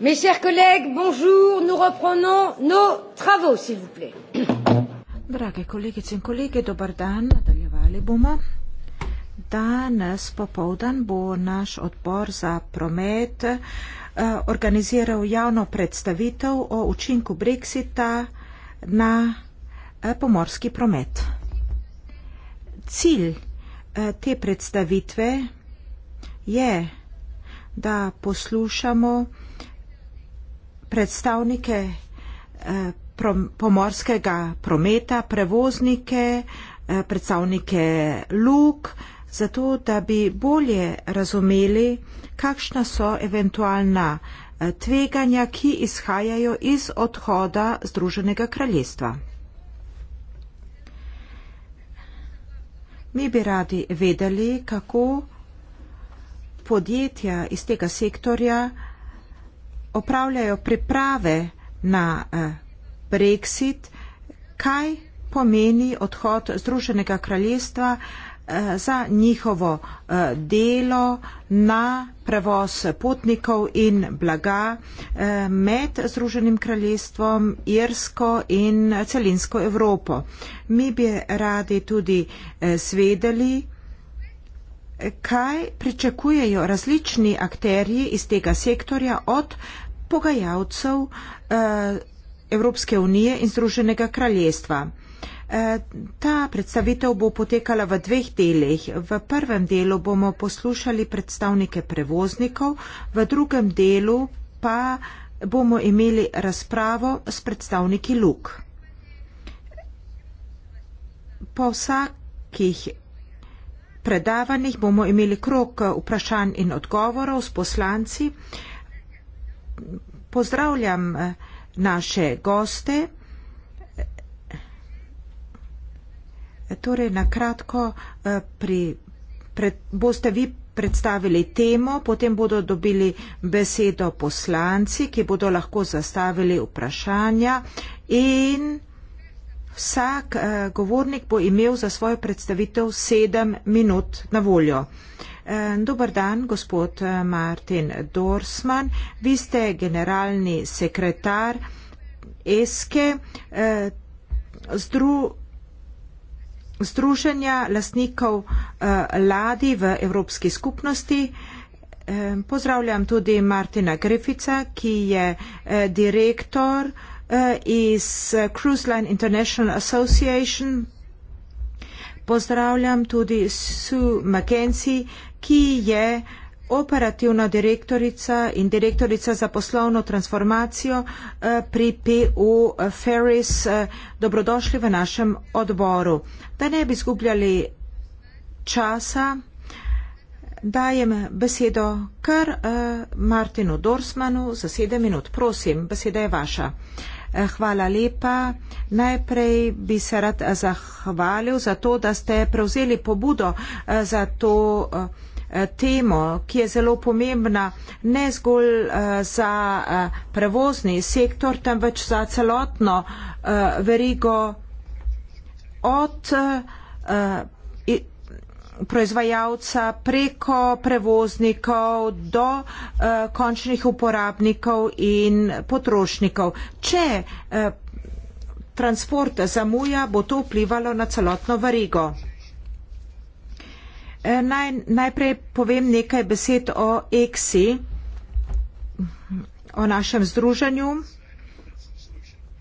Mes chers collègues, bonjour, nous reprenons nos travaux, s'il vous plaît. Drage kolegice in kolege, dober dan, nadaljevali bomo. Danes popovdan bo naš odbor za promet uh, organiziral javno predstavitev o učinku Brexita na uh, pomorski promet. Cilj uh, te predstavitve je, da poslušamo predstavnike eh, pomorskega prometa, prevoznike, eh, predstavnike luk, zato da bi bolje razumeli, kakšna so eventualna eh, tveganja, ki izhajajo iz odhoda Združenega kraljestva. Mi bi radi vedeli, kako podjetja iz tega sektorja opravljajo priprave na eh, Brexit, kaj pomeni odhod Združenega kraljestva eh, za njihovo eh, delo na prevoz potnikov in blaga med Združenim kraljestvom, Irsko in celinsko Evropo. Mi bi radi tudi svedeli, kaj pričakujejo različni akterji iz tega sektorja od pogajalcev eh, Evropske unije in Združenega kraljestva. Eh, ta predstavitev bo potekala v dveh delih. V prvem delu bomo poslušali predstavnike prevoznikov, v drugem delu pa bomo imeli razpravo s predstavniki Luk. Po vsakih predavanjih bomo imeli krok eh, vprašanj in odgovorov s poslanci. Pozdravljam eh, naše goste. Torej, na kratko, eh, pri, pred, boste vi predstavili temo, potem bodo dobili besedo poslanci, ki bodo lahko zastavili vprašanja in Vsak uh, govornik bo imel za svojo predstavitev sedem minut na voljo. Eh, Dobar dan, gospod eh, Martin Dorsman. Vi ste generalni sekretar ESKE, Združenja lastnikov ladi v Evropski skupnosti. Pozdravljam tudi Martina Grifica, ki je direktor Eh, iz eh, Cruise Line International Association. Pozdravljam tudi Sue McKenzie, ki je operativna direktorica in direktorica za poslovno transformacijo eh, pri PO Ferris. Dobrodošli v našem odboru. Da ne bi zgubljali časa, dajem besedo kar Martinu Dorsmanu za sedem minut. Prosim, beseda je vaša. Hvala lepa. Najprej bi se rad eh, zahvalil za to, da ste prevzeli pobudo eh, za to eh, temo, ki je zelo pomembna ne zgolj za prevozni sektor, temveč za celotno verigo od proizvajalca preko prevoznikov do uh, končnih uporabnikov in potrošnikov. Če uh, transport zamuja, bo to vplivalo na celotno varigo. Eh, naj, najprej povem nekaj besed o EXI, o našem združenju.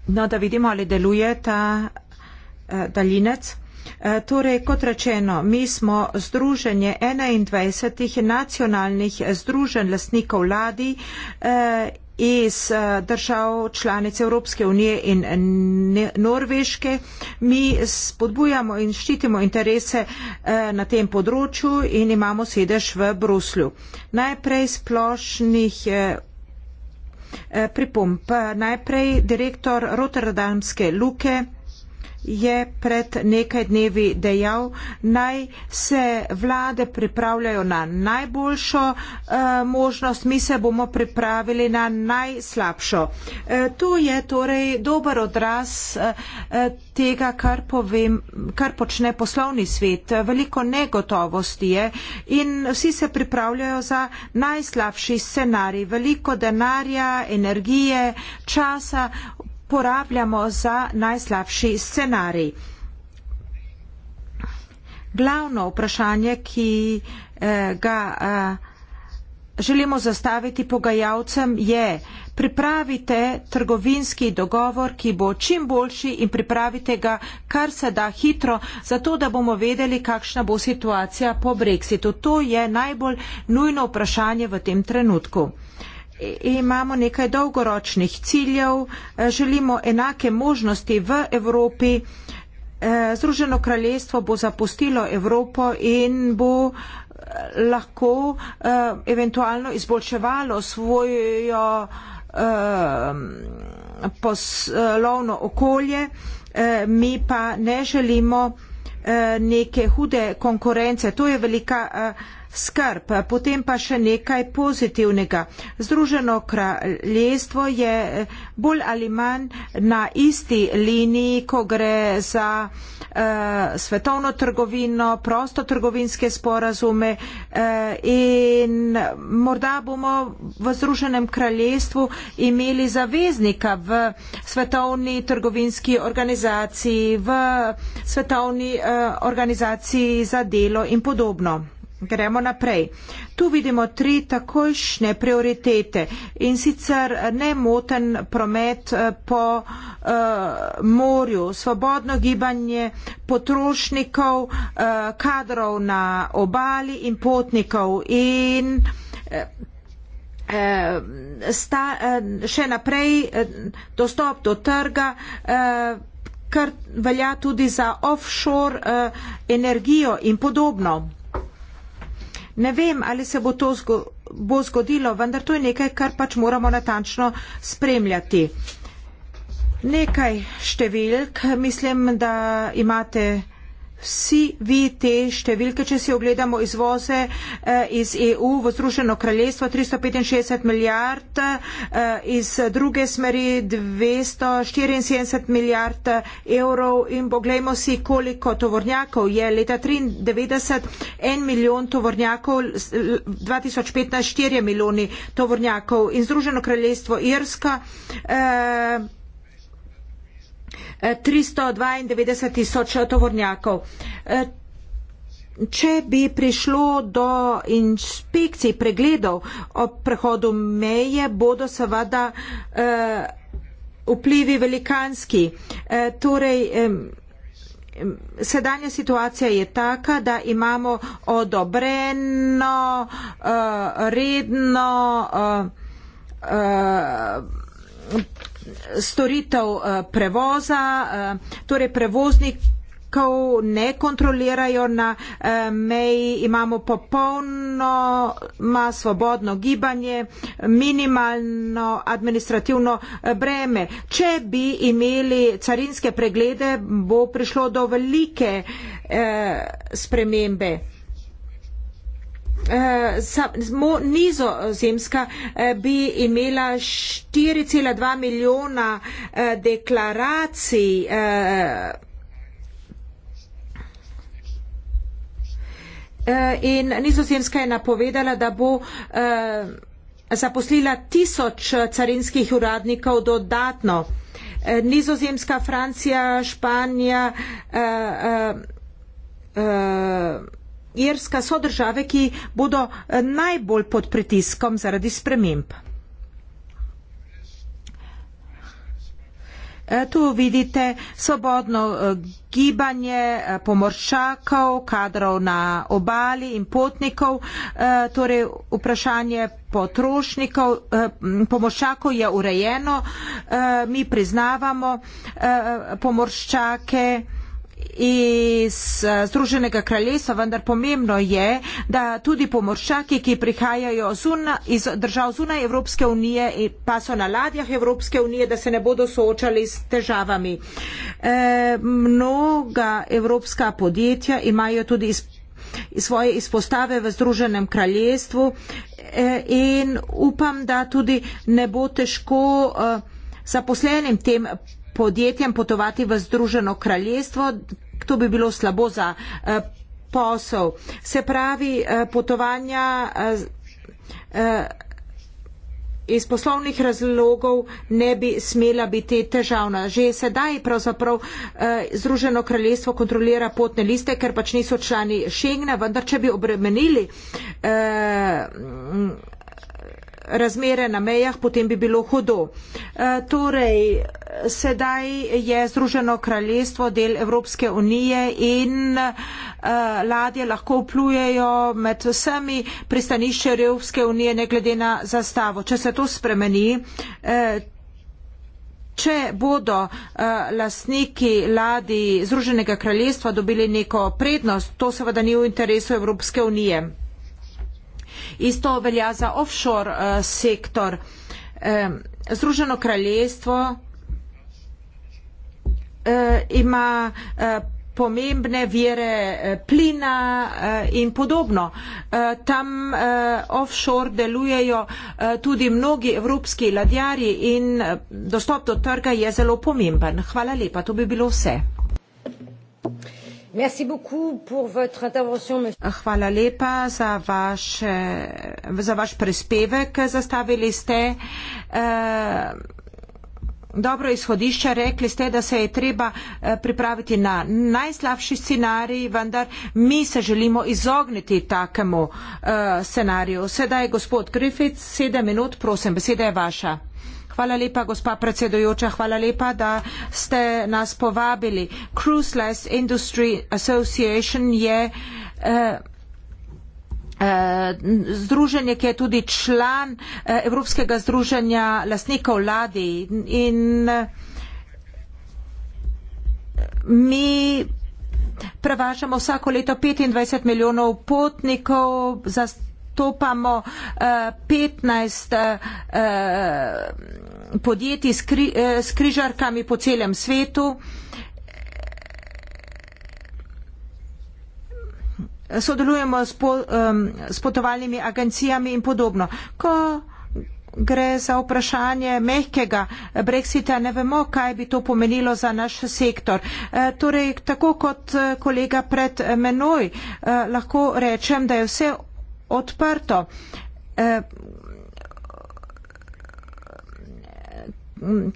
No, da vidimo, ali deluje ta eh, daljinec. Eh, torej, kot rečeno, mi smo združenje 21 nacionalnih združen lastnikov vladi eh, iz eh, držav članic Evropske unije in Norveške. Mi spodbujamo in štitimo interese na tem področju in imamo sedež v Bruslju. Najprej splošnih pripomp. Najprej direktor Rotterdamske luke je pred nekaj dnevi dejal, naj se vlade pripravljajo na najboljšo eh, možnost, mi se bomo pripravili na najslabšo. Eh, to je torej dober odraz eh, tega, kar, povem, kar počne poslovni svet. Veliko negotovosti je in vsi se pripravljajo za najslabši scenarij. Veliko denarja, energije, časa uporabljamo za najslabši scenarij. Glavno vprašanje, ki eh, ga eh, želimo zastaviti pogajalcem, je pripravite trgovinski dogovor, ki bo čim boljši in pripravite ga kar se da hitro, zato da bomo vedeli, kakšna bo situacija po Brexitu. To je najbolj nujno vprašanje v tem trenutku imamo nekaj dolgoročnih ciljev, eh, želimo enake možnosti v Evropi. Eh, Združeno kraljestvo bo zapustilo Evropo in bo eh, lahko eventualno izboljševalo svojo poslovno okolje. Mi pa ne želimo neke hude konkurence. To je velika skrb, potem pa še nekaj pozitivnega. Združeno kraljestvo je bolj ali manj na isti liniji, ko gre za eh, svetovno trgovino, prostotrgovinske sporazume eh, in morda bomo v Združenem kraljestvu imeli zaveznika v svetovni trgovinski organizaciji, v svetovni eh, organizaciji za delo in podobno. Gremo naprej. Tu vidimo tri takojšnje prioritete in sicer nemoten promet eh, po uh, morju, svobodno gibanje potrošnikov, uh, kadrov na obali in potnikov in uh, sta, uh, še naprej uh, dostop do trga. Uh, kar velja tudi za offshore uh, energijo in podobno. Ne vem, ali se bo to zgo bo zgodilo, vendar to je nekaj, kar pač moramo natančno spremljati. Nekaj številk, mislim, da imate vsi vi te številke, če si ogledamo izvoze eh, iz EU v Združeno kraljestvo 365 milijard, eh, iz druge smeri 274 milijard evrov in pogledajmo si, koliko tovornjakov je leta 93 en milijon tovornjakov, 2015 štirje milijoni tovornjakov in Združeno kraljestvo Irska. Eh, 392 tisoč tovornjakov. E, če bi prišlo do inšpekcij, pregledov ob prehodu meje, bodo seveda e, vplivi velikanski. E, torej, sedanja situacija je taka, da imamo odobreno, redno storitev eh, prevoza, eh, torej prevoznik ne kontrolirajo na eh, meji, imamo popolno, ima svobodno gibanje, minimalno administrativno eh, breme. Če bi imeli carinske preglede, bo prišlo do velike eh, spremembe. Eh, eh, nizozemska eh, bi imela 4,2 milijona eh, deklaracij. Eh, eh, In nizozemska je napovedala, da bo eh, zaposlila tisoč eh, carinskih uradnikov dodatno. Eh, nizozemska, Francija, Španija. Eh, eh, eh, Irska so države, ki bodo eh, najbolj pod pritiskom zaradi sprememb. Eh, tu vidite svobodno eh, gibanje pomorščakov, kadrov na obali in potnikov, torej vprašanje potrošnikov, pomorščakov je urejeno, mi priznavamo pomorščake iz eh, Združenega kraljestva, vendar pomembno je, da tudi pomorščaki, ki prihajajo zuna, iz držav zunaj Evropske unije, eh, pa so na ladjah Evropske unije, da se ne bodo soočali s težavami. E, mnoga evropska podjetja imajo tudi iz, svoje izpostave v Združenem kraljestvu e, in upam, da tudi ne bo težko e, zaposlenim tem podjetjem potovati v Združeno kraljestvo, to bi bilo slabo za eh, posel. Se pravi, eh, potovanja eh, iz poslovnih razlogov ne bi smela biti težavna. Že sedaj pravzaprav Združeno kraljestvo kontrolira potne liste, ker pač niso člani Schengna, vendar če bi obremenili razmere na mejah, potem bi bilo hudo. E, torej, sedaj je Združeno kraljestvo del Evropske unije in e, ladje lahko plujejo med vsemi pristanišče Evropske unije, ne glede na zastavo. Če se to spremeni, e, Če bodo uh, lastniki ladi Združenega kraljestva dobili neko prednost, to seveda ni v interesu Evropske unije. Isto velja za offshore eh, sektor. Združeno kraljestvo eh, ima eh, pomembne vire plina in podobno. Tam offshore delujejo tudi mnogi evropski ladjarji in dostop do trga je zelo pomemben. Hvala lepa, to bi bilo vse. Thank you. Merci beaucoup pour votre intervention, monsieur. Ah, hvala lepa za vaš, za vaš prispevek. Zastavili ste eh, dobro izhodišče. Rekli ste, da se je treba eh, pripraviti na najslabši scenarij, vendar mi se želimo izogniti takemu eh, scenariju. Sedaj, gospod Griffith, sedem minut, prosim, beseda je vaša. Hvala lepa, gospa predsedujoča. Hvala lepa, da ste nas povabili. Cruise Less Industry Association je. Uh, Združenje, ki je tudi član eh, Evropskega združenja lasnikov vladi in mi prevažamo vsako leto 25 milijonov potnikov za zastopamo uh, eh, 15 uh, eh, podjetij s, kri, uh, s križarkami po celem svetu. Sodelujemo s, po, um, s potovalnimi agencijami in podobno. Ko gre za vprašanje mehkega brexita, ne vemo, kaj bi to pomenilo za naš sektor. E, torej, tako kot kolega pred menoj, eh, lahko rečem, da je vse odprto. E,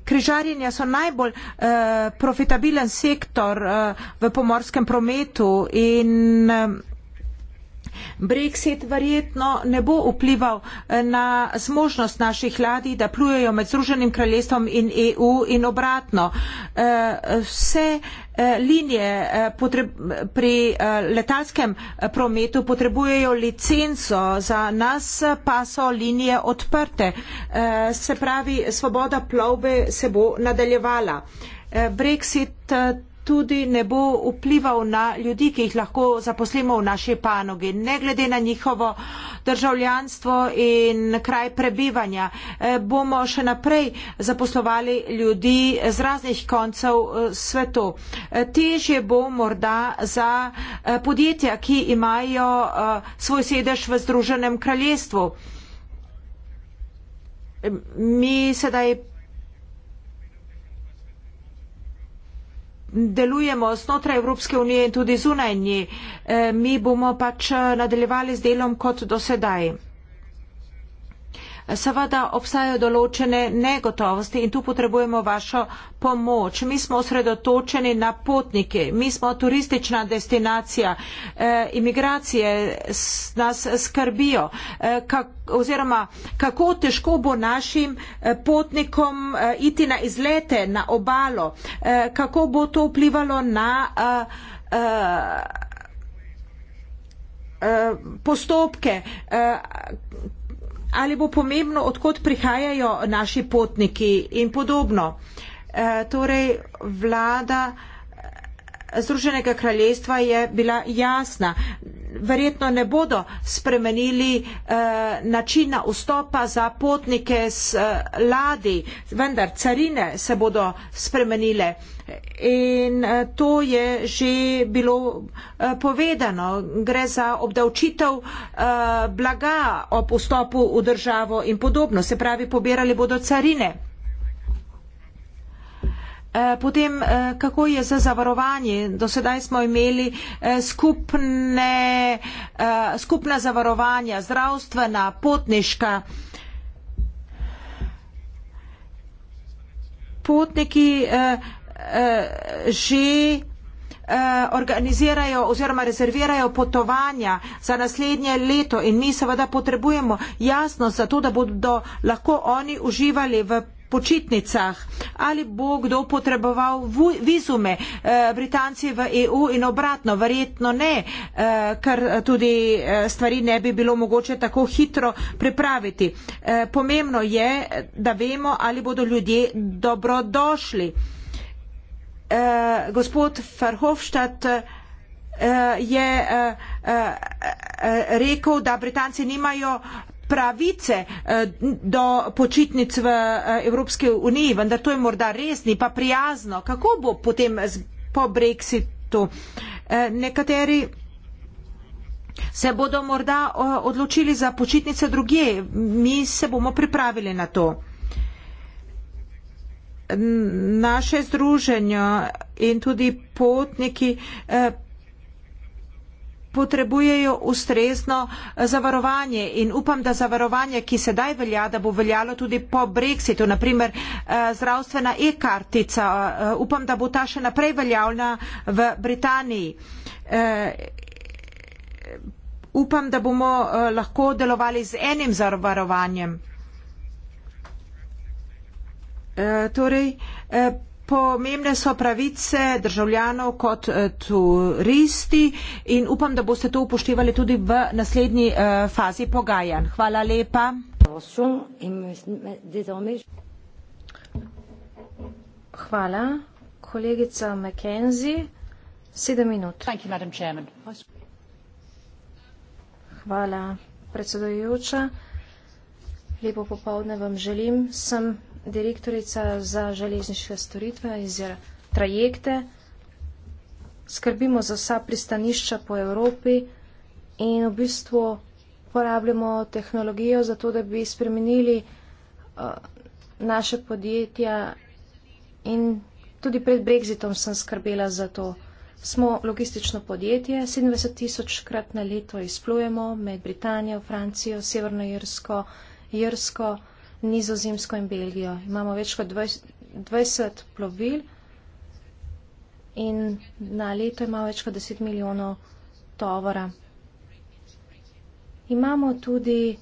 Križarjenja so najbolj uh, profitabilen sektor uh, v pomorskem prometu in uh, Brexit verjetno ne bo vplival eh, na zmožnost naših ladij, da plujejo med Združenim kraljestvom in EU in obratno. Eh, vse eh, linije pri letalskem prometu potrebujejo licenco, za nas pa so linije odprte. Se pravi, svoboda plovbe se bo nadaljevala. Brexit tudi ne bo vplival na ljudi, ki jih lahko zaposlimo v naši panogi, ne glede na njihovo državljanstvo in kraj prebivanja. Eh, bomo še naprej zaposlovali ljudi z raznih koncev eh, svetu. Eh, težje bo morda za podjetja, ki imajo svoj sedež v Združenem kraljestvu. Mi sedaj delujemo znotraj Evropske unije in tudi zunaj nje. Eh, mi bomo pač eh, nadaljevali z delom kot do sedaj. Seveda obstajajo določene negotovosti in tu potrebujemo vašo pomoč. Mi smo osredotočeni na potnike, mi smo turistična destinacija, e, imigracije nas skrbijo, e, kak, oziroma kako težko bo našim e, potnikom e, iti na izlete, na obalo, e, kako bo to vplivalo na. A, e, a, e, postopke, ali bo pomembno, odkot prihajajo naši potniki in podobno. E, torej, vlada e, Združenega kraljestva je bila jasna. Verjetno ne bodo spremenili eh, načina vstopa za potnike z eh, ladi, vendar carine se bodo spremenile. Eh, In eh, to je že bilo eh, povedano. Gre za obdavčitev eh, blaga ob vstopu v državo in podobno. Se pravi, pobirali bodo carine. Potem, kako je za zavarovanje? Do sedaj smo imeli skupne, skupna zavarovanja, zdravstvena, potniška. Potniki Eh, že eh, organizirajo oziroma rezervirajo potovanja za naslednje leto in mi seveda potrebujemo jasno za to, da bodo lahko oni uživali v počitnicah ali bo kdo potreboval vizume eh, Britanci v EU in obratno, verjetno ne, ker tudi stvari ne bi bilo mogoče tako hitro pripraviti. Pomembno je, da vemo, ali bodo ljudje dobrodošli uh, gospod Verhofstadt uh, je uh, uh, uh, rekel, da Britanci nimajo pravice uh, do počitnic v uh, Evropski uniji, vendar to je morda res, ni pa prijazno. Kako bo potem z, po Brexitu? Uh, nekateri se bodo morda uh, odločili za počitnice druge, mi se bomo pripravili na to naše združenje in tudi potniki eh, potrebujejo ustrezno eh, zavarovanje in upam, da zavarovanje, ki sedaj velja, da bo veljalo tudi po brexitu, naprimer eh, zdravstvena e-kartica, upam, da bo ta še naprej veljavna v Britaniji. Upam, da bomo lahko delovali z enim zavarovanjem. Eh, torej, eh, pomembne so pravice državljanov kot eh, turisti in upam, da boste to upoštevali tudi v naslednji fazi pogajanj. Hvala lepa. Hvala. Kolegica McKenzie, sedem minut. Thank you, madam chairman. Hvala, predsedujoča. Lepo popovdne vam želim. Sem direktorica za železniške storitve in za trajekte. Skrbimo za vsa pristanišča po Evropi in v bistvu porabljamo tehnologijo za to, da bi spremenili uh, naše podjetja in tudi pred Brexitom sem skrbela za to. Smo logistično podjetje, 70 tisoč krat na leto izplujemo med Britanijo, Francijo, Severno Jersko, Jersko nizozemsko in Belgijo. Imamo več kot 20 plovil in na leto imamo več kot 10 milijonov tovora. Imamo tudi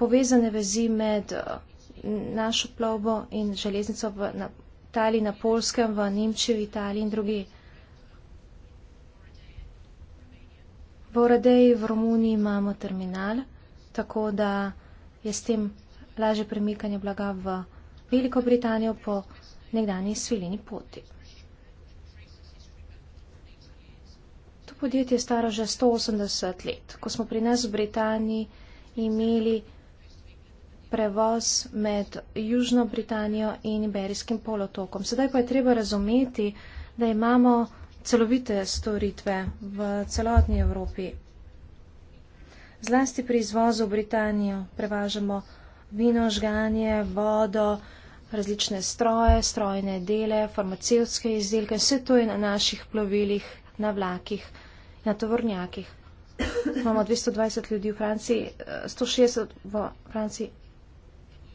povezane vezi med eh, našo plovbo in železnico v Italiji, na Polskem, v Nemčiji, v Italiji in drugi. V Oradeji v Romuniji imamo terminal, tako da je s tem lažje premikanje blaga v Veliko Britanijo po nekdani svilini poti. To podjetje je staro že 180 let. Ko smo pri nas v Britaniji imeli prevoz med Južno Britanijo in Iberijskim polotokom. Sedaj pa je treba razumeti, da imamo celovite storitve v celotni Evropi. Zlasti pri izvozu v Britanijo prevažamo vino žganje, vodo, različne stroje, strojne dele, farmacevske izdelke. Vse to je na naših plovilih, na vlakih, na tovornjakih. Imamo 220 ljudi v Franciji, 160 eh, v Franciji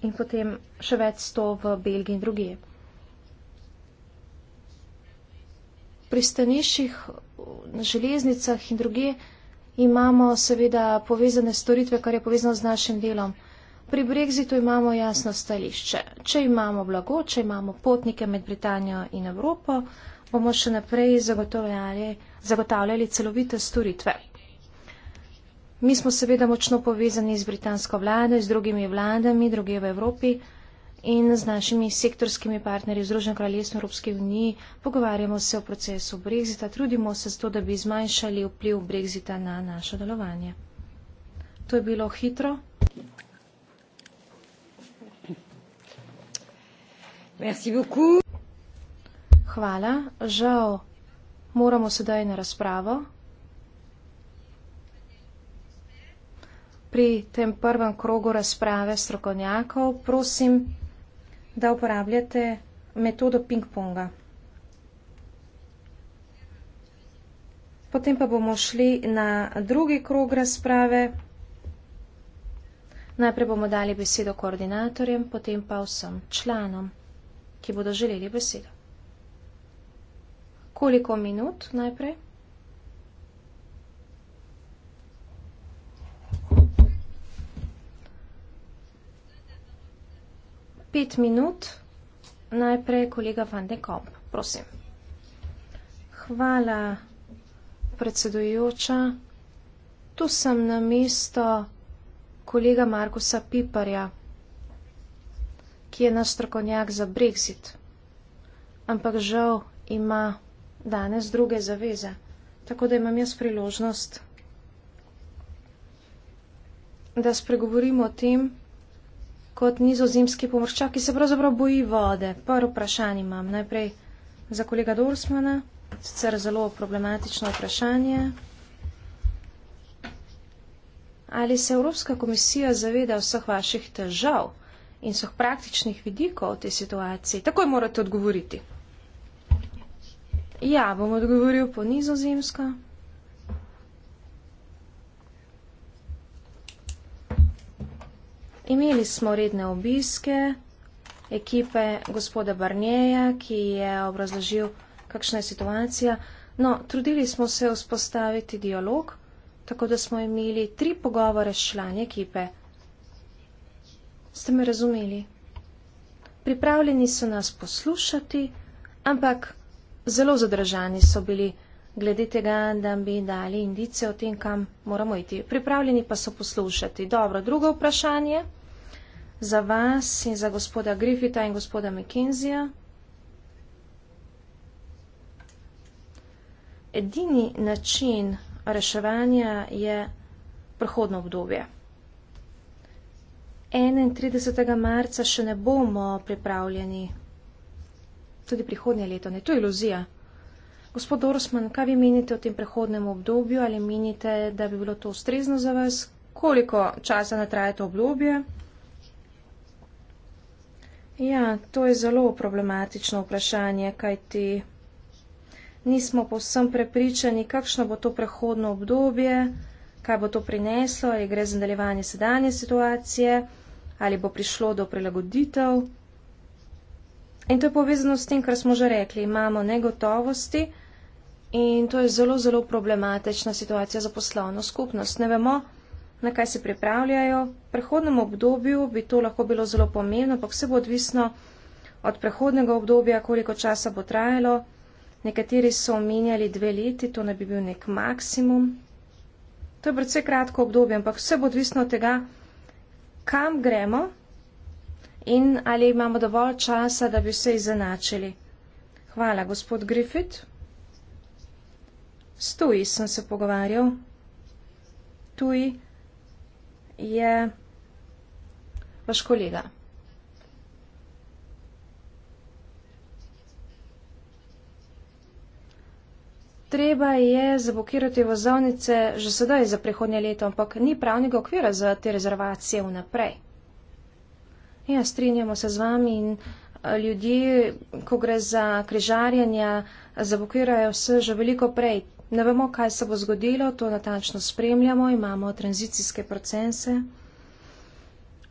in potem še več 100 v Belgiji in drugije. Pri staniščih, na železnicah in druge imamo seveda povezane storitve, kar je povezano z našim delom. Pri brexitu imamo jasno stališče. Če imamo blago, če imamo potnike med Britanijo in Evropo, bomo še naprej zagotavljali, zagotavljali celovite storitve. Mi smo seveda močno povezani z britansko vlado, z drugimi vladami, druge v Evropi in z našimi sektorskimi partnerji v Združenem kraljestvu Evropske unije. Pogovarjamo se o procesu brexita, trudimo se zato, da bi zmanjšali vpliv brexita na naše delovanje. To je bilo hitro. Hvala. Žal moramo sedaj na razpravo. Pri tem prvem krogu razprave strokovnjakov prosim, da uporabljate metodo ping-ponga. Potem pa bomo šli na drugi krog razprave. Najprej bomo dali besedo koordinatorjem, potem pa vsem članom ki bodo želeli besedo. Koliko minut najprej? Pet minut najprej kolega Van de Kamp, prosim. Hvala, predsedujoča. Tu sem na mesto kolega Markusa Piparja ki je nastrokonjak za brexit, ampak žal ima danes druge zaveze. Tako da imam jaz priložnost, da spregovorimo o tem, kot nizozemski pomorščak, ki se pravzaprav boji vode. Prvo vprašanje imam najprej za kolega Dorsmana, sicer zelo problematično vprašanje. Ali se Evropska komisija zaveda vseh vaših težav? in so praktičnih vidikov v tej situaciji. Takoj morate odgovoriti. Ja, bom odgovoril po nizozemsko. Imeli smo redne obiske ekipe gospoda Barnjeja, ki je obrazložil, kakšna je situacija. No, trudili smo se vzpostaviti dialog, tako da smo imeli tri pogovore s člani ekipe. Ste me razumeli? Pripravljeni so nas poslušati, ampak zelo zadržani so bili glede tega, da bi dali indice o tem, kam moramo iti. Pripravljeni pa so poslušati. Dobro, drugo vprašanje za vas in za gospoda Griffita in gospoda McKenzieja. Edini način reševanja je prehodno obdobje. 31. marca še ne bomo pripravljeni. Tudi prihodnje leto ne. To je iluzija. Gospod Orsman, kaj vi menite o tem prehodnem obdobju? Ali menite, da bi bilo to ustrezno za vas? Koliko časa ne traje to obdobje? Ja, to je zelo problematično vprašanje, kajti nismo povsem prepričani, kakšno bo to prehodno obdobje, kaj bo to prineslo, ali gre za nadaljevanje sedanje situacije ali bo prišlo do prilagoditev. In to je povezano s tem, kar smo že rekli, imamo negotovosti in to je zelo, zelo problematična situacija za poslovno skupnost. Ne vemo, na kaj se pripravljajo. V prehodnem obdobju bi to lahko bilo zelo pomembno, pa vse bo odvisno od prehodnega obdobja, koliko časa bo trajalo. Nekateri so omenjali dve leti, to ne bi bil nek maksimum. To je predvsej kratko obdobje, ampak vse bo odvisno od tega, kam gremo in ali imamo dovolj časa, da bi se izenačili. Hvala, gospod Griffith. S tuji sem se pogovarjal. Tuji je vaš kolega. Treba je zablokirati vozovnice že sedaj za prihodnje leto, ampak ni pravnega okvira za te rezervacije vnaprej. Ja, strinjamo se z vami in eh, ljudje, ko gre za križarjenja, zablokirajo vse že veliko prej. Ne vemo, kaj se bo zgodilo, to natančno spremljamo, imamo tranzicijske procese.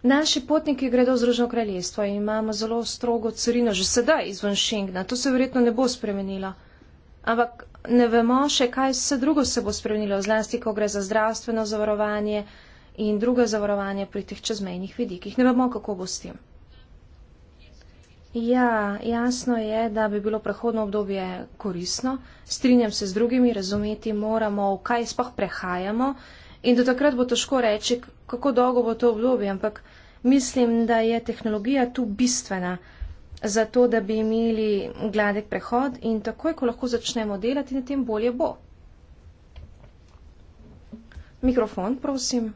Naši potniki gredo v Združeno kraljestvo in imamo zelo strogo carino že sedaj izven Schengna. To se verjetno ne bo spremenilo. Ampak ne vemo še, kaj se drugo se bo spremenilo, zlasti, ko gre za zdravstveno zavarovanje in druga zavarovanja pri teh čezmejnih vidikih. Ne vemo, kako bo s tem. Ja, jasno je, da bi bilo prehodno obdobje korisno. Strinjam se z drugimi, razumeti moramo, v kaj spoh prehajamo. In do takrat bo težko reči, kako dolgo bo to obdobje, ampak mislim, da je tehnologija tu bistvena zato da bi imeli gladek prehod in takoj, ko lahko začnemo delati, na tem bolje bo. Mikrofon, prosim.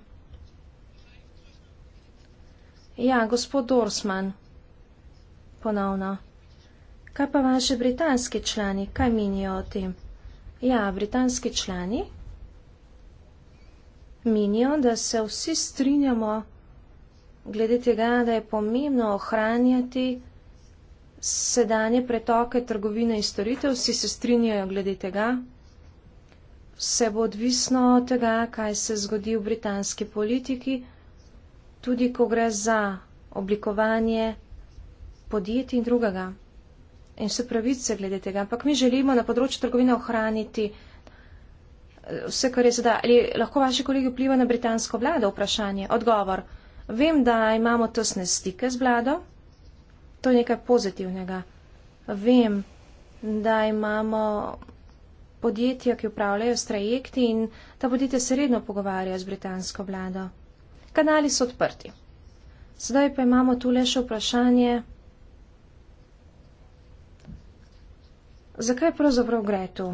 Ja, gospod Dorsman, ponovno. Kaj pa vaše britanski člani, kaj minijo o tem? Ja, britanski člani minijo, da se vsi strinjamo glede tega, da je pomembno ohranjati sedanje pretoke trgovine in storitev, vsi se strinjajo glede tega. Vse bo odvisno od tega, kaj se zgodi v britanski politiki, tudi ko gre za oblikovanje podjetij in drugega. In vse pravice glede tega. Ampak mi želimo na področju trgovine ohraniti eh, vse, kar je sedaj. Ali lahko vaši kolegi vpliva na britansko vlado? Vprašanje. Odgovor. Vem, da imamo tesne stike z vlado. To je nekaj pozitivnega. Vem, da imamo podjetja, ki upravljajo s trajekti in ta podjetja se redno pogovarjajo z britansko vlado. Kanali so odprti. Sedaj pa imamo tu le še vprašanje, zakaj pravzaprav gre tu?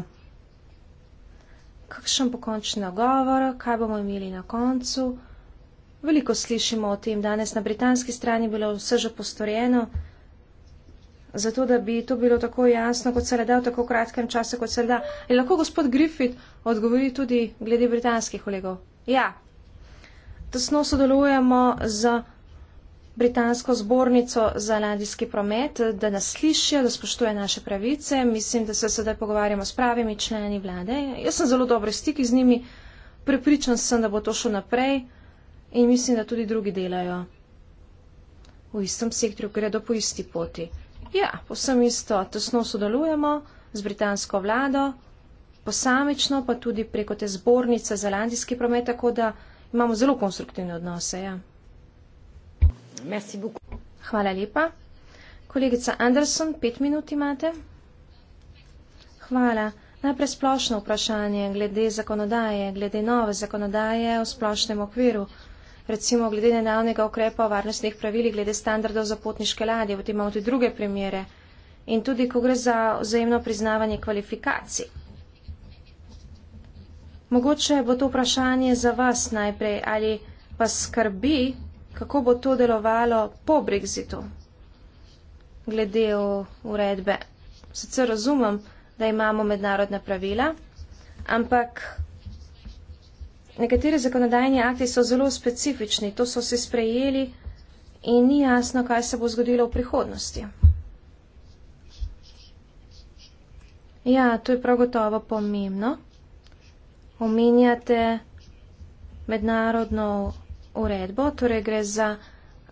Kakšen pokončni nagovor, kaj bomo imeli na koncu? Veliko slišimo o tem, danes na britanski strani bilo vse že postorjeno zato da bi to bilo tako jasno, kot se le da v tako kratkem času, kot se le da. In lahko gospod Griffith odgovori tudi glede britanskih kolegov. Ja, tesno sodelujemo z britansko zbornico za ladijski promet, da nas slišijo, da spoštuje naše pravice. Mislim, da se sedaj pogovarjamo s pravimi členi vlade. Jaz sem zelo dobri stik z njimi, prepričan sem, da bo to šlo naprej in mislim, da tudi drugi delajo. V istem sektorju gredo po isti poti. Ja, vsem isto. Tesno sodelujemo z britansko vlado, posamično pa tudi preko te zbornice za landijski promet, tako da imamo zelo konstruktivne odnose. Ja. Hvala lepa. Kolegica Anderson, pet minut imate. Hvala. Najprej splošno vprašanje glede zakonodaje, glede nove zakonodaje v splošnem okviru recimo glede nedavnega ukrepa o varnostnih pravilih, glede standardov za potniške ladje, potem imamo tudi druge primere in tudi, ko gre za vzajemno priznavanje kvalifikacij. Mogoče bo to vprašanje za vas najprej, ali pa skrbi, kako bo to delovalo po Brexitu, glede uredbe. Sicer razumem, da imamo mednarodna pravila, ampak nekateri zakonodajni akti so zelo specifični, to so se sprejeli in ni jasno, kaj se bo zgodilo v prihodnosti. Ja, to je prav gotovo pomembno. Omenjate mednarodno uredbo, torej gre za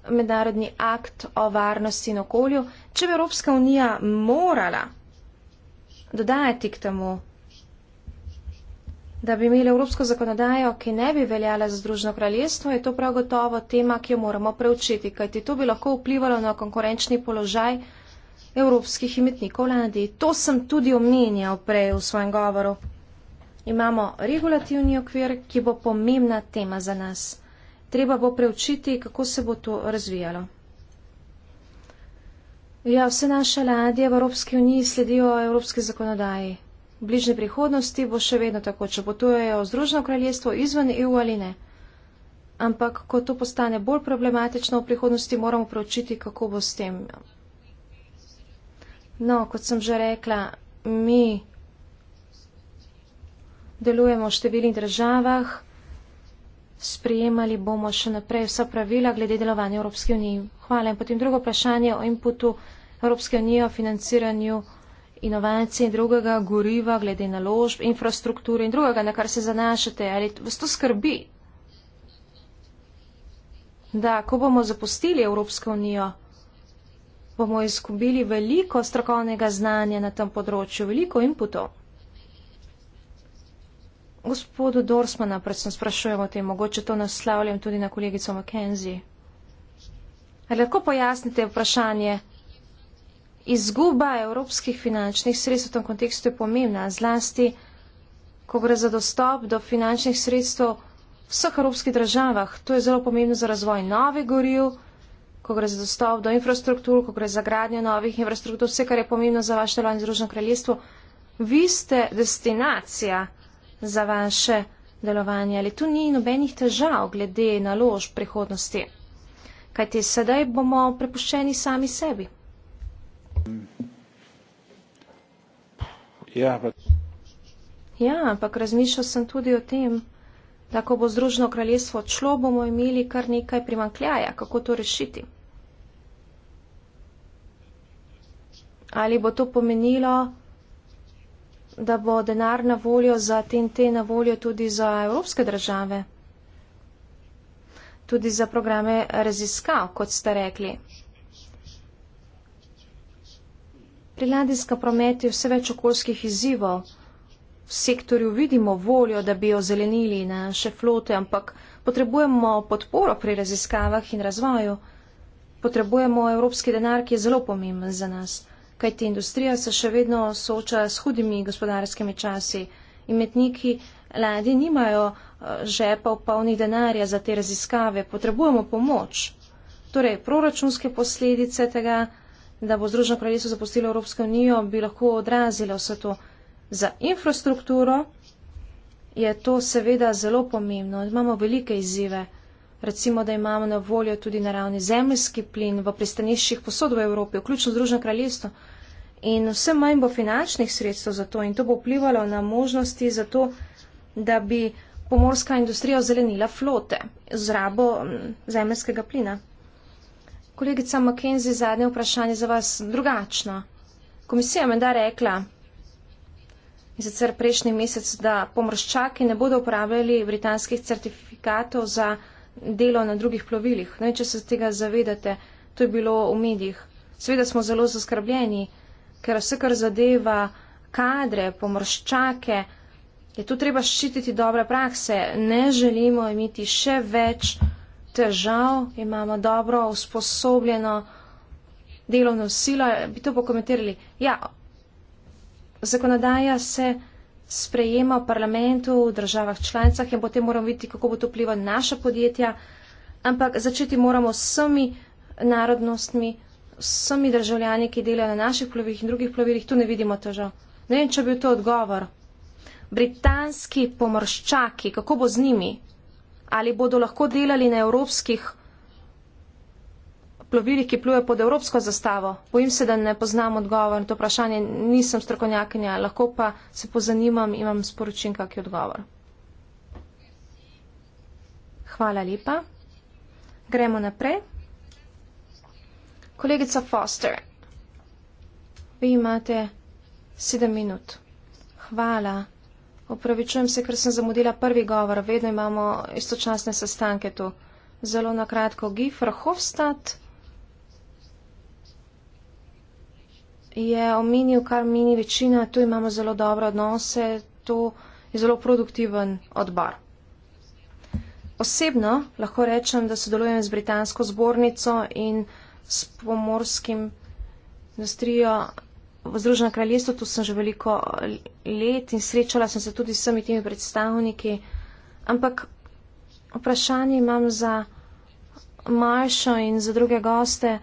mednarodni akt o varnosti in okolju. Če bi Evropska unija morala dodajati k temu Da bi imeli evropsko zakonodajo, ki ne bi veljala za Združeno kraljestvo, je to prav gotovo tema, ki jo moramo preučiti, kajti to bi lahko vplivalo na konkurenčni položaj evropskih imetnikov v Landiji. To sem tudi omenjal prej v svojem govoru. Imamo regulativni okvir, ki bo pomembna tema za nas. Treba bo preučiti, kako se bo to razvijalo. Ja, vse naše ladje v Evropski uniji sledijo evropski zakonodaji v bližnji prihodnosti bo še vedno tako, če potujejo v Združeno kraljestvo izven EU ali ne. Ampak, ko to postane bolj problematično v prihodnosti, moramo preučiti, kako bo s tem. No, kot sem že rekla, mi delujemo v številnih državah, sprijemali bomo še naprej vsa pravila glede delovanja Evropske unije. Hvala. In potem drugo vprašanje o inputu Evropske unije o financiranju inovacij in drugega goriva, glede naložb, infrastrukture in drugega, na kar se zanašate, ali vas to skrbi, da ko bomo zapustili Evropsko unijo, bomo izgubili veliko strokovnega znanja na tem področju, veliko inputov. Gospodu Dorsmana predvsem sprašujemo o tem, mogoče to naslavljam tudi na kolegico McKenzie. Ali lahko pojasnite vprašanje, izguba evropskih finančnih sredstev v tem kontekstu je pomembna, zlasti, ko gre za dostop do finančnih sredstev v vseh evropskih državah. To je zelo pomembno za razvoj nove goril, ko gre za dostop do infrastruktur, ko gre za gradnjo novih infrastruktur, vse, kar je pomembno za vaše delovanje Združeno kraljestvo. Vi ste destinacija za vaše delovanje, ali tu ni nobenih težav glede naložb prihodnosti. Kajti sedaj bomo prepuščeni sami sebi. Ja, pa... ja, ampak razmišljal sem tudi o tem, da ko bo Združeno kraljestvo odšlo, bomo imeli kar nekaj primankljaja. Kako to rešiti? Ali bo to pomenilo, da bo denar na voljo za TNT na voljo tudi za evropske države, tudi za programe raziskav, kot ste rekli? Pri ladijska prometu je vse več okoljskih izzivov. V sektorju vidimo voljo, da bi ozelenili naše flote, ampak potrebujemo podporo pri raziskavah in razvoju. Potrebujemo evropski denar, ki je zelo pomemben za nas, kajti industrija se še vedno sooča s hudimi gospodarskimi časi. Imetniki ladi nimajo eh, žepa v polni denarja za te raziskave. Potrebujemo pomoč. Torej, proračunske posledice tega da bo Združeno kraljestvo zapustilo Evropsko unijo, bi lahko odrazilo vse to. Za infrastrukturo je to seveda zelo pomembno. Imamo velike izzive. Recimo, da imamo na voljo tudi naravni zemljski plin v pristaniščih posod v Evropi, vključno Združeno kraljestvo. In vse manj bo finančnih sredstev za to in to bo vplivalo na možnosti za to, da bi pomorska industrija ozelenila flote z rabo mm, zemljskega plina. Kolegica McKenzie, zadnje vprašanje za vas drugačno. Komisija je menda rekla, in sicer prejšnji mesec, da pomorščaki ne bodo uporabljali britanskih certifikatov za delo na drugih plovilih. Ne, no, če se tega zavedate, to je bilo v medijih. Seveda smo zelo zaskrbljeni, ker vse, kar zadeva kadre, pomorščake, je tu treba ščititi dobre prakse. Ne želimo imeti še več težav, imamo dobro usposobljeno delovno silo. Bi to pokomentirali? Ja, zakonodaja se sprejema v parlamentu, v državah članicah in potem moramo videti, kako bo to vplivalo naša podjetja, ampak začeti moramo s vsemi narodnostmi, s vsemi državljani, ki delajo na naših plovilih in drugih plovilih, tu ne vidimo težav. Ne vem, če bi bil to odgovor. Britanski pomorščaki, kako bo z njimi? ali bodo lahko delali na evropskih plovilih, ki plujejo pod evropsko zastavo. Bojim se, da ne poznam odgovor na to vprašanje, nisem strokovnjakinja, lahko pa se pozanimam in vam sporočim, kak je odgovor. Hvala lepa. Gremo naprej. Kolegica Foster, vi imate sedem minut. Hvala. Opravičujem se, ker sem zamudila prvi govor. Vedno imamo istočasne sestanke tu. Zelo na kratko, Gifr Hofstad je omenil, kar meni večina. Tu imamo zelo dobre odnose. To je zelo produktiven odbor. Osebno lahko rečem, da sodelujem z Britansko zbornico in s pomorskim industrijo v Združenem kraljestvu, tu sem že veliko eh, let in srečala sem se tudi s vsemi temi predstavniki. Ampak vprašanje imam za Maršo in za druge goste.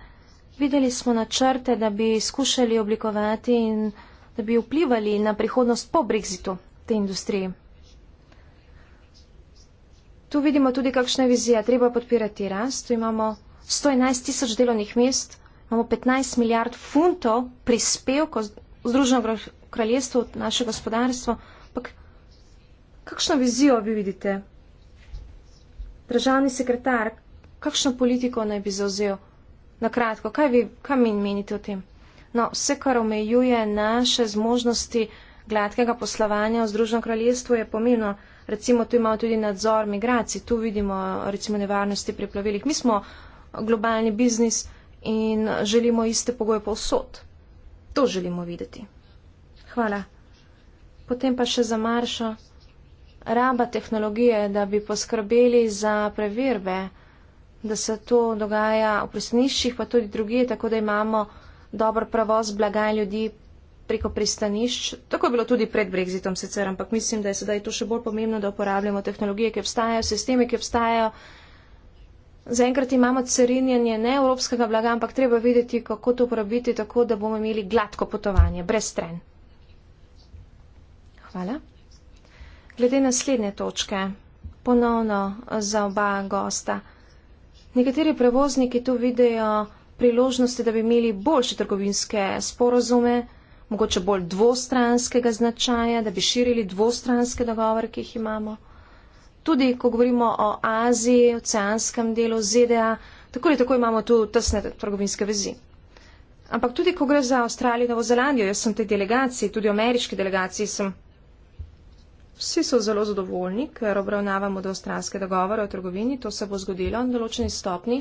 Videli smo načrte, da bi skušali oblikovati in da bi vplivali na prihodnost po Brexitu te industrije. Tu vidimo tudi, kakšna je vizija. Treba podpirati rast. Tu imamo 111 tisoč delovnih mest imamo 15 milijard funtov prispevkov Združeno kraljestvo, naše gospodarstvo. Pak, kakšno vizijo vi vidite? Državni sekretar, kakšno politiko naj bi zauzel? Na kratko, kaj vi, kaj mi menite o tem? No, vse, kar omejuje naše zmožnosti gladkega poslovanja v Združenem kraljestvu, je pomembno. Recimo, tu imamo tudi nadzor migracij, tu vidimo recimo nevarnosti pri plovilih. Mi smo globalni biznis, in želimo iste pogoje povsod. To želimo videti. Hvala. Potem pa še za maršo. Raba tehnologije, da bi poskrbeli za preverbe, da se to dogaja v pristaniščih, pa tudi drugi, tako da imamo dober pravoz blaga in ljudi preko pristanišč. Tako je bilo tudi pred Brexitom sicer, ampak mislim, da je sedaj to še bolj pomembno, da uporabljamo tehnologije, ki obstajajo, sisteme, ki obstajajo. Zaenkrat imamo carinjenje ne evropskega blaga, ampak treba videti, kako to uporabiti tako, da bomo imeli gladko potovanje, brez stren. Hvala. Glede naslednje točke, ponovno za oba gosta. Nekateri prevozniki tu vidijo priložnosti, da bi imeli boljše trgovinske sporozume, mogoče bolj dvostranskega značaja, da bi širili dvostranske dogovore, ki jih imamo tudi ko govorimo o Aziji, oceanskem delu ZDA, tako ali tako imamo tu tesne trgovinske vezi. Ampak tudi ko gre za Avstralijo in Novo Zelandijo, jaz sem te delegacije, tudi ameriške delegacije, sem. Vsi so zelo zadovoljni, ker obravnavamo do stranske dogovore o trgovini, to se bo zgodilo na določeni stopni.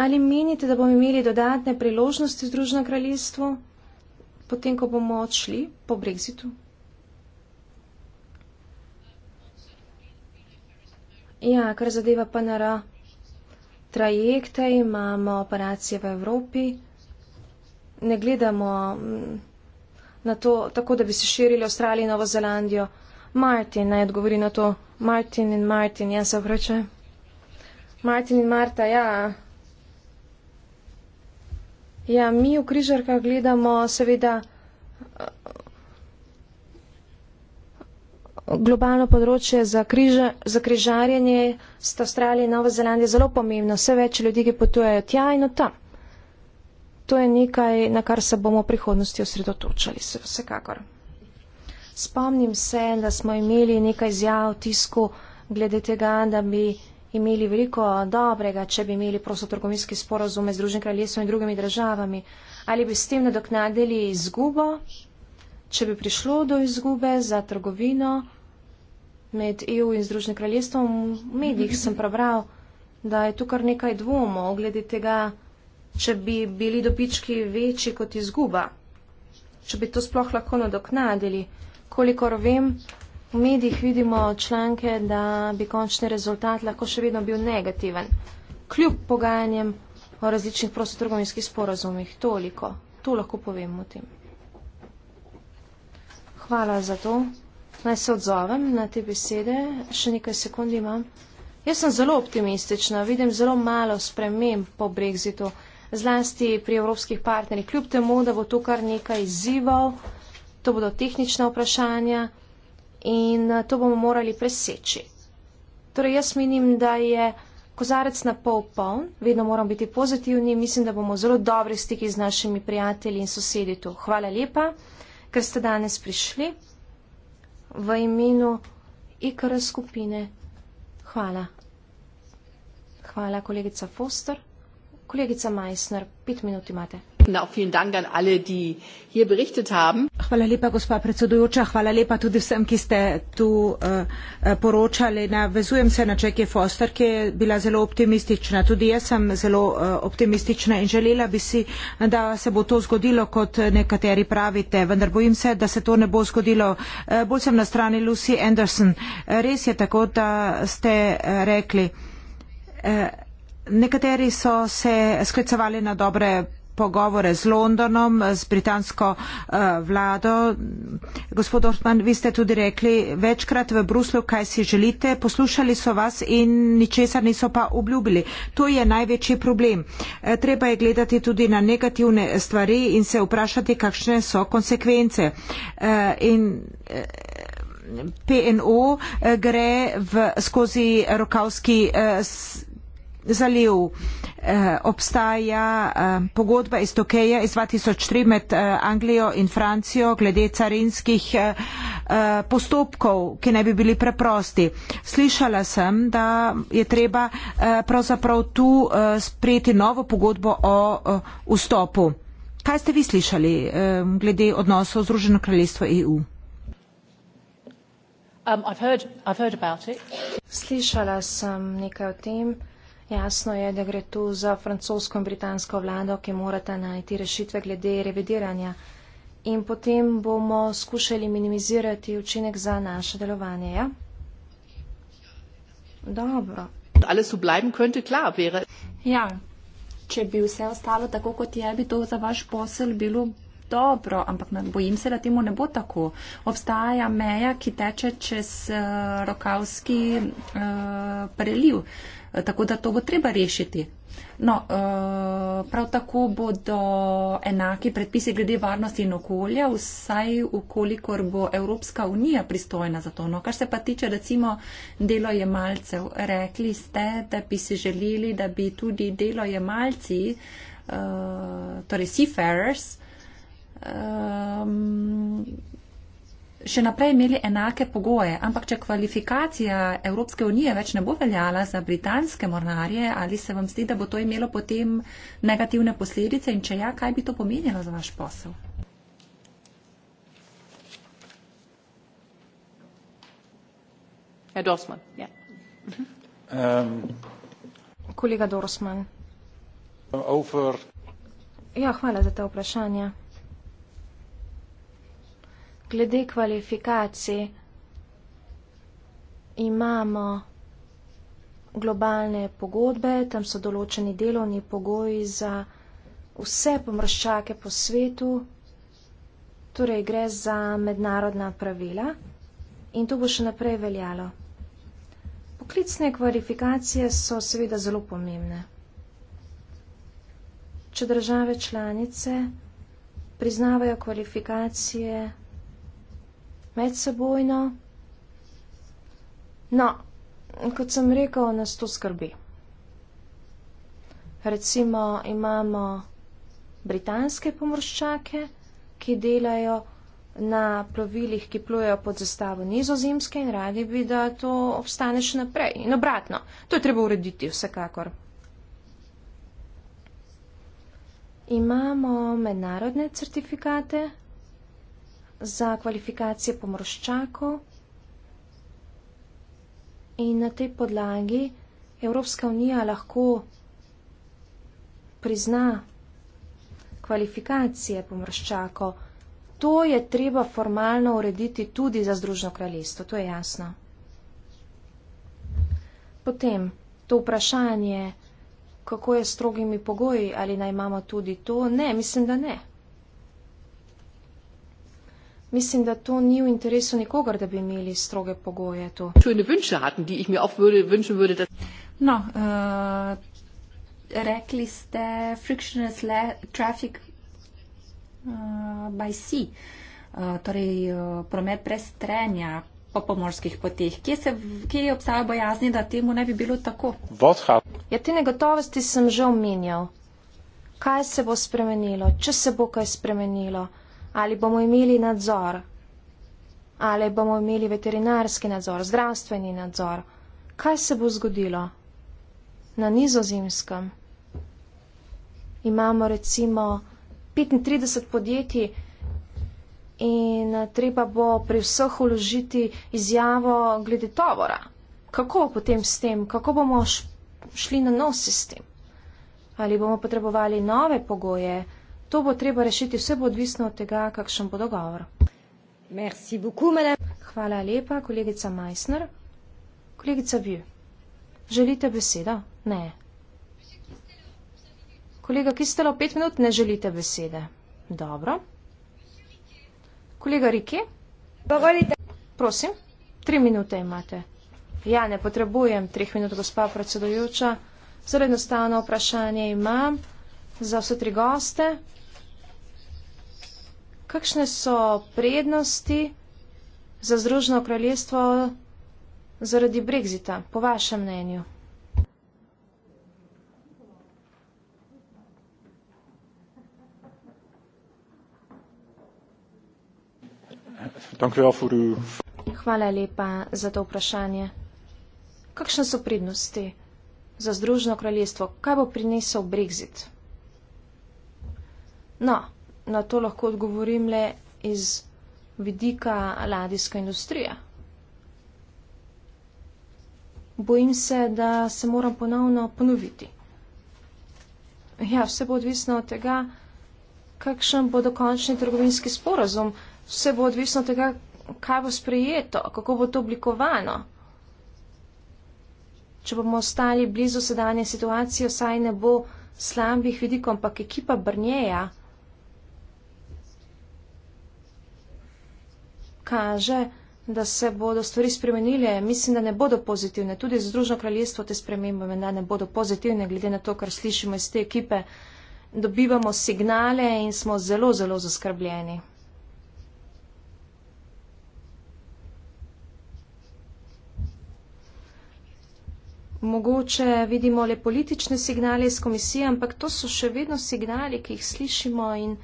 Ali menite, da bomo imeli dodatne priložnosti v Združenem kraljestvu, potem, ko bomo odšli po brexitu? Ja, kar zadeva PNR trajekte, imamo operacije v Evropi. Ne gledamo mm, na to tako, da bi se širili Avstralijo in Novo Zelandijo. Martin naj odgovori na to. Martin in Martin, jaz se vračam. Martin in Marta, ja. Ja, mi v križarkah gledamo seveda globalno področje za, križa, za križarjenje, sta Avstralija in Nova Zelandija zelo pomembna. Vse več ljudi, ki potujejo tja in od tam. To je nekaj, na kar se bomo v prihodnosti osredotočali, vsekakor. Spomnim se, da smo imeli nekaj izjav v tisku glede tega, da bi imeli veliko dobrega, če bi imeli prostotrgovinski sporozume z Združenim kraljestvom in drugimi državami. Ali bi s tem nadoknadili izgubo, če bi prišlo do izgube za trgovino med EU in Združenim kraljestvom. V medijih sem prebral, da je tu kar nekaj dvomov glede tega, če bi bili dobički večji kot izguba, če bi to sploh lahko nadoknadili. Kolikor vem, v medijih vidimo članke, da bi končni rezultat lahko še vedno bil negativen, kljub pogajanjem o različnih prostotrgovinskih sporazumih. Toliko. To lahko povem o tem. Hvala za to naj se odzovem na te besede, še nekaj sekund imam. Jaz sem zelo optimistična, vidim zelo malo sprememb po brexitu, zlasti pri evropskih partnerjih, kljub temu, da bo to kar nekaj izzival, to bodo tehnična vprašanja in eh, to bomo morali preseči. Torej, jaz menim, da je kozarec na pol poln, vedno moramo biti pozitivni, mislim, da bomo zelo dobri stiki z našimi prijatelji in sosedi tu. Hvala lepa, ker ste danes prišli v imenu IKR skupine. Hvala. Hvala, kolegica Foster. Kolegica Meissner, pet minut imate. Ägypten. Auch vielen Dank an alle, die hier berichtet haben. Hvala lepa, gospa predsedujoča. Hvala lepa tudi vsem, ki ste tu uh, poročali. Navezujem se na Jackie Foster, ki je bila zelo optimistična. Tudi jaz sem zelo uh, optimistična in želela bi si, da se bo to zgodilo, kot nekateri pravite. Vendar bojim se, da se to ne bo zgodilo. Uh, bolj sem na strani Lucy Anderson. Uh, res je tako, da ste uh, rekli. Uh, Nekateri so se sklicovali na dobre pogovore z Londonom, z britansko eh, vlado. Gospod Ortman, vi ste tudi rekli večkrat v Bruslu, kaj si želite. Poslušali so vas in ničesar niso pa obljubili. To je največji problem. Eh, treba je gledati tudi na negativne stvari in se vprašati, kakšne so konsekvence. Eh, in PNO gre v, skozi rokavski zaliv. Eh, obstaja eh, pogodba iz Tokeja iz 2003 med eh, Anglijo in Francijo glede carinskih postopkov, ki ne bi bili preprosti. Slišala sem, da je treba pravzaprav tu sprejeti novo pogodbo o vstopu. Kaj ste vi slišali glede odnosov Združeno kraljestvo EU? Um, I've heard, I've heard Slišala sem nekaj o tem. Jasno je, da gre tu za francosko in britansko vlado, ki morata najti rešitve glede revidiranja. In potem bomo skušali minimizirati učinek za naše delovanje. Ja? Dobro. Ja, če bi vse ostalo tako, kot je, bi to za vaš posel bilo dobro, ampak bojim se, da temu ne bo tako. Obstaja meja, ki teče čez uh, Rokavski uh, preliv, eh, tako da to bo treba rešiti. No, uh, prav tako bodo enaki predpisi glede varnosti in okolja, vsaj ukolikor bo Evropska unija pristojna za to. No, kar se pa tiče recimo delojemalcev, rekli ste, da bi si želeli, da bi tudi delojemalci, uh, torej seafarers, uh, um, še naprej imeli enake pogoje. Ampak, če kvalifikacija Evropske unije več ne bo veljala za britanske mornarje, ali se vam zdi, da bo to imelo potem negativne posledice in če ja, kaj bi to pomenilo za vaš posel? Ja, Dorsman. Ehm. Kolega Dorsman. Ja, hvala za ta vprašanja glede kvalifikacij imamo globalne pogodbe, tam so določeni delovni pogoji za vse pomrščake po svetu, torej gre za mednarodna pravila in to bo še naprej veljalo. Poklicne kvalifikacije so seveda zelo pomembne. Če države članice priznavajo kvalifikacije, medsebojno. No, kot sem rekel, nas to skrbi. Recimo imamo britanske pomorščake, ki delajo na plovilih, ki plujejo pod zastavo nizozemske in radi bi, da to obstane še naprej. In obratno, to je treba urediti vsekakor. Imamo mednarodne certifikate, za kvalifikacije pomorščakov in na tej podlagi Evropska unija lahko prizna kvalifikacije pomorščakov. To je treba formalno urediti tudi za Združno kraljestvo, to je jasno. Potem to vprašanje, kako je s strogimi pogoji, ali naj imamo tudi to, ne, mislim, da ne. Mislim, da to ni v interesu nikogar, da bi imeli stroge pogoje tu. No, uh, rekli ste frictionless traffic uh, by sea, uh, torej uh, promet brez trenja po pomorskih poteh. Kje, se, kje je obstajalo bojazni, da temu ne bi bilo tako? Ja, te negotovosti sem že omenjal. Kaj se bo spremenilo, če se bo kaj spremenilo? ali bomo imeli nadzor, ali bomo imeli veterinarski nadzor, zdravstveni nadzor. Kaj se bo zgodilo? Na nizozemskem imamo recimo 35 podjetij in treba bo pri vseh uložiti izjavo glede tovora. Kako potem s tem, kako bomo šli na nov sistem? Ali bomo potrebovali nove pogoje? To bo treba rešiti, vse bo odvisno od tega, kakšen bo dogovor. Merci beaucoup, madame. Hvala lepa, kolegica Meissner. Kolegica Vi, želite besedo? Ne. Kolega Kistelo, pet minut, ne želite besede. Dobro. Kolega Riki? Dovolite. Prosim, tri minute imate. Ja, ne potrebujem treh minut, gospa predsedojoča. Zelo enostavno vprašanje imam za vse tri goste kakšne so prednosti za Združeno kraljestvo zaradi brexita, po vašem mnenju? Hvala lepa za to vprašanje. Kakšne so prednosti za Združeno kraljestvo? Kaj bo prinesel brexit? No, na to lahko odgovorim le iz vidika ladijska industrija. Bojim se, da se moram ponovno ponoviti. Ja, vse bo odvisno od tega, kakšen bo dokončni trgovinski sporazum, vse bo odvisno od tega, kaj bo sprejeto, kako bo to oblikovano. Če bomo ostali blizu sedanje situacije, saj ne bo slabih vidikov, ampak ekipa Brnjeja. kaže, da se bodo stvari spremenile. Mislim, da ne bodo pozitivne. Tudi Združeno kraljestvo te spremembe menda ne bodo pozitivne, glede na to, kar slišimo iz te ekipe. Dobivamo signale in smo zelo, zelo zaskrbljeni. Mogoče vidimo le politične signale iz komisije, ampak to so še vedno signali, ki jih slišimo in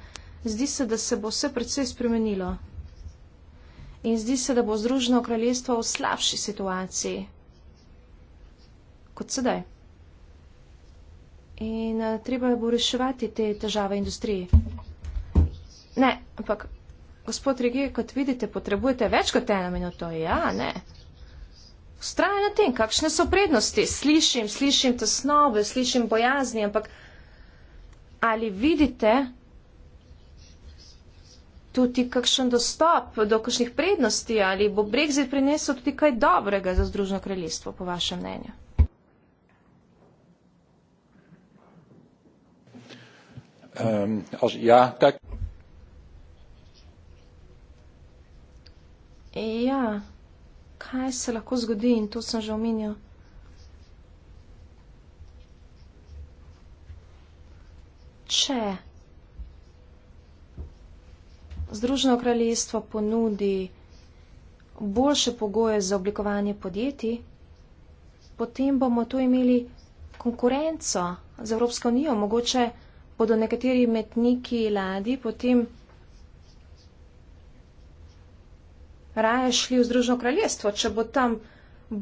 zdi se, da se bo vse predvsej spremenilo in zdi se, da bo Združeno kraljestvo v slabši situaciji kot sedaj. In eh, treba bo reševati te težave industriji. Ne, ampak, gospod Rigi, kot vidite, potrebujete več kot eno minuto. Ja, ne. Vztrajaj na tem, kakšne so prednosti. Slišim, slišim tesnobe, slišim bojazni, ampak ali vidite, tudi kakšen dostop do kakšnih prednosti ali bo Brexit prinesel tudi kaj dobrega za Združeno kraljestvo, po vašem mnenju? Um, als, ja, kijk. Ja, kaj se lahko zgodi in to sem že omenil. Če. Združeno kraljestvo ponudi boljše pogoje za oblikovanje podjetij, potem bomo tu imeli konkurenco z Evropsko unijo. Mogoče bodo nekateri metniki ladi potem raje šli v Združeno kraljestvo, če bo tam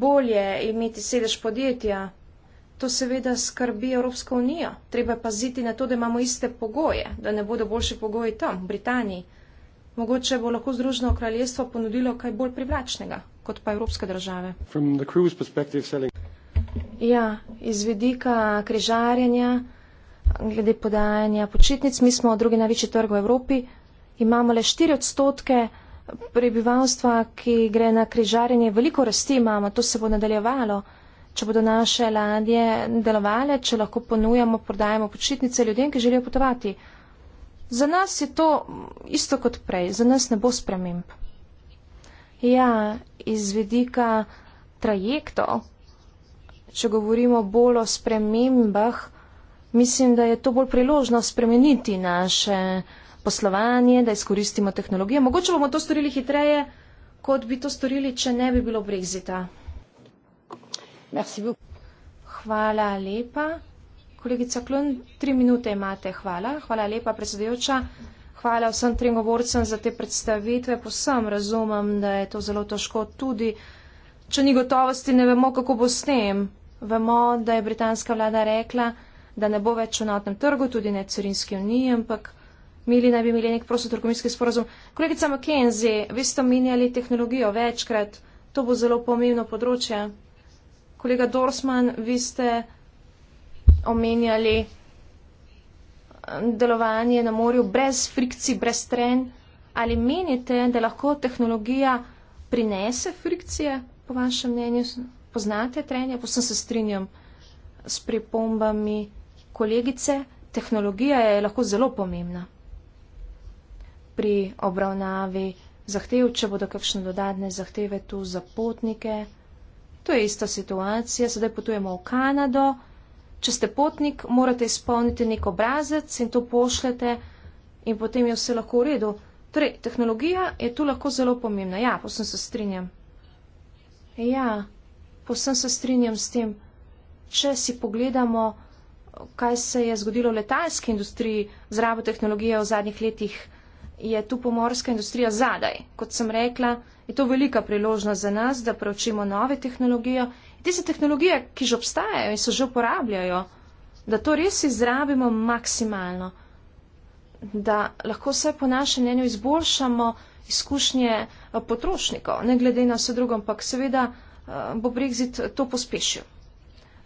bolje imeti sedež podjetja. To seveda skrbi Evropsko unijo. Treba paziti na to, da imamo iste pogoje, da ne bodo boljši pogoji tam, v Britaniji mogoče bo lahko Združeno kraljestvo ponudilo kaj bolj privlačnega kot pa evropske države. Ja, iz vidika križarjenja, glede podajanja počitnic, mi smo drugi največji trg v Evropi, imamo le 4 odstotke prebivalstva, ki gre na križarjenje, veliko rasti imamo, to se bo nadaljevalo, če bodo naše ladje delovale, če lahko ponujamo, prodajamo počitnice ljudem, ki želijo potovati. Za nas je to isto kot prej, za nas ne bo sprememb. Ja, iz vidika trajektov, če govorimo bolj o spremembah, mislim, da je to bolj priložno spremeniti naše poslovanje, da izkoristimo tehnologijo. Mogoče bomo to storili hitreje, kot bi to storili, če ne bi bilo brexita. Merci beaucoup. Hvala lepa. Kolegica Klun, tri minute imate. Hvala. Hvala lepa, predsedujoča. Hvala vsem trem govorcem za te predstavitve. Posem razumem, da je to zelo težko tudi, če ni gotovosti, ne vemo, kako bo s tem. Vemo, da je britanska vlada rekla, da ne bo več v notnem trgu, tudi ne carinski uniji, ampak mili naj bi imeli nek prostotrgovinski sporozum. Kolegica McKenzie, vi ste omenjali tehnologijo večkrat, to bo zelo pomembno področje. Kolega Dorsman, vi ste omenjali eh, delovanje na morju brez frikcij, brez tren. Ali menite, da lahko tehnologija prinese frikcije, po vašem mnenju? Poznate trenje? Posem se strinjam s pripombami kolegice. Tehnologija je lahko zelo pomembna pri obravnavi zahtev, če bodo kakšne dodatne zahteve tu za potnike. To je ista situacija. Sedaj potujemo v Kanado če ste potnik, morate izpolniti nek obrazec in to pošljete in potem je vse lahko v redu. Torej, tehnologija je tu lahko zelo pomembna. Ja, posem se strinjam. Ja, posem se strinjam s tem, če si pogledamo, kaj se je zgodilo v letalski industriji z rabo tehnologije v zadnjih letih, je tu pomorska industrija zadaj. Kot sem rekla, je to velika priložnost za nas, da preučimo nove tehnologije te so tehnologije, ki že obstajajo in se že uporabljajo, da to res izrabimo maksimalno, da lahko vse po našem mnenju izboljšamo izkušnje eh, potrošnikov, ne glede na vse drugo, ampak seveda eh, bo Brexit eh, to pospešil.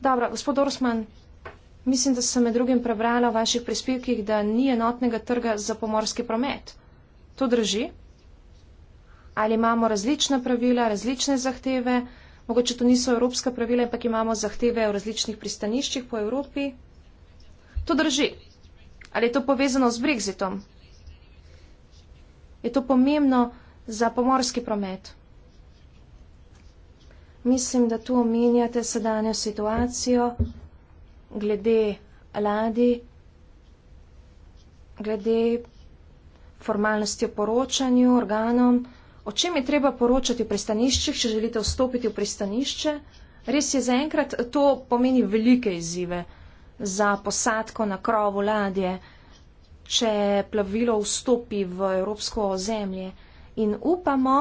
Dobro, gospod Orsman, mislim, da sem med drugim prebrala v vaših prispevkih, da ni enotnega trga za pomorski promet. To drži? Ali imamo različna pravila, različne zahteve? Mogoče to niso evropska pravila, ampak imamo zahteve v različnih pristaniščih po Evropi. To drži. Ali je to povezano z Brexitom? Je to pomembno za pomorski promet? Mislim, da tu omenjate sedanjo situacijo glede ladi, glede formalnosti o poročanju organom o čem je treba poročati v pristaniščih, če želite vstopiti v pristanišče. Res je, zaenkrat to pomeni velike izzive za posadko na krovu ladje, če plavilo vstopi v evropsko ozemlje. In upamo,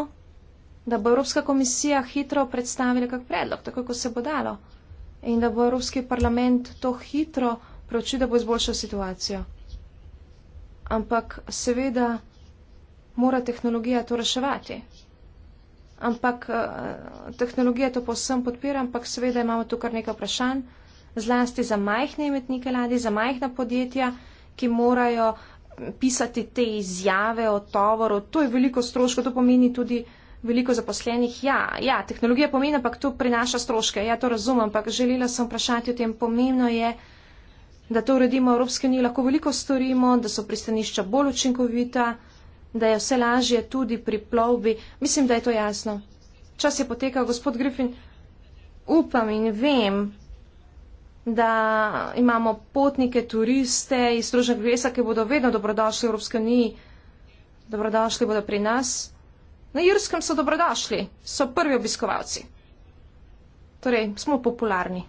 da bo Evropska komisija hitro predstavila kak predlog, tako kot se bo dalo. In da bo Evropski parlament to hitro proči, da bo izboljšal situacijo. Ampak seveda mora tehnologija to reševati. Ampak eh, tehnologija to posem podpira, ampak seveda imamo tukaj nekaj vprašanj, zlasti za majhne imetnike ladi, za majhna podjetja, ki morajo pisati te izjave o tovoru. To je veliko stroško, to pomeni tudi veliko zaposlenih. Ja, ja tehnologija pomeni, ampak to prinaša stroške. Ja, to razumem, ampak želela sem vprašati o tem. Pomembno je, da to uredimo v Evropski uniji, lahko veliko storimo, da so pristanišča bolj učinkovita da je vse lažje tudi pri plovbi. Mislim, da je to jasno. Čas je potekal, gospod Griffin. Upam in vem, da imamo potnike, turiste iz Združenega kraljestva, ki bodo vedno dobrodošli v Evropski uniji. Dobrodošli bodo pri nas. Na Jurskem so dobrodošli, so prvi obiskovalci. Torej, smo popularni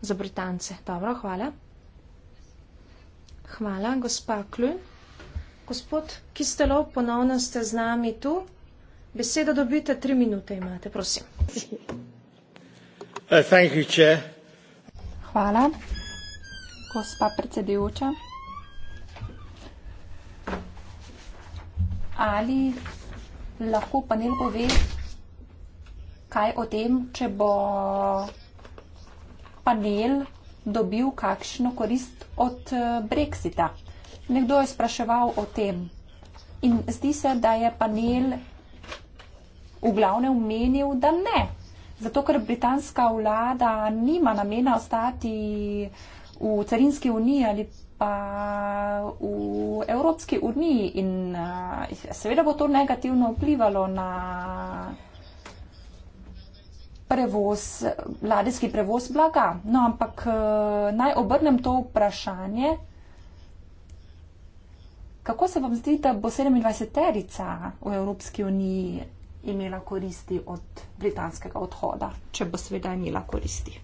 za Britance. Dobro, hvala. Hvala, gospa Kljun. Gospod Kistelov, ponovno ste z nami tu. Besedo dobite, tri minute imate, prosim. Uh, Hvala, gospa predsedujoča. Ali lahko panel pove, kaj o tem, če bo panel dobil kakšno korist od eh, Brexita? Nekdo je spraševal o tem in zdi se, da je panel v glavne omenil, da ne. Zato, ker britanska vlada nima namena ostati v carinski uniji ali pa v Evropski uniji in seveda bo to negativno vplivalo na prevoz, ladijski prevoz blaga. No, ampak naj obrnem to vprašanje Kako se vam zdi, da bo 27-terica v Evropski uniji imela koristi od britanskega odhoda, če bo seveda imela koristi?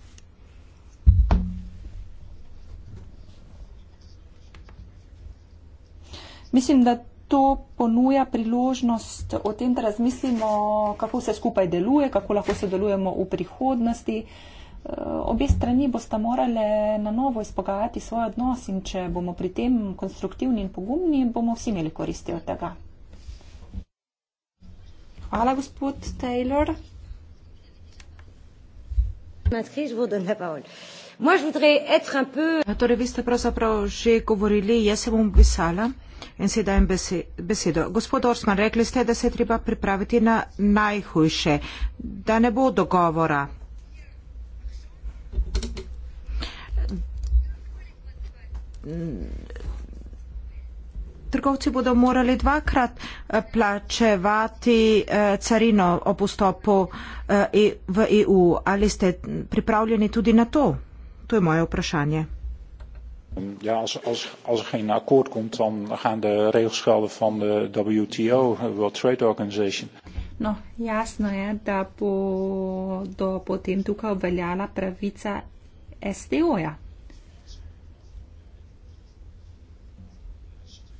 Mislim, da to ponuja priložnost o tem, da razmislimo, kako se skupaj deluje, kako lahko sodelujemo v prihodnosti. Uh, Eh, obe strani bosta morale na novo izpogajati svoj odnos in če bomo pri tem konstruktivni in pogumni, bomo vsi imeli koristi od tega. Hvala, gospod Taylor. Ja, torej, vi ste pravzaprav že govorili, jaz se bom pisala in si dajem besedo. Gospod Orsman, rekli ste, da se je treba pripraviti na najhujše, da ne bo dogovora. trgovci bodo morali dvakrat eh, plačevati eh, carino ob vstopu eh, e, v EU. Ali ste pripravljeni tudi na to? To je moje vprašanje. Ja, als, als, als er geen akkoord komt, dan gaan de regels gelden van de WTO, World Trade Organization. No, jasno je, da bo do potem tukaj obveljala pravica STO-ja.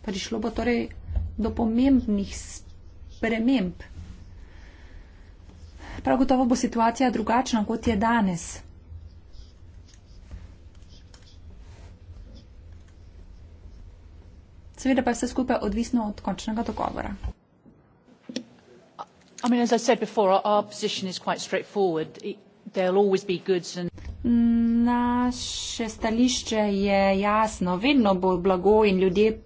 prišlo bo torej do pomembnih sprememb. Prav gotovo bo situacija drugačna, kot je danes. Seveda pa je vse skupaj odvisno od končnega dogovora. I mean, before, and... Naše stališče je jasno, vedno bo blago in ljudje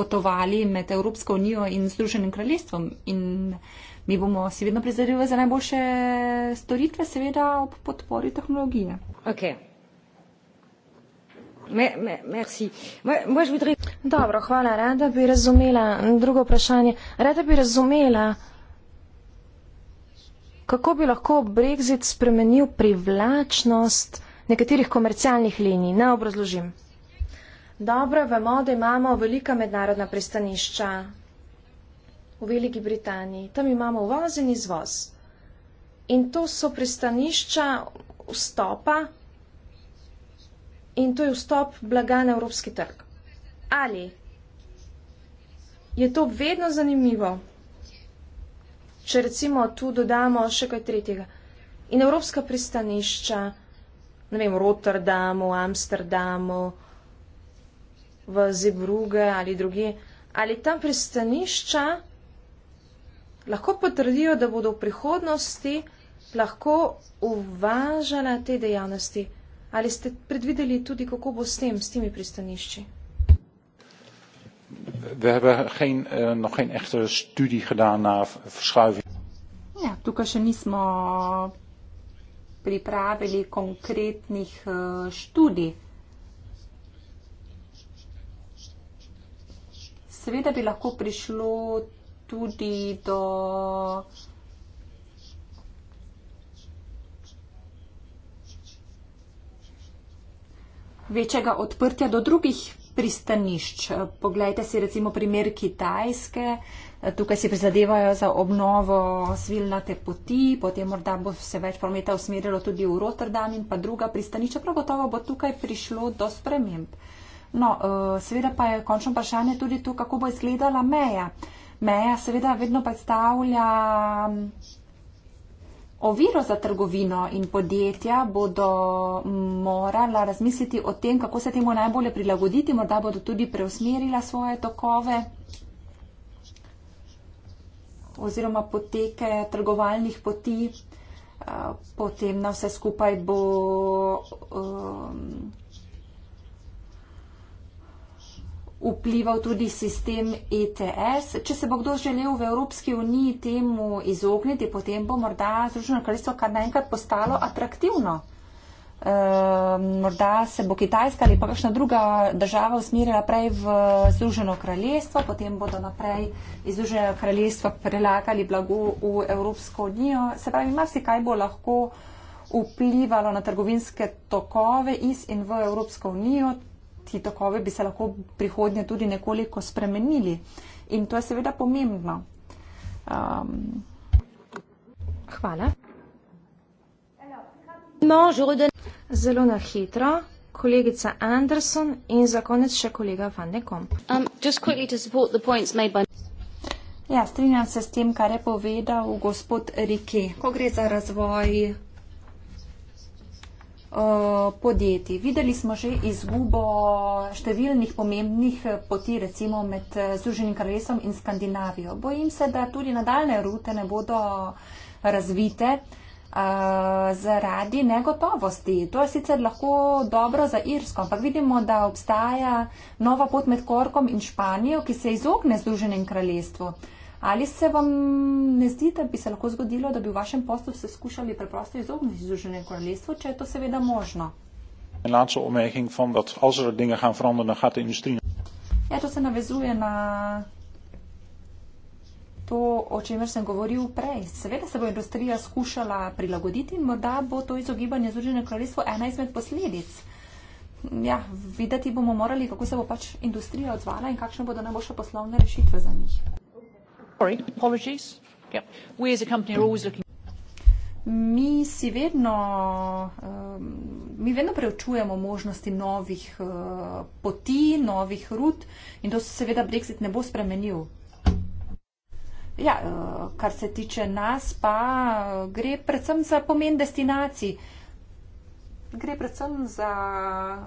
potovali med Evropsko unijo in Združenim kraljestvom. In mi bomo si vedno prizadevali za najboljše storitve, seveda ob podpori tehnologije. Ok. Me, me, merci. Moj, moj vodri... Dobro, hvala. Rada bi razumela drugo vprašanje. Rada bi razumela, kako bi lahko Brexit spremenil privlačnost nekaterih komercialnih linij. Ne obrazložim. Dobro vemo, da imamo velika mednarodna pristanišča v Veliki Britaniji. Tam imamo uvoz in izvoz. In to so pristanišča vstopa in to je vstop blaga na evropski trg. Ali je to vedno zanimivo, če recimo tu dodamo še kaj tretjega. In evropska pristanišča, ne vem, v Rotterdamu, Amsterdamu, v Zebruge ali druge, ali tam pristanišča lahko potrdijo, da bodo v prihodnosti lahko uvažala te dejavnosti. Ali ste predvideli tudi, kako bo s tem, s temi pristanišči? We hebben geen, uh, nog geen echte studie gedaan naar verschuiving. Ja, tukaj še nismo pripravili konkretnih uh, študij. seveda bi lahko prišlo tudi do. večjega odprtja do drugih pristanišč. Poglejte si recimo primer Kitajske, tukaj si prizadevajo za obnovo svilnate poti, potem morda bo se več prometa usmerilo tudi v Rotterdam in pa druga pristanišča. Prav gotovo bo tukaj prišlo do sprememb. No, eh, seveda pa je končno vprašanje tudi to, kako bo izgledala meja. Meja seveda vedno predstavlja mm, oviro za trgovino in podjetja bodo mm, morala razmisliti o tem, kako se temu najbolje prilagoditi, morda bodo tudi preusmerila svoje tokove oziroma poteke trgovalnih poti. Eh, potem na vse skupaj bo. Um, vplival tudi sistem ETS. Če se bo kdo želel v Evropski uniji temu izogniti, potem bo morda Združeno kraljestvo kar naenkrat postalo atraktivno. E, morda se bo Kitajska ali pa kakšna druga država usmirila prej v Združeno kraljestvo, potem bodo naprej iz Združenega kraljestva prelagali blago v Evropsko unijo. Se pravi, marsikaj bo lahko vplivalo na trgovinske tokove iz in v Evropsko unijo ti tokovi bi se lahko prihodnje tudi nekoliko spremenili. In to je seveda pomembno. Um, Hvala. No, žoden. Zelo na hitro. Kolegica Anderson in za konec še kolega Van Nekom. Um, ja, strinjam se s tem, kar je povedal gospod Rike. Ko gre za razvoj Eh, podjetij. Videli smo že izgubo številnih pomembnih eh, poti, recimo med eh, Združenim kraljestvom in Skandinavijo. Bojim se, da tudi nadaljne rute ne bodo razvite. Uh, zaradi negotovosti. To je sicer lahko dobro za Irsko, ampak vidimo, da obstaja nova pot med Korkom in Španijo, ki se izogne Združenem kraljestvu. Uh, Ali se vam ne zdi, da bi se lahko zgodilo, da bi v vašem poslu se skušali preprosto izogniti Združenem kraljestvu, če je to seveda možno? Er ja, to se navezuje na to, o čemer sem govoril prej. Seveda se bo industrija skušala prilagoditi in morda bo to izogibanje Združenem kraljestvu ena izmed posledic. Ja, videti bomo morali, kako se bo pač industrija odzvala in kakšne bodo najboljše poslovne rešitve za njih. Sorry, apologies. Yep. We as a company are always looking. Mi si vedno, um, vedno preučujemo možnosti novih uh, poti, novih rut in to se seveda Brexit ne bo spremenil. Ja, uh, kar se tiče nas, pa uh, gre predvsem za pomen destinacij. Uh, gre predvsem za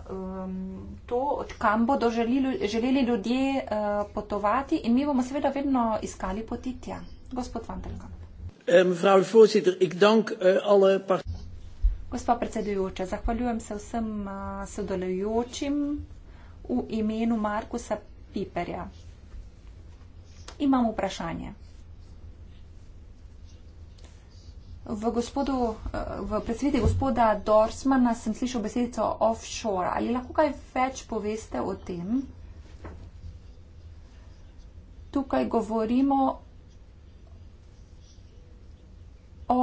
um, to, odkam bodo želili, želeli ljudje uh, potovati in mi bomo seveda vedno iskali poti tja. Gospod Vantelkamp. Ehm, mevrouw de voorzitter, ik dank uh, alle Gospa predsedujoča, zahvaljujem se vsem uh, sodelujočim v imenu Markusa Piperja. Imam vprašanje. V, gospodu, eh, v predsveti gospoda Dorsmana sem slišal besedico offshore. Ali lahko kaj več poveste o tem? Tukaj govorimo o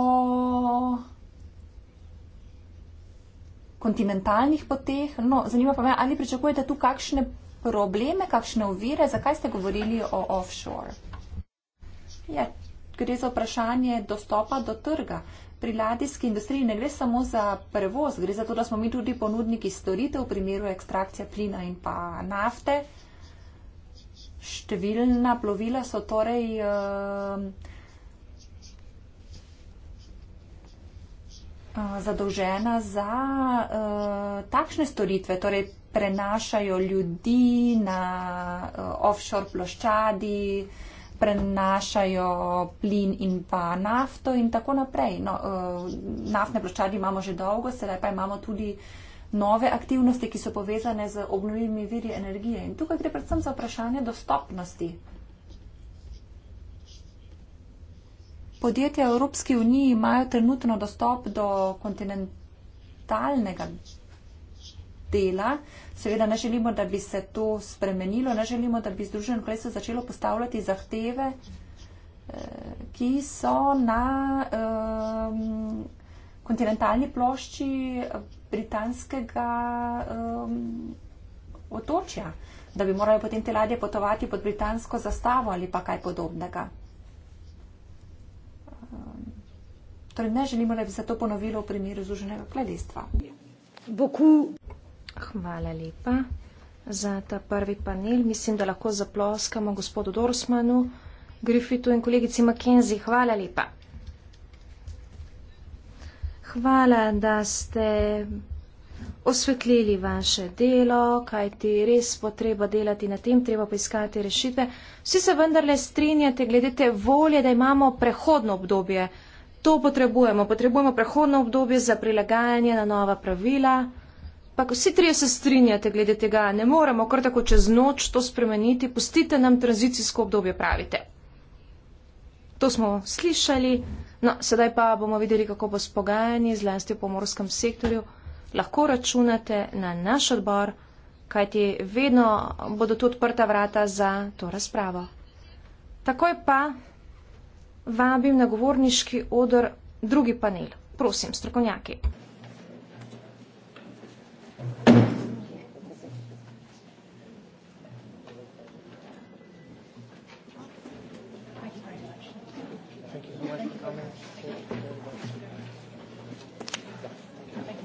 kontinentalnih poteh. No, zanima pa me, ali pričakujete tu kakšne probleme, kakšne ovire, zakaj ste govorili o offshore? Ja, gre za vprašanje dostopa do trga. Pri ladijski industriji ne gre samo za prevoz, gre za to, da smo mi tudi ponudniki storitev v primeru ekstrakcije plina in pa nafte. Številna plovila so torej uh, zadolžena za uh, takšne storitve, torej prenašajo ljudi na uh, offshore ploščadi. Uh, prenašajo plin in pa nafto in tako naprej. No, uh, naftne ploščadi imamo že dolgo, sedaj pa imamo tudi nove aktivnosti, ki so povezane z obnovljivimi viri energije. In tukaj gre predvsem za vprašanje dostopnosti. Podjetja Evropske unije imajo trenutno dostop do kontinentalnega dela. Seveda ne želimo, da bi se to spremenilo, ne želimo, da bi Združeno kraljestvo začelo postavljati zahteve, eh, ki so na um, kontinentalni plošči britanskega um, otočja, da bi morali potem te ladje potovati pod britansko zastavo ali pa kaj podobnega. Ehm, torej ne želimo, da bi se to ponovilo v primeru Združenega kraljestva. Boku. Hvala lepa za ta prvi panel. Mislim, da lahko zaploskamo gospodu Dorsmanu, Griffithu in kolegici McKenzie. Hvala lepa. Hvala, da ste osvetlili vaše delo, kaj ti res potreba delati na tem, treba poiskati rešitve. Vsi se vendarle strinjate, gledite volje, da imamo prehodno obdobje. To potrebujemo. Potrebujemo prehodno obdobje za prilagajanje na nova pravila. Ampak vsi trije se strinjate glede tega, ne moremo kar tako čez noč to spremeniti, pustite nam tranzicijsko obdobje, pravite. To smo slišali, no sedaj pa bomo videli, kako bo s pogajanji, zlasti v pomorskem sektorju, lahko računate na naš odbor, kajti vedno bodo tu odprta vrata za to razpravo. Takoj pa vabim na govorniški odr drugi panel. Prosim, strokovnjaki.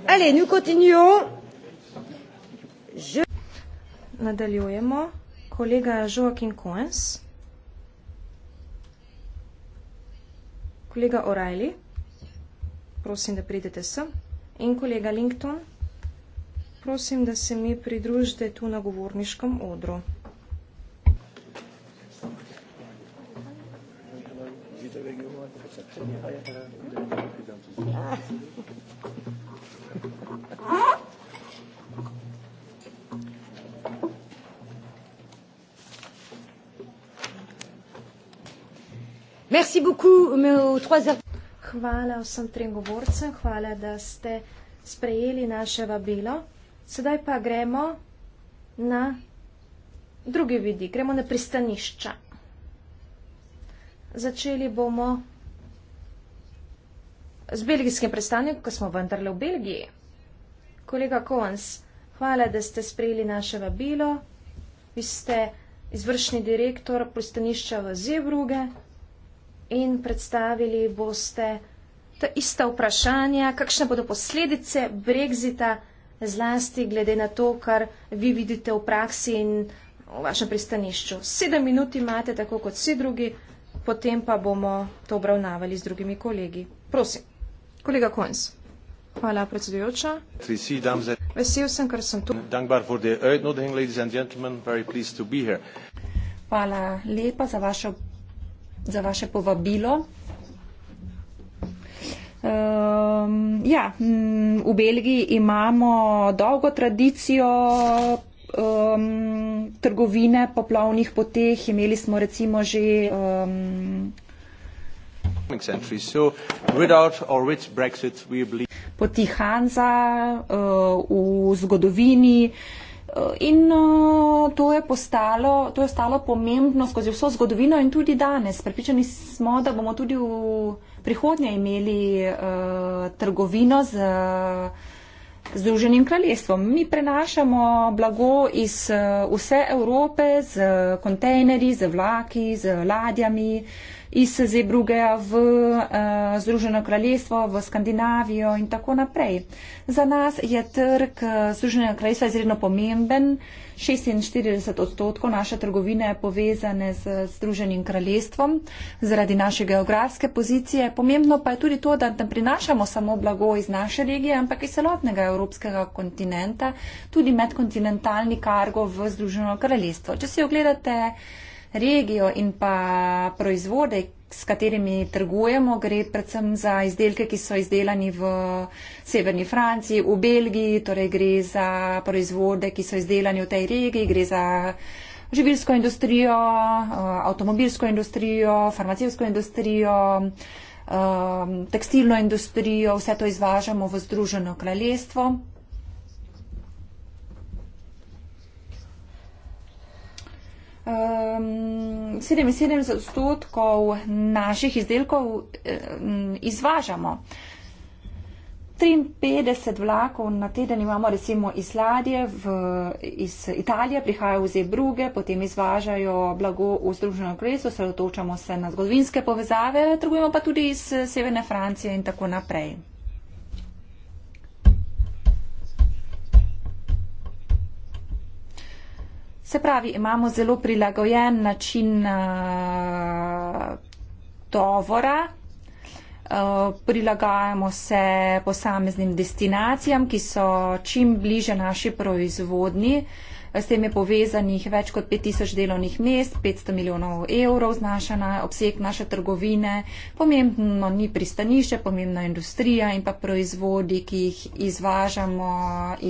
Allez, nous continuons. Je... Nadaljujemo. Kolega Joaquin Coens. Kolega O'Reilly. Prosim, da pridete sem. In kolega Linkton. Prosim, da se mi pridružite tu na govorniškem odru. Thank you. Merci beaucoup, mes hvala vsem trem govorcem, hvala, da ste sprejeli naše vabilo. Sedaj pa gremo na drugi vidi, gremo na pristanišča. Začeli bomo z belgijskim predstavnikom, ko smo vendarle v Belgiji. Kolega Kovans, hvala, da ste sprejeli naše vabilo. Vi ste izvršni direktor pristanišča v Zebruge in predstavili boste ta ista vprašanja, kakšne bodo posledice brexita, zlasti glede na to, kar vi vidite v praksi in v vašem pristanišču. Sedem minut imate, tako kot vsi drugi, potem pa bomo to obravnavali z drugimi kolegi. Prosim, kolega Kojns. Hvala, predsedujoča. Vesel sem, ker sem tu. Hvala lepa za vaše za vaše povabilo. Um, ja, mm, v Belgiji imamo dolgo tradicijo um, trgovine po plovnih poteh. Imeli smo recimo že. Um, So, Brexit, believe... Poti Hanza uh, v zgodovini uh, In eh, to je postalo, to je ostalo pomembno skozi vso zgodovino in tudi danes. Pripričani smo, da bomo tudi v prihodnje imeli uh, trgovino z eh, Združenim kraljestvom. Mi prenašamo blago iz vse Evrope z kontejnerji, z vlaki, z ladjami. Uh, iz Zebrugeja v uh, Združeno kraljestvo, v Skandinavijo in tako naprej. Za nas je trg eh, Združenega kraljestva izredno pomemben. 46 odstotkov naše trgovine je povezane z Združenim kraljestvom zaradi naše geografske pozicije. Pomembno pa je tudi to, da ne prinašamo samo blago iz naše regije, ampak iz celotnega evropskega kontinenta, tudi medkontinentalni kargo v Združeno kraljestvo. Če si ogledate regijo in pa proizvode, s katerimi trgujemo, gre predvsem za izdelke, ki so izdelani v severni Franciji, v Belgiji, torej gre za proizvode, ki so izdelani v tej regiji, gre za živilsko industrijo, eh, avtomobilsko industrijo, farmacijsko industrijo, eh, tekstilno industrijo, vse to izvažamo v Združeno kraljestvo. Um, ehm, 77 odstotkov naših izdelkov um, izvažamo. 53 vlakov na teden imamo recimo iz Ladje, v, iz Italije, prihajajo v Zebruge, potem izvažajo blago v Združeno kraljestvo, se otočamo se na zgodovinske povezave, trgujemo pa tudi iz severne Francije in tako naprej. Se pravi, imamo zelo prilagojen način eh, tovora, eh, prilagajamo se posameznim destinacijam, ki so čim bliže naši proizvodni. S tem je povezanih več kot 5000 delovnih mest, 500 milijonov evrov znašana obseg naše trgovine. Pomembno ni pristanišče, pomembna je industrija in pa proizvodi, ki jih izvažamo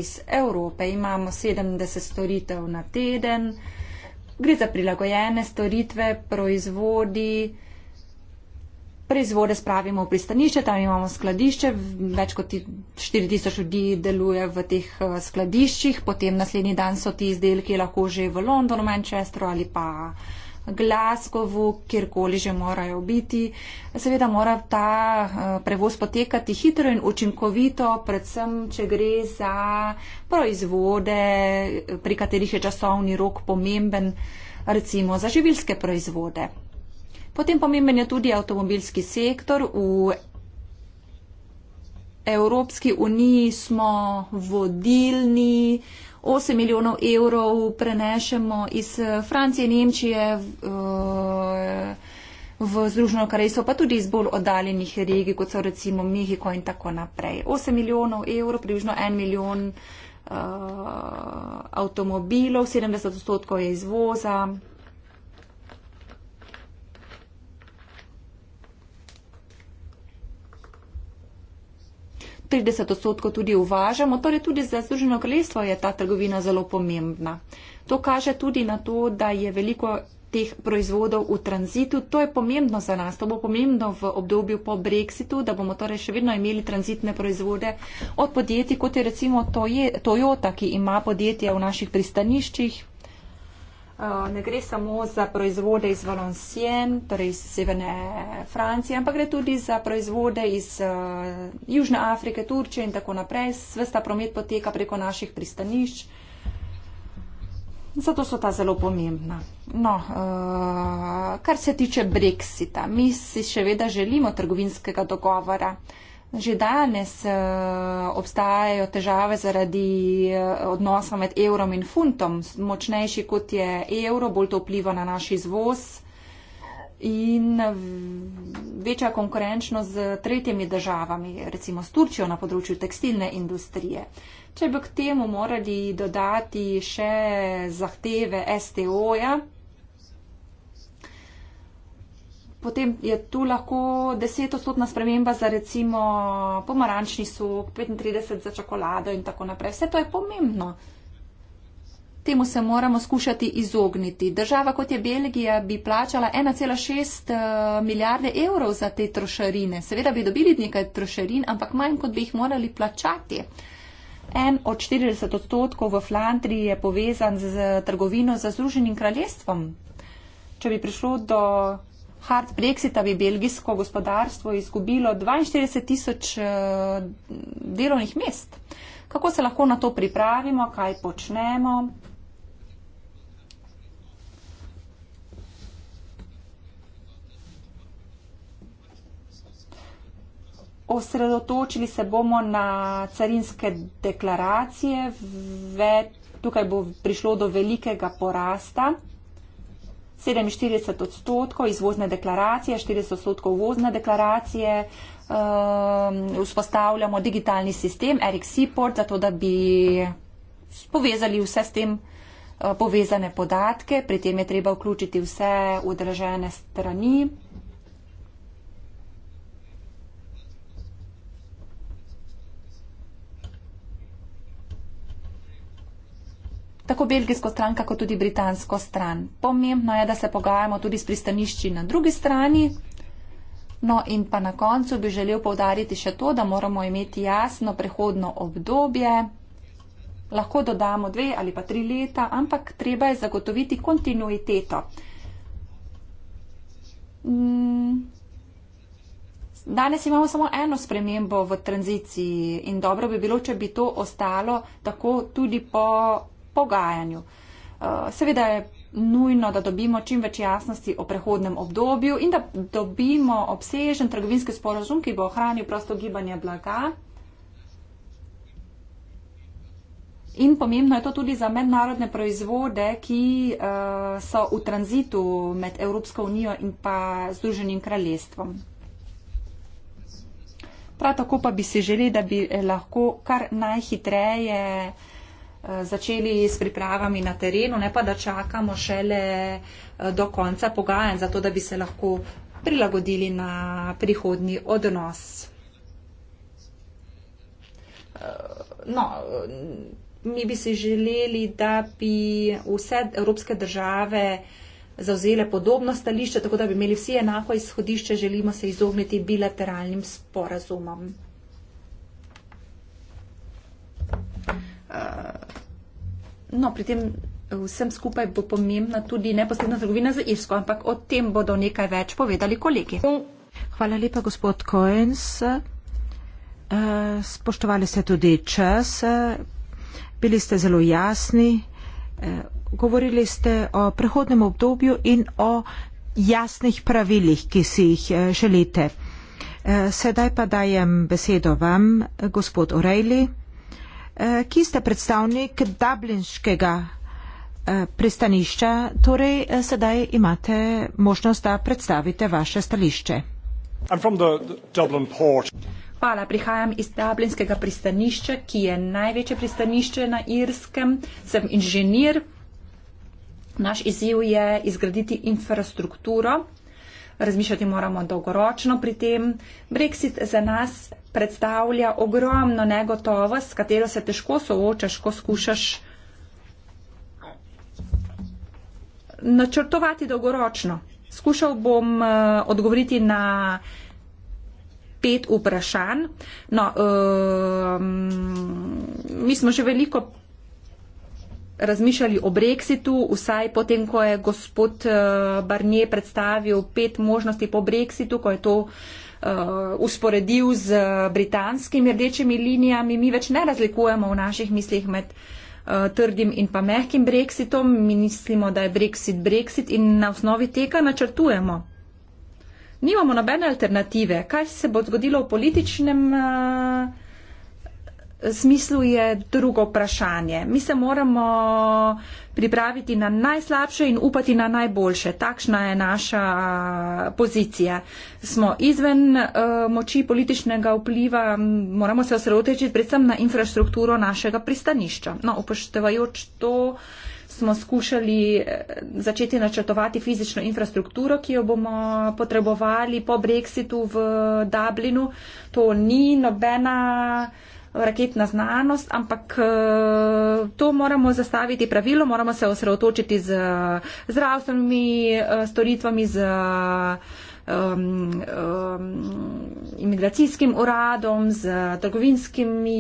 iz Evrope. Imamo 70 storitev na teden. Gre za prilagojene storitve, proizvodi proizvode spravimo v pristanišče, tam imamo skladišče, več kot 4000 ljudi deluje v teh eh, skladiščih, potem naslednji dan so ti izdelki lahko že v Londonu, Manchesteru ali pa Glasgowu, kjerkoli že morajo biti. Seveda mora ta eh, prevoz potekati hitro in učinkovito, predvsem, če gre za proizvode, pri katerih je časovni rok pomemben, recimo za živilske proizvode. Potem pomemben je tudi avtomobilski sektor. V Evropski uniji smo vodilni, 8 milijonov evrov prenešemo iz Francije, Nemčije v Združeno kraljestvo, pa tudi iz bolj oddaljenih regij, kot so recimo Mehiko in tako naprej. 8 milijonov evrov, približno 1 milijon uh, avtomobilov, 70 odstotkov je izvoza. 30 odstotkov tudi uvažamo, torej tudi za Združeno kraljestvo je ta trgovina zelo pomembna. To kaže tudi na to, da je veliko teh proizvodov v tranzitu. To je pomembno za nas, to bo pomembno v obdobju po Brexitu, da bomo torej še vedno imeli tranzitne proizvode od podjetij, kot je recimo Toyota, ki ima podjetje v naših pristaniščih, Eh, ne gre samo za proizvode iz Valencien, torej iz severne Francije, ampak gre tudi za proizvode iz uh, Južne Afrike, Turčije in tako naprej. Svesta promet poteka preko naših pristanišč. Zato so ta zelo pomembna. No, uh, kar se tiče Brexita, mi si še vedno želimo trgovinskega dogovora. Uh, Že danes uh, obstajajo težave zaradi uh, odnosa med evrom in funtom. Močnejši kot je evro, bolj to vpliva na naš izvoz in večja konkurenčnost z tretjimi državami, recimo s Turčijo na področju tekstilne industrije. Če bi k temu morali dodati še zahteve STO-ja, potem je tu lahko desetostotna sprememba za recimo pomarančni sok, 35 za čokolado in tako naprej. Vse to je pomembno. Temu se moramo skušati izogniti. Država kot je Belgija bi plačala 1,6 eh, milijarde evrov za te trošarine. Seveda bi dobili nekaj trošarin, ampak manj kot bi jih morali plačati. En od 40 odstotkov v Flandriji je povezan z trgovino za Združenim kraljestvom. Če bi prišlo do hard brexita bi belgijsko gospodarstvo izgubilo 42 tisoč eh, delovnih mest. Kako se lahko na to pripravimo, kaj počnemo? Osredotočili se bomo na carinske deklaracije, Ve, tukaj bo prišlo do velikega porasta. 47 odstotkov izvozne deklaracije, 40 odstotkov uvozne deklaracije. Ehm, vzpostavljamo digitalni sistem Eric Seaport, zato da bi povezali vse s tem eh, povezane podatke. Pri tem je treba vključiti vse udeležene strani. tako belgijsko stran, kako tudi britansko stran. Pomembno je, da se pogajamo tudi s pristanišči na drugi strani. No in pa na koncu bi želel povdariti še to, da moramo imeti jasno prehodno obdobje. Lahko dodamo dve ali pa tri leta, ampak treba je zagotoviti kontinuiteto. Mm. Danes imamo samo eno spremembo v tranziciji in dobro bi bilo, če bi to ostalo tako tudi po pogajanju. Eh, seveda je nujno, da dobimo čim več jasnosti o prehodnem obdobju in da dobimo obsežen trgovinski sporozum, ki bo ohranil prosto gibanje blaga. In pomembno je to tudi za mednarodne proizvode, ki uh, so v tranzitu med Evropsko unijo in pa Združenim kraljestvom. Prav tako pa bi si želeli, da bi eh, lahko kar najhitreje uh, začeli s pripravami na terenu, ne pa da čakamo šele eh, do konca pogajanj, zato da bi se lahko prilagodili na prihodni odnos. Eh, no, eh, mi bi si želeli, da bi vse evropske države zauzele podobno stališče, tako da bi imeli vsi enako izhodišče, želimo se izogniti bilateralnim sporazumom. Uh no, pri tem eh, vsem skupaj bo pomembna tudi neposredna trgovina z Irsko, ampak o tem bodo nekaj več povedali kolegi. Hvala lepa, gospod Koens. Eh, spoštovali ste tudi čas, bili ste zelo jasni, eh, govorili ste o prehodnem obdobju in o jasnih pravilih, ki si jih želite. Sedaj pa dajem besedo vam, gospod Orejli. Eh, ki ste predstavnik Dublinskega eh, pristanišča, torej eh, sedaj imate možnost, da predstavite vaše stališče. Hvala, prihajam iz Dublinskega pristanišča, ki je največje pristanišče na Irskem. Sem inženir. Naš izziv je izgraditi infrastrukturo razmišljati moramo dolgoročno pri tem. Brexit za nas predstavlja ogromno negotovost, s katero se težko soočaš, ko skušaš načrtovati dolgoročno. Skušal bom uh, odgovoriti na pet vprašanj. No, uh, mi smo že veliko razmišljali o brexitu, vsaj potem, ko je gospod eh, Barnier predstavil pet možnosti po brexitu, ko je to eh, usporedil z britanskimi rdečimi linijami, mi več ne razlikujemo v naših mislih med eh, trdim in pa mehkim brexitom, mi mislimo, da je brexit brexit in na osnovi tega načrtujemo. Nimamo nobene alternative. Kaj se bo zgodilo v političnem uh, smislu je drugo vprašanje. Mi se moramo pripraviti na najslabše in upati na najboljše. Takšna je naša pozicija. Smo izven uh, moči političnega vpliva, moramo se osredotečiti predvsem na infrastrukturo našega pristanišča. No, upoštevajoč to, smo skušali eh, začeti načrtovati fizično infrastrukturo, ki jo bomo potrebovali po Brexitu v Dublinu. To ni nobena raketna znanost, ampak eh, to moramo zastaviti pravilo, moramo se osredotočiti z eh, zdravstvenimi eh, storitvami, z um, um, imigracijskim uradom, z trgovinskimi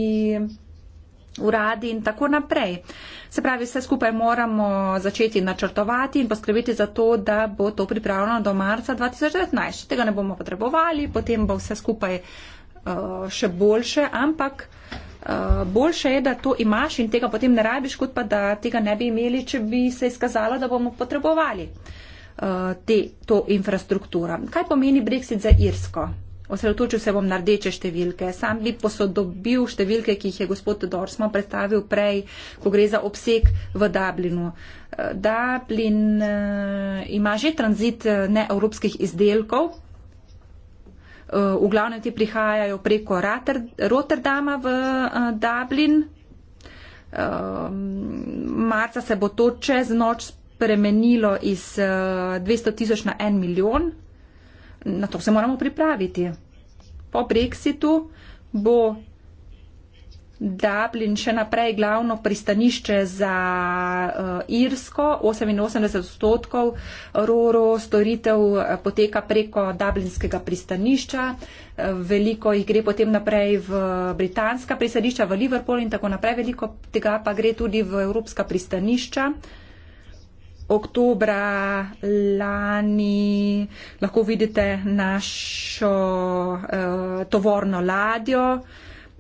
uradi in tako naprej. Se pravi, vse skupaj moramo začeti načrtovati in poskrbeti za to, da bo to pripravljeno do marca 2019. Če tega ne bomo potrebovali, potem bo vse skupaj. Eh, še boljše, ampak eh, boljše je, da to imaš in tega potem ne rabiš, kot pa da tega ne bi imeli, če bi se izkazalo, da bomo potrebovali eh, te, to infrastrukturo. Kaj pomeni Brexit za Irsko? Osredotočil se bom na rdeče številke. Sam bi posodobil številke, ki jih je gospod Dorsman predstavil prej, ko gre za obseg v Dublinu. Dublin ima že tranzit neevropskih izdelkov, Eh, v glavnem ti prihajajo preko Rater, Rotterdama v eh, Dublin. Ehm, marca se bo to čez noč spremenilo iz 200 eh, tisoč na en milijon. Na to se moramo pripraviti. Po Brexitu bo Dublin še naprej glavno pristanišče za uh, Irsko, 88 odstotkov Roro storitev eh, poteka preko Dublinskega pristanišča, eh, veliko jih gre potem naprej v britanska pristanišča, v Liverpool in tako naprej, veliko tega pa gre tudi v evropska pristanišča. Oktobra lani lahko vidite našo uh, tovorno ladjo.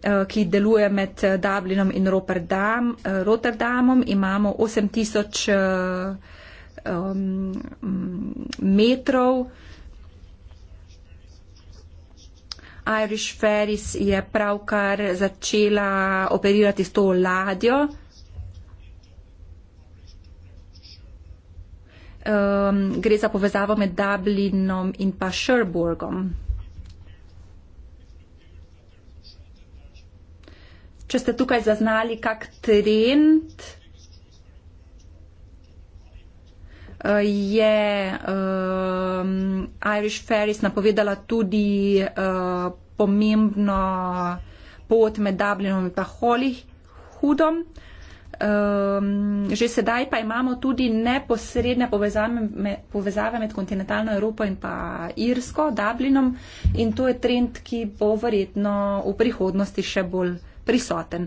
Eh, ki deluje med eh, Dublinom in Rotterdam, eh, Rotterdamom. Imamo 8000 um, metrov. Irish Ferries je pravkar začela operirati s to ladjo. Um, gre za povezavo med Dublinom in pa Sherburgom. če ste tukaj zaznali kak trend, eh, je um, Irish Ferris napovedala tudi uh, pomembno pot med Dublinom in Hollywoodom. Um, ehm, že sedaj pa imamo tudi neposredne povezave med, povezave med kontinentalno Evropo in pa Irsko, Dublinom in to je trend, ki bo verjetno v prihodnosti še bolj prisoten.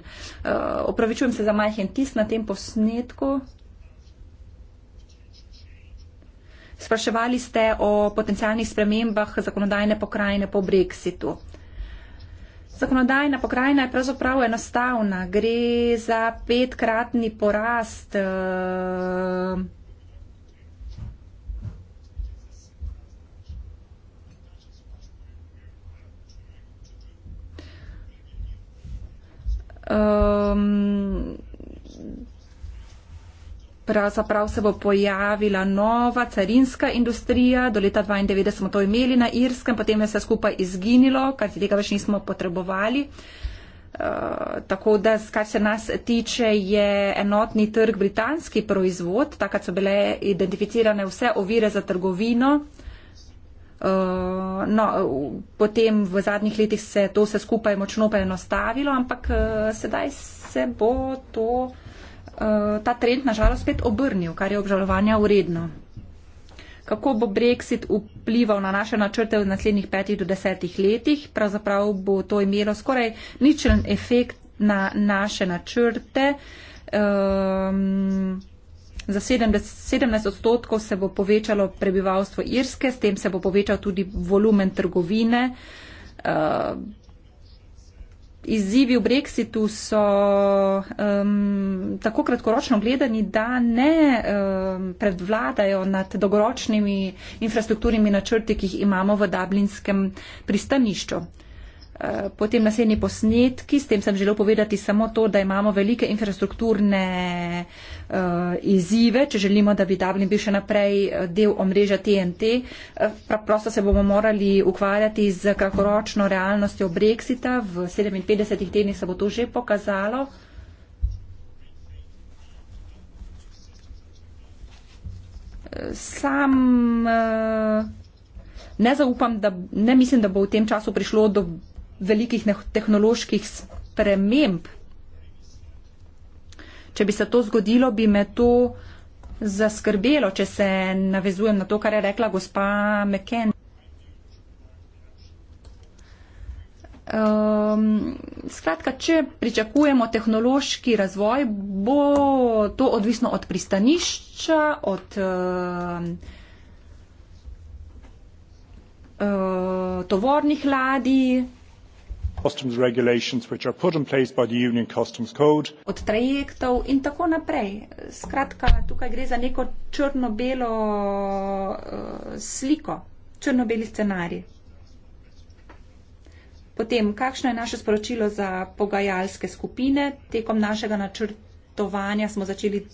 Uh, opravičujem se za majhen tis na tem posnetku. Spraševali ste o potencijalnih spremembah zakonodajne pokrajine po Brexitu. Zakonodajna pokrajina je pravzaprav enostavna. Gre za petkratni porast. Uh, um, pravzaprav se bo pojavila nova carinska industrija. Do leta 1992 smo to imeli na Irskem, potem je vse skupaj izginilo, kar tega več nismo potrebovali. Uh, tako da, kar se nas tiče, je enotni trg britanski proizvod, takrat so bile identificirane vse ovire za trgovino, Eh, no, potem v zadnjih letih se to vse skupaj močno poenostavilo, ampak eh, sedaj se bo to, eh, ta trend nažalost spet obrnil, kar je obžalovanja uredno. Kako bo Brexit vplival na naše načrte v naslednjih petih do desetih letih? Pravzaprav bo to imelo skoraj ničen efekt na naše načrte. Um, Za 17 odstotkov se bo povečalo prebivalstvo Irske, s tem se bo povečal tudi volumen trgovine. Eh, izzivi v Brexitu so um, tako kratkoročno gledani, da ne um, predvladajo nad dolgoročnimi infrastrukturnimi načrti, ki jih imamo v Dublinskem pristanišču. Eh, potem naslednji posnetki, s tem sem želel povedati samo to, da imamo velike infrastrukturne eh, izzive, če želimo, da bi Dublin bil še naprej eh, del omrežja TNT. Prosto se bomo morali ukvarjati z kakoročno realnostjo Brexita, v 57 tednih se bo to že pokazalo. Sam ne zaupam, da ne mislim, da bo v tem času prišlo do velikih tehnoloških sprememb. Če bi se to zgodilo, bi me to zaskrbelo, če se navezujem na to, kar je rekla gospa McKen. Um, ehm, skratka, če pričakujemo tehnološki razvoj, bo to odvisno od pristanišča, od uh, uh, tovornih ladij, customs regulations which are put in place by the Union Customs Code. Od trajektov in tako naprej. Skratka, tukaj gre za neko črno-belo uh, sliko, črno-beli scenarij. Potem, kakšno je naše sporočilo za pogajalske skupine? Tekom našega načrtovanja smo začeli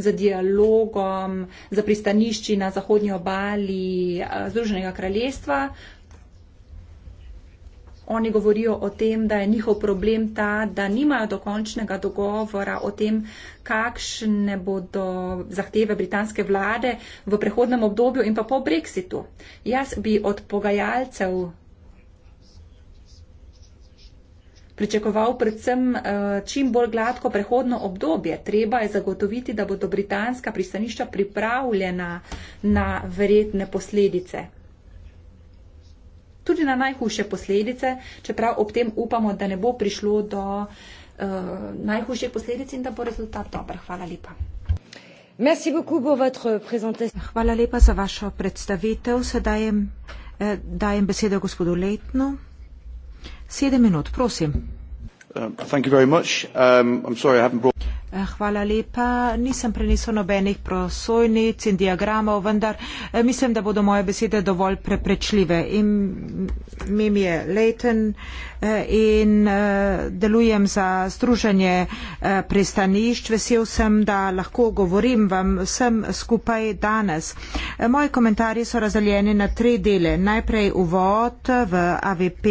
z dialogom, za pristanišči na zahodnji obali eh, Združenega kraljestva oni govorijo o tem, da je njihov problem ta, da nimajo dokončnega dogovora o tem, kakšne bodo zahteve britanske vlade v prehodnem obdobju in pa po Brexitu. Jaz bi od pogajalcev pričakoval predvsem eh, čim bolj gladko prehodno obdobje. Treba je zagotoviti, da bodo britanska pristanišča pripravljena na verjetne posledice tudi na najhujše posledice, čeprav ob tem upamo, da ne bo prišlo do uh, najhujših posledic in da bo rezultat dober. Hvala lepa. Hvala lepa za vašo predstavitev. Sedaj eh, dajem besedo gospodu Letnu. Sedem minut, prosim. Uh, um, Eh, hvala lepa. Nisem prenesel nobenih prosojnic in diagramov, vendar eh, mislim, da bodo moje besede dovolj preprečljive. Mi je Leighton eh, in delujem za združenje pristanišč. Vesel sem, da lahko govorim vam vsem skupaj danes. Moji komentarji so razdeljeni na tri dele. Najprej uvod v AVP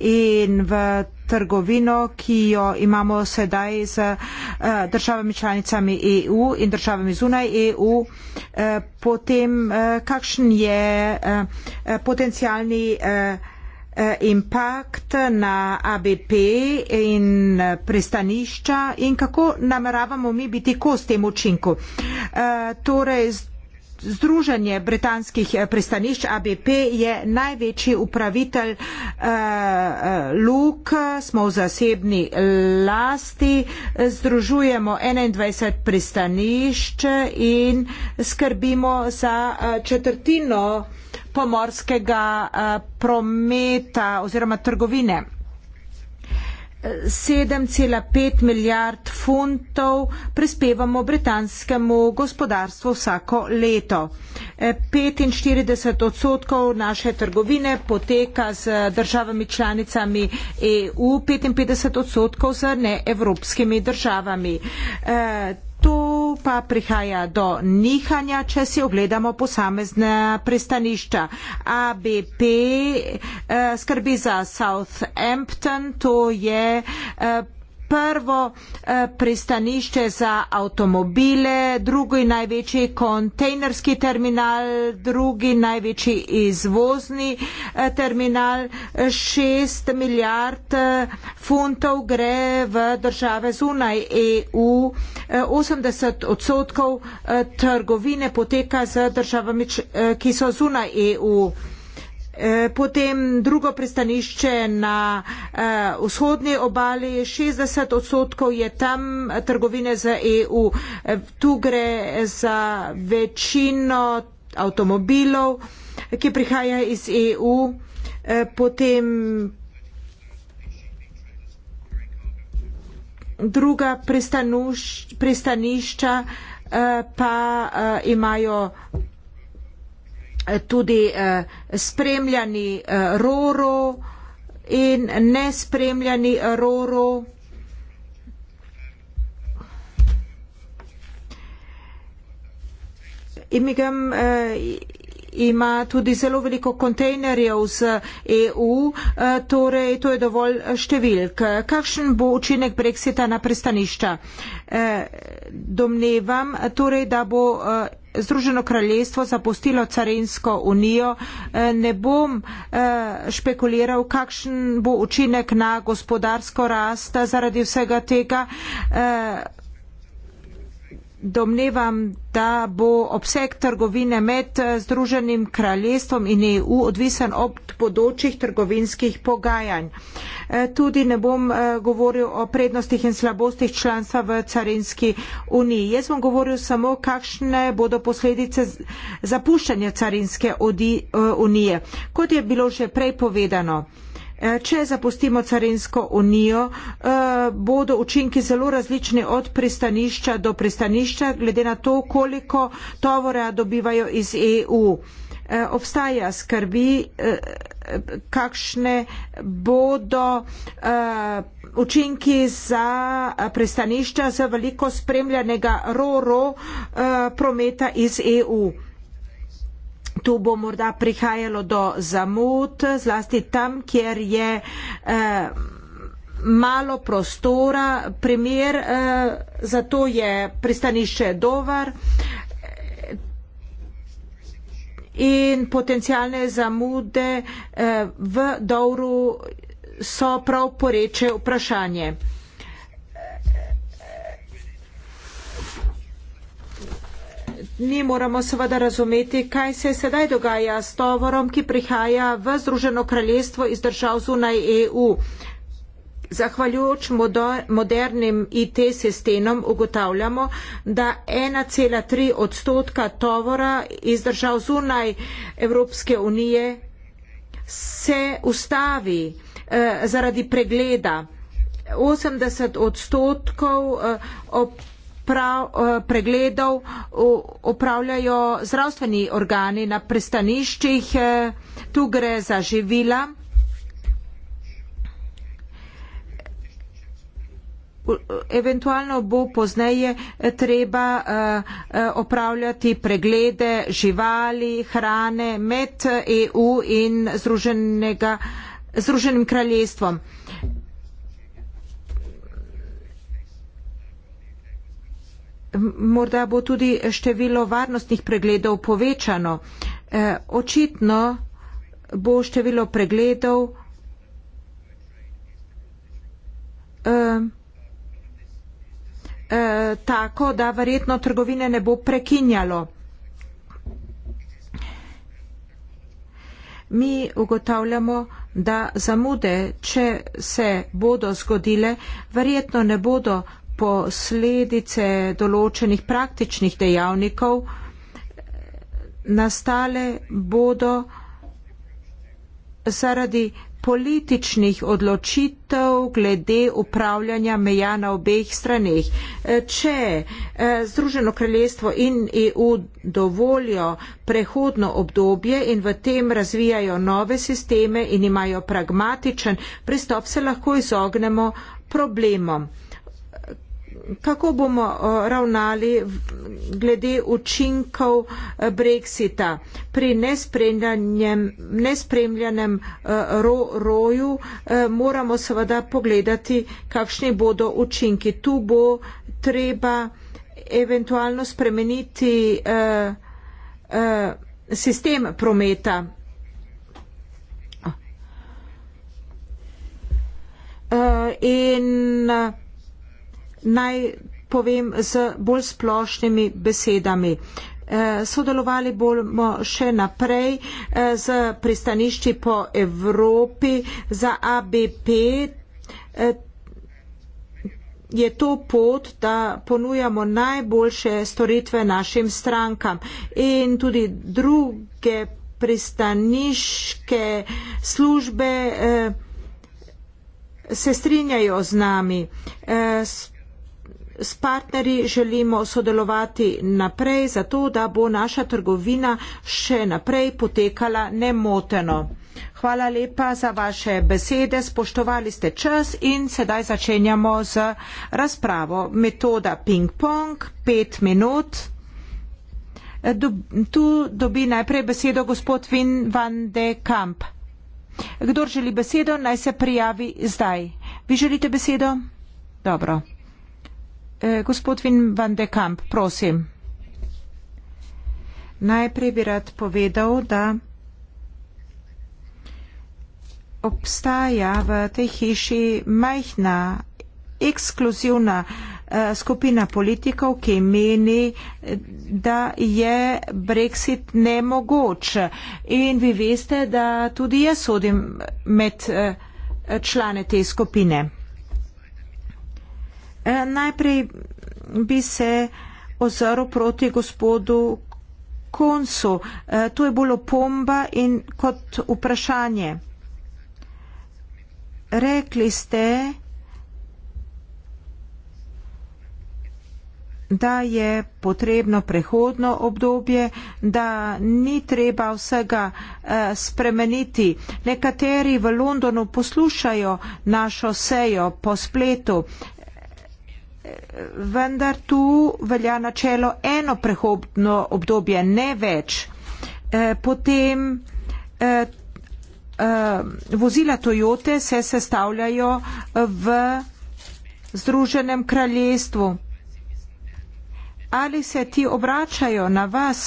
in v trgovino, ki jo imamo sedaj z eh, državami članicami EU in državami zunaj EU, eh, potem eh, kakšen je potencijalni impakt na ABP in pristanišča in kako nameravamo mi biti kos tem učinku. Torej, Združenje britanskih eh, pristanišč ABP je največji upravitelj eh, eh, luk, smo v zasebni lasti, združujemo 21 pristanišč in skrbimo za četrtino pomorskega prometa oziroma trgovine. 7,5 milijard funtov prispevamo britanskemu gospodarstvu vsako leto. 45 e, odstotkov naše trgovine poteka z državami članicami EU, 55 odstotkov z neevropskimi državami. E, tu pa prihaja do nihanja, če si ogledamo posamezne pristanišča. ABP eh, skrbi za Southampton, to je eh, prvo eh, pristanišče za avtomobile, drugi največji kontejnerski terminal, drugi največji izvozni eh, terminal. Šest milijard eh, funtov gre v države zunaj EU. 80 odstotkov trgovine poteka z državami, ki so zunaj EU. Eh, potem drugo pristanišče na eh, vzhodni obali, 60 odstotkov je tam trgovine za EU. Eh, tu gre za večino avtomobilov, ki prihaja iz EU, potem druga pristanišča pa imajo Eh, tudi eh, spremljani eh, roro in nespremljani eh, roro. Imigam eh, ima tudi zelo veliko kontejnerjev z EU, eh, torej to je dovolj številk. Kakšen bo učinek Brexita na pristanišča? Eh, domnevam, torej, da bo eh, Združeno kraljestvo zapustilo carinsko unijo, eh, ne bom eh, špekuliral, kakšen bo učinek na gospodarsko rast zaradi vsega tega. Eh, domnevam, da bo obseg trgovine med eh, Združenim kraljestvom in EU odvisen od podočih trgovinskih pogajanj. Eh, tudi ne bom eh, govoril o prednostih in slabostih članstva v carinski uniji. Jaz bom govoril samo, kakšne bodo posledice zapuščanja carinske unije. Kot je bilo že prej povedano, Eh, če zapustimo carinsko unijo, eh, bodo učinki zelo različni od pristanišča do pristanišča, glede na to, koliko tovora dobivajo iz EU. Eh, obstaja skrbi, kakšne bodo učinki za pristanišča za veliko spremljanega RORO prometa iz EU. Tu bo morda prihajalo do zamud, zlasti tam, kjer je eh, malo prostora. Primer eh, za to je pristanišče Dovar in potencijalne zamude eh, v Dovru so prav poreče vprašanje. Mi moramo seveda razumeti, kaj se sedaj dogaja s tovorom, ki prihaja v Združeno kraljestvo iz držav zunaj EU. Zahvaljujoč modernim IT sistemom ugotavljamo, da 1,3 odstotka tovora iz držav zunaj Evropske unije se ustavi eh, zaradi pregleda. 80 odstotkov eh, prav, eh, pregledov upravljajo zdravstveni organi na pristaniščih. Eh, tu gre za živila. Eventualno bo pozneje eh, treba opravljati preglede živali, hrane med EU e in Združenim kraljestvom. morda bo tudi število varnostnih pregledov povečano. Eh, očitno bo število pregledov eh, eh, tako, da verjetno trgovine ne bo prekinjalo. Mi ugotavljamo, da zamude, če se bodo zgodile, verjetno ne bodo posledice določenih praktičnih dejavnikov, nastale bodo zaradi političnih odločitev glede upravljanja meja na obeh straneh. Če eh, Združeno kraljestvo in EU dovolijo prehodno obdobje in v tem razvijajo nove sisteme in imajo pragmatičen pristop, se lahko izognemo problemom kako bomo ravnali glede učinkov e, Brexita pri nespremljanem e, ro roju, e, moramo seveda pogledati, kakšni bodo učinki. Tu bo treba eventualno spremeniti sistem prometa. In uh, naj povem z bolj splošnimi besedami. Eh, sodelovali bomo še naprej eh, z pristanišči po Evropi za ABP. Eh, je to pot, da ponujamo najboljše storitve našim strankam in tudi druge pristaniške službe se strinjajo z nami s partnerji želimo sodelovati naprej, zato da bo naša trgovina še naprej potekala nemoteno. Hvala lepa za vaše besede, spoštovali ste čas in sedaj začenjamo z razpravo. Metoda ping-pong, pet minut. Do, tu dobi najprej besedo gospod Vin van de Kamp. Kdor želi besedo, naj se prijavi zdaj. Vi želite besedo? Dobro. Eh, gospod Vin van de Kamp, prosim. Najprej bi rad povedal, da obstaja v tej hiši majhna, ekskluzivna eh, skupina politikov, ki meni, da je Brexit nemogoč. In vi veste, da tudi jaz sodim med eh, člane te skupine. Eh, najprej bi se ozrl proti gospodu koncu. Eh, to je bolj opomba in kot vprašanje. Rekli ste, da je potrebno prehodno obdobje, da ni treba vsega eh, spremeniti. Nekateri v Londonu poslušajo našo sejo po spletu vendar tu velja načelo eno prehodno obdobje, ne več. Eh, potem eh, eh, vozila Toyote se sestavljajo v Združenem kraljestvu. Ali se ti obračajo na vas,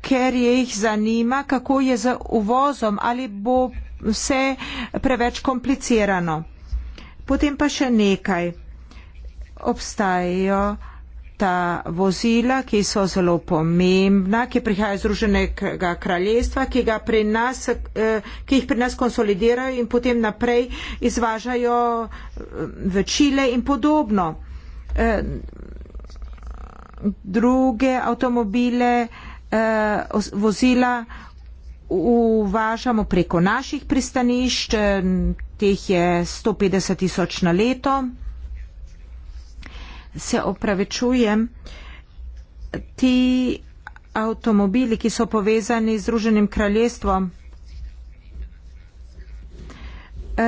ker jih zanima, kako je z uvozom, ali bo vse preveč komplicirano. Potem pa še nekaj obstajajo ta vozila, ki so zelo pomembna, ki prihajajo iz Združenega kraljestva, ki, pri nas, eh, ki jih pri nas konsolidirajo in potem naprej izvažajo eh, v Čile in podobno. Eh, druge avtomobile, vozila uvažamo preko naših pristanišč, teh je 150 tisoč na leto se opravičujem, ti avtomobili, ki so povezani z Združenim kraljestvom, Uh,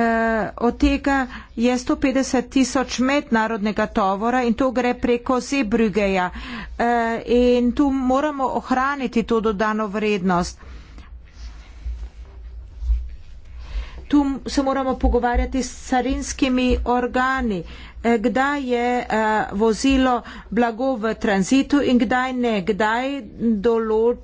od tega je 150 tisoč mednarodnega tovora in to gre preko Zebrügeja. Uh, eh, in tu moramo ohraniti to dodano vrednost. Tu se moramo pogovarjati s carinskimi organi. Uh, Eh, kdaj je uh, vozilo blago v tranzitu in kdaj ne, kdaj, dolo,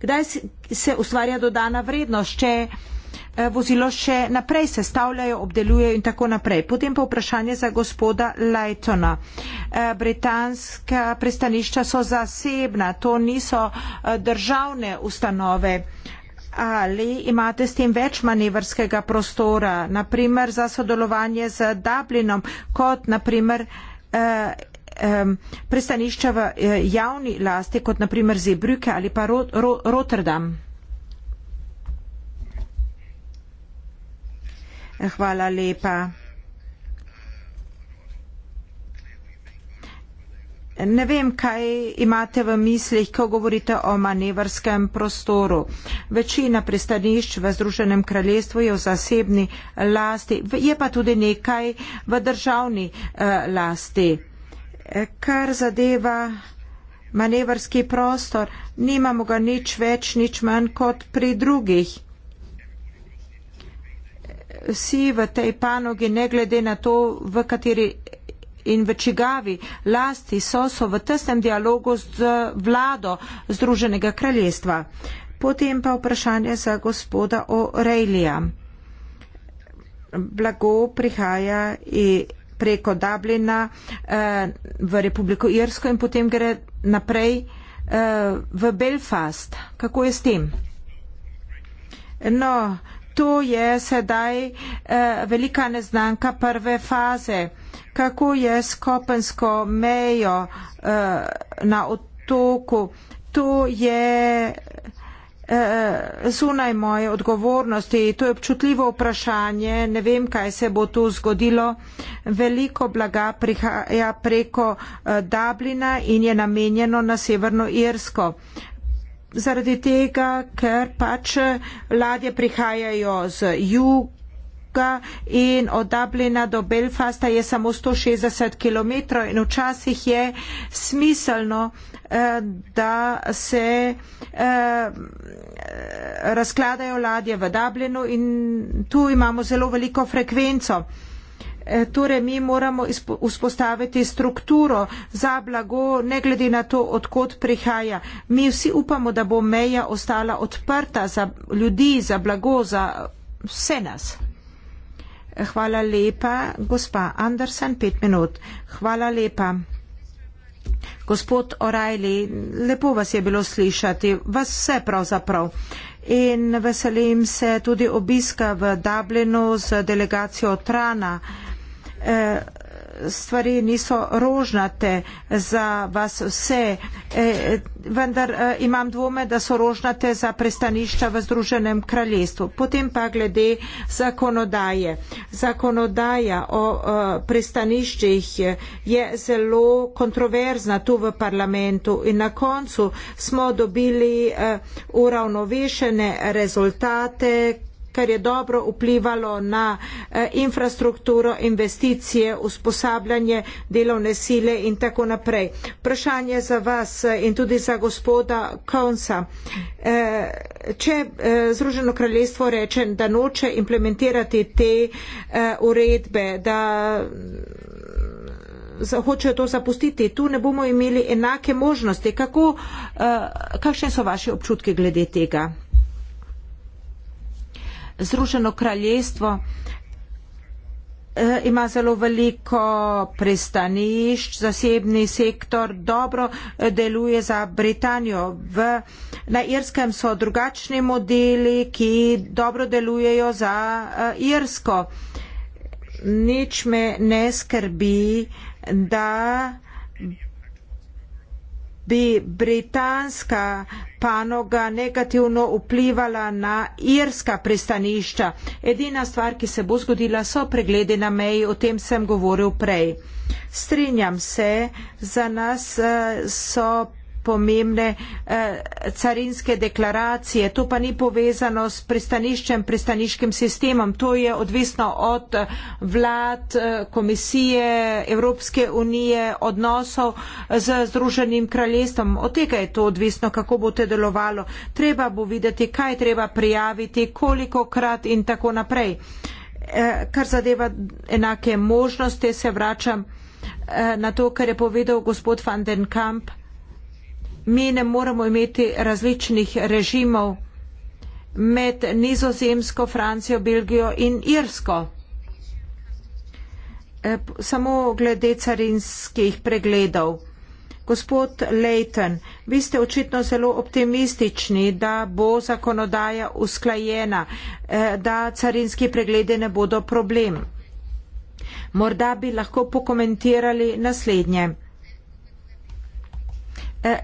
kdaj se ustvarja dodana vrednost, če uh, vozilo še naprej se stavljajo, obdelujejo in tako naprej. Potem pa vprašanje za gospoda Lajtona. Uh, britanska pristanišča so zasebna, to niso uh, državne ustanove. Uh, ali imate s tem več manevrskega prostora, naprimer za sodelovanje z Dublinom, kot naprimer eh, eh, pristanišča v eh, javni lasti, kot naprimer Zebrüke ali pa Rot Rot Rotterdam. Hvala lepa. Ne vem, kaj imate v mislih, ko govorite o manevrskem prostoru. Večina pristanišč v Združenem kraljestvu je v zasebni lasti, je pa tudi nekaj v državni eh, lasti. Eh, kar zadeva manevrski prostor, nimamo ga nič več, nič manj kot pri drugih. Vsi v tej panogi, ne glede na to, v kateri in večigavi lasti so, so v tesnem dialogu z vlado Združenega kraljestva. Potem pa vprašanje za gospoda O'Reillyja. Blago prihaja preko Dublina eh, v Republiko Irsko in potem gre naprej eh, v Belfast. Kako je s tem? No, to je sedaj eh, velika neznanka prve faze, kako je s kopensko mejo eh, na otoku. To je eh, zunaj moje odgovornosti, to je občutljivo vprašanje, ne vem, kaj se bo tu zgodilo. Veliko blaga prihaja preko eh, Dublina in je namenjeno na Severno Irsko zaradi tega, ker pač ladje prihajajo z jug in od Dublina do Belfasta je samo 160 km in včasih je smiselno, eh, da se eh, razkladajo ladje v Dublinu in tu imamo zelo veliko frekvenco. Eh, torej, mi moramo vzpostaviti strukturo za blago, ne glede na to, odkot prihaja. Mi vsi upamo, da bo meja ostala odprta za ljudi, za blago, za vse nas. Hvala lepa, gospa Andersen, pet minut. Hvala lepa. Gospod Orajli, lepo vas je bilo slišati, vas vse pravzaprav. In veselim se tudi obiska v Dublinu z delegacijo Trana. Eh, stvari niso rožnate za vas vse, eh, vendar eh, imam dvome, da so rožnate za prestanišča v Združenem kraljestvu. Potem pa glede zakonodaje. Zakonodaja o prestaniščih je zelo kontroverzna tu v parlamentu in na koncu smo dobili uravnovešene rezultate, kar je dobro vplivalo na eh, infrastrukturo, investicije, usposabljanje delovne sile in tako naprej. Vprašanje za vas eh, in tudi za gospoda Konca. Eh, če Združeno kraljestvo reče, da noče implementirati te uredbe, da mm, hočejo to zapustiti, tu ne bomo imeli enake možnosti. Kako, uh, kakšne so vaše občutke glede tega? Združeno kraljestvo eh, ima zelo veliko pristanišč, zasebni sektor dobro eh, deluje za Britanijo. V, na Irskem so drugačni modeli, ki dobro delujejo za eh, Irsko. Nič me ne skrbi, da bi britanska panoga negativno vplivala na irska pristanišča. Edina stvar, ki se bo zgodila, so pregledi na meji, o tem sem govoril prej. Strinjam se, za nas eh, so pomembne eh, carinske deklaracije. To pa ni povezano s pristaniščem, pristaniškim sistemom. To je odvisno od eh, vlad, eh, komisije, Evropske unije, odnosov eh, z Združenim kraljestvom. Od tega je to odvisno, kako bo te delovalo. Treba bo videti, kaj treba prijaviti, kolikokrat in tako naprej. Eh, kar zadeva enake možnosti, se vračam na to, kar je povedal gospod Van den Kamp mi ne moremo imeti različnih režimov med nizozemsko, Francijo, Belgijo in Irsko. E, samo glede carinskih pregledov. Gospod Leighton, vi ste očitno zelo optimistični, da bo zakonodaja usklajena, e, da carinski pregledi ne bodo problem. Morda bi lahko pokomentirali naslednje. E,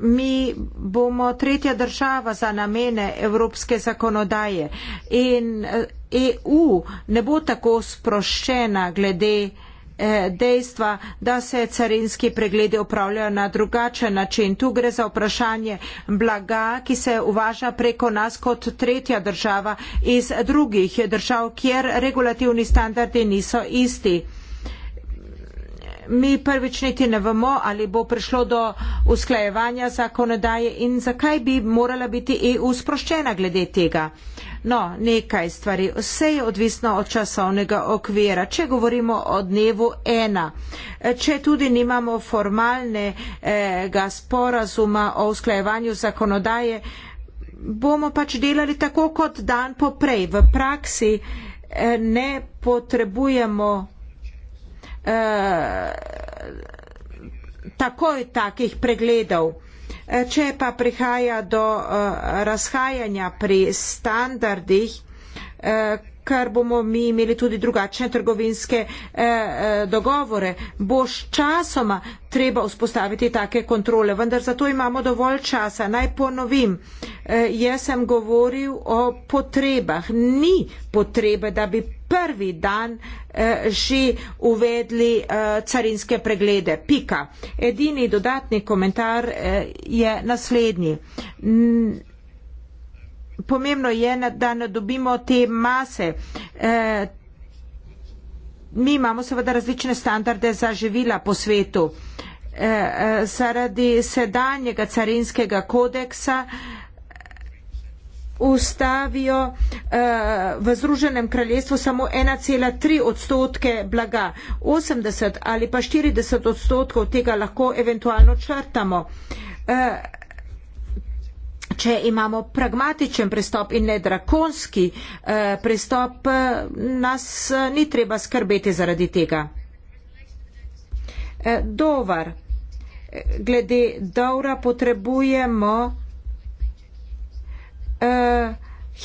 mi bomo tretja država za namene evropske zakonodaje in EU eh, e ne bo tako sproščena glede eh, dejstva, da se carinski pregledi upravljajo na drugačen način. Tu gre za vprašanje blaga, ki se uvaža preko nas kot tretja država iz drugih držav, kjer regulativni standardi niso isti mi prvič niti ne vemo, ali bo prišlo do usklajevanja zakonodaje in zakaj bi morala biti EU sproščena glede tega. No, nekaj stvari. Vse je odvisno od časovnega okvira. Če govorimo o dnevu ena, če tudi nimamo formalnega sporazuma o usklajevanju zakonodaje, bomo pač delali tako kot dan poprej. V praksi eh, ne potrebujemo Eh, takoj takih pregledov. Eh, če pa prihaja do eh, razhajanja pri standardih, ker bomo mi imeli tudi drugačne trgovinske dogovore, bo s časoma treba vzpostaviti take kontrole, vendar zato imamo dovolj časa. Naj ponovim, jaz sem govoril o potrebah. Ni potrebe, da bi prvi dan eh, že uvedli eh, carinske preglede. Pika. Edini dodatni komentar eh, je naslednji. N Pomembno je, da ne dobimo te mase. Eh, mi imamo seveda različne standarde za živila po svetu. Eh, eh, zaradi sedanjega carinskega kodeksa eh, ustavijo uh, v Združenem kraljestvu samo 1,3 odstotke blaga. 80 ali pa 40 odstotkov tega lahko eventualno črtamo. Uh, Če imamo pragmatičen pristop in ne drakonski eh, pristop, eh, nas eh, ni treba skrbeti zaradi tega. Eh, dovar. Eh, glede dovra potrebujemo. Eh,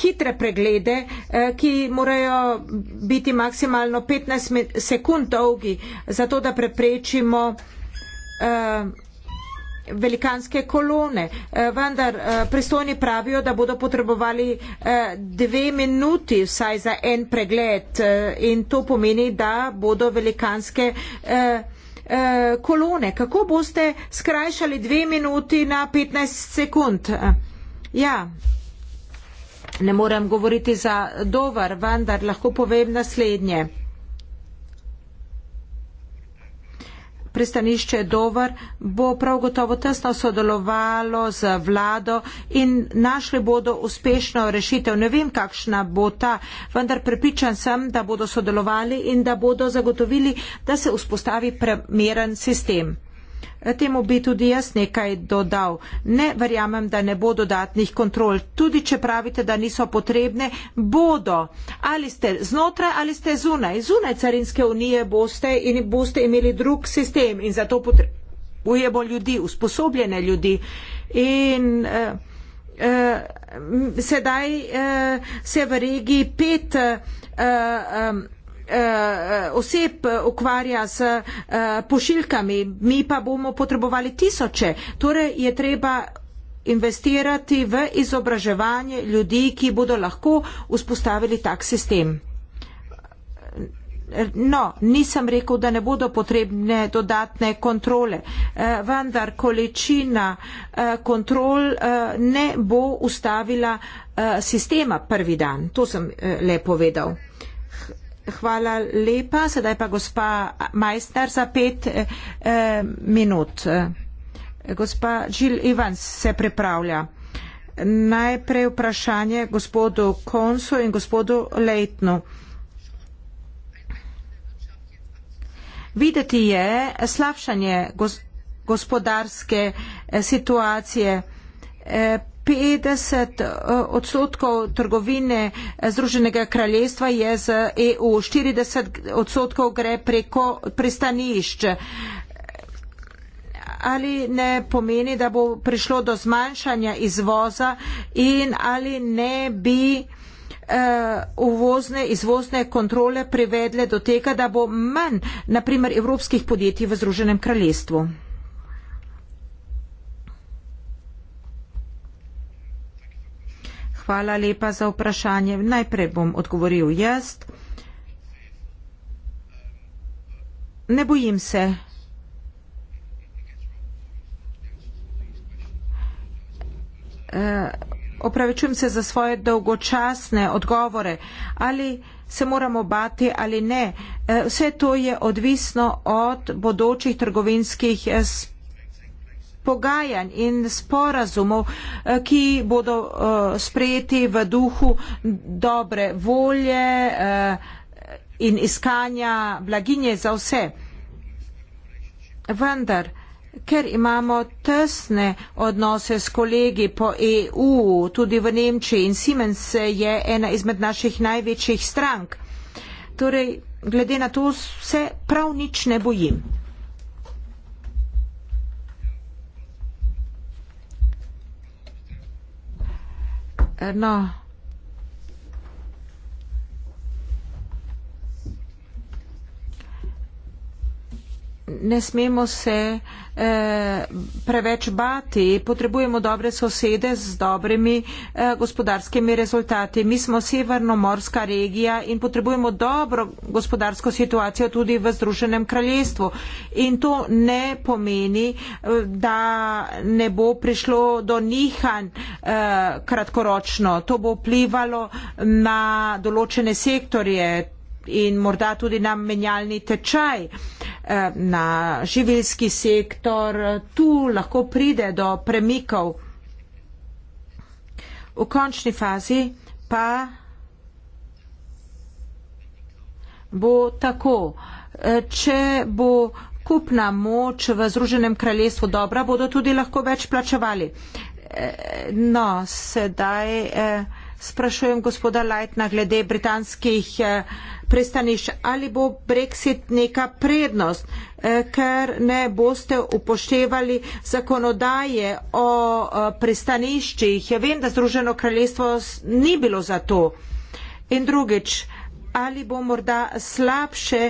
hitre preglede, eh, ki morajo biti maksimalno 15 sekund dolgi, zato da preprečimo eh, velikanske kolone. Vendar pristojni pravijo, da bodo potrebovali dve minuti vsaj za en pregled in to pomeni, da bodo velikanske kolone. Kako boste skrajšali dve minuti na 15 sekund? Ja. Ne morem govoriti za dober, vendar lahko povem naslednje. Pristanišče Dover bo prav gotovo tesno sodelovalo z vlado in našli bodo uspešno rešitev. Ne vem, kakšna bo ta, vendar prepričan sem, da bodo sodelovali in da bodo zagotovili, da se vzpostavi premeren sistem. Temu bi tudi jaz nekaj dodal. Ne verjamem, da ne bo dodatnih kontrol. Tudi če pravite, da niso potrebne, bodo. Ali ste znotraj ali ste zunaj. Zunaj carinske unije boste in boste imeli drug sistem in zato potrebujemo ljudi, usposobljene ljudi. In, eh, eh, sedaj eh, se v regiji pet. Eh, eh, uh, oseb ukvarja z uh, eh, pošiljkami, mi pa bomo potrebovali tisoče. Torej je treba investirati v izobraževanje ljudi, ki bodo lahko vzpostavili tak sistem. No, nisem rekel, da ne bodo potrebne dodatne kontrole, eh, vendar količina kontrol ne bo ustavila sistema prvi dan. To sem le povedal. Uh, Hvala lepa. Sedaj pa gospa Majstner za pet eh, eh, minut. Gospa Jill Evans se pripravlja. Najprej vprašanje gospodu Konsu in gospodu Leitnu. Videti je slabšanje gos gospodarske eh, situacije. Eh, 50 eh, odstotkov trgovine eh, Združenega kraljestva je z EU, 40 odstotkov gre preko pristanišče. Ali ne pomeni, da bo prišlo do zmanjšanja izvoza in ali ne bi eh, uvozne, izvozne kontrole privedle do tega, da bo manj, naprimer, evropskih podjetij v Združenem kraljestvu? Hvala lepa za vprašanje. Najprej bom odgovoril jaz. Ne bojim se. E, opravičujem se za svoje dolgočasne odgovore. Ali se moramo bati ali ne. E, vse to je odvisno od bodočih trgovinskih sporočil eh, pogajanj in sporazumov, eh, ki bodo eh, sprejeti v duhu dobre volje eh, in iskanja blaginje za vse. Vendar, ker imamo tesne odnose s kolegi po EU, tudi v Nemčiji in Siemens je ena izmed naših največjih strank. Torej, glede na to se prav nič ne bojim. no, ne smemo se eh, preveč bati, potrebujemo dobre sosede z dobrimi eh, gospodarskimi rezultati. Mi smo severnomorska regija in potrebujemo dobro gospodarsko situacijo tudi v Združenem kraljestvu. In to ne pomeni, eh, da ne bo prišlo do nihanj kratkoročno. To bo vplivalo na določene sektorje in morda tudi na menjalni tečaj eh, na živilski sektor, tu lahko pride do premikov. V končni fazi pa bo tako, eh, če bo kupna moč v Združenem kraljestvu dobra, bodo tudi lahko več plačevali. Eh, no, sedaj. Eh, sprašujem gospoda Lightna glede britanskih eh, pristanišč, ali bo Brexit neka prednost, eh, ker ne boste upoštevali zakonodaje o eh, pristaniščih. Ja vem, da Združeno kraljestvo ni bilo za to. In drugič, ali bo morda slabše,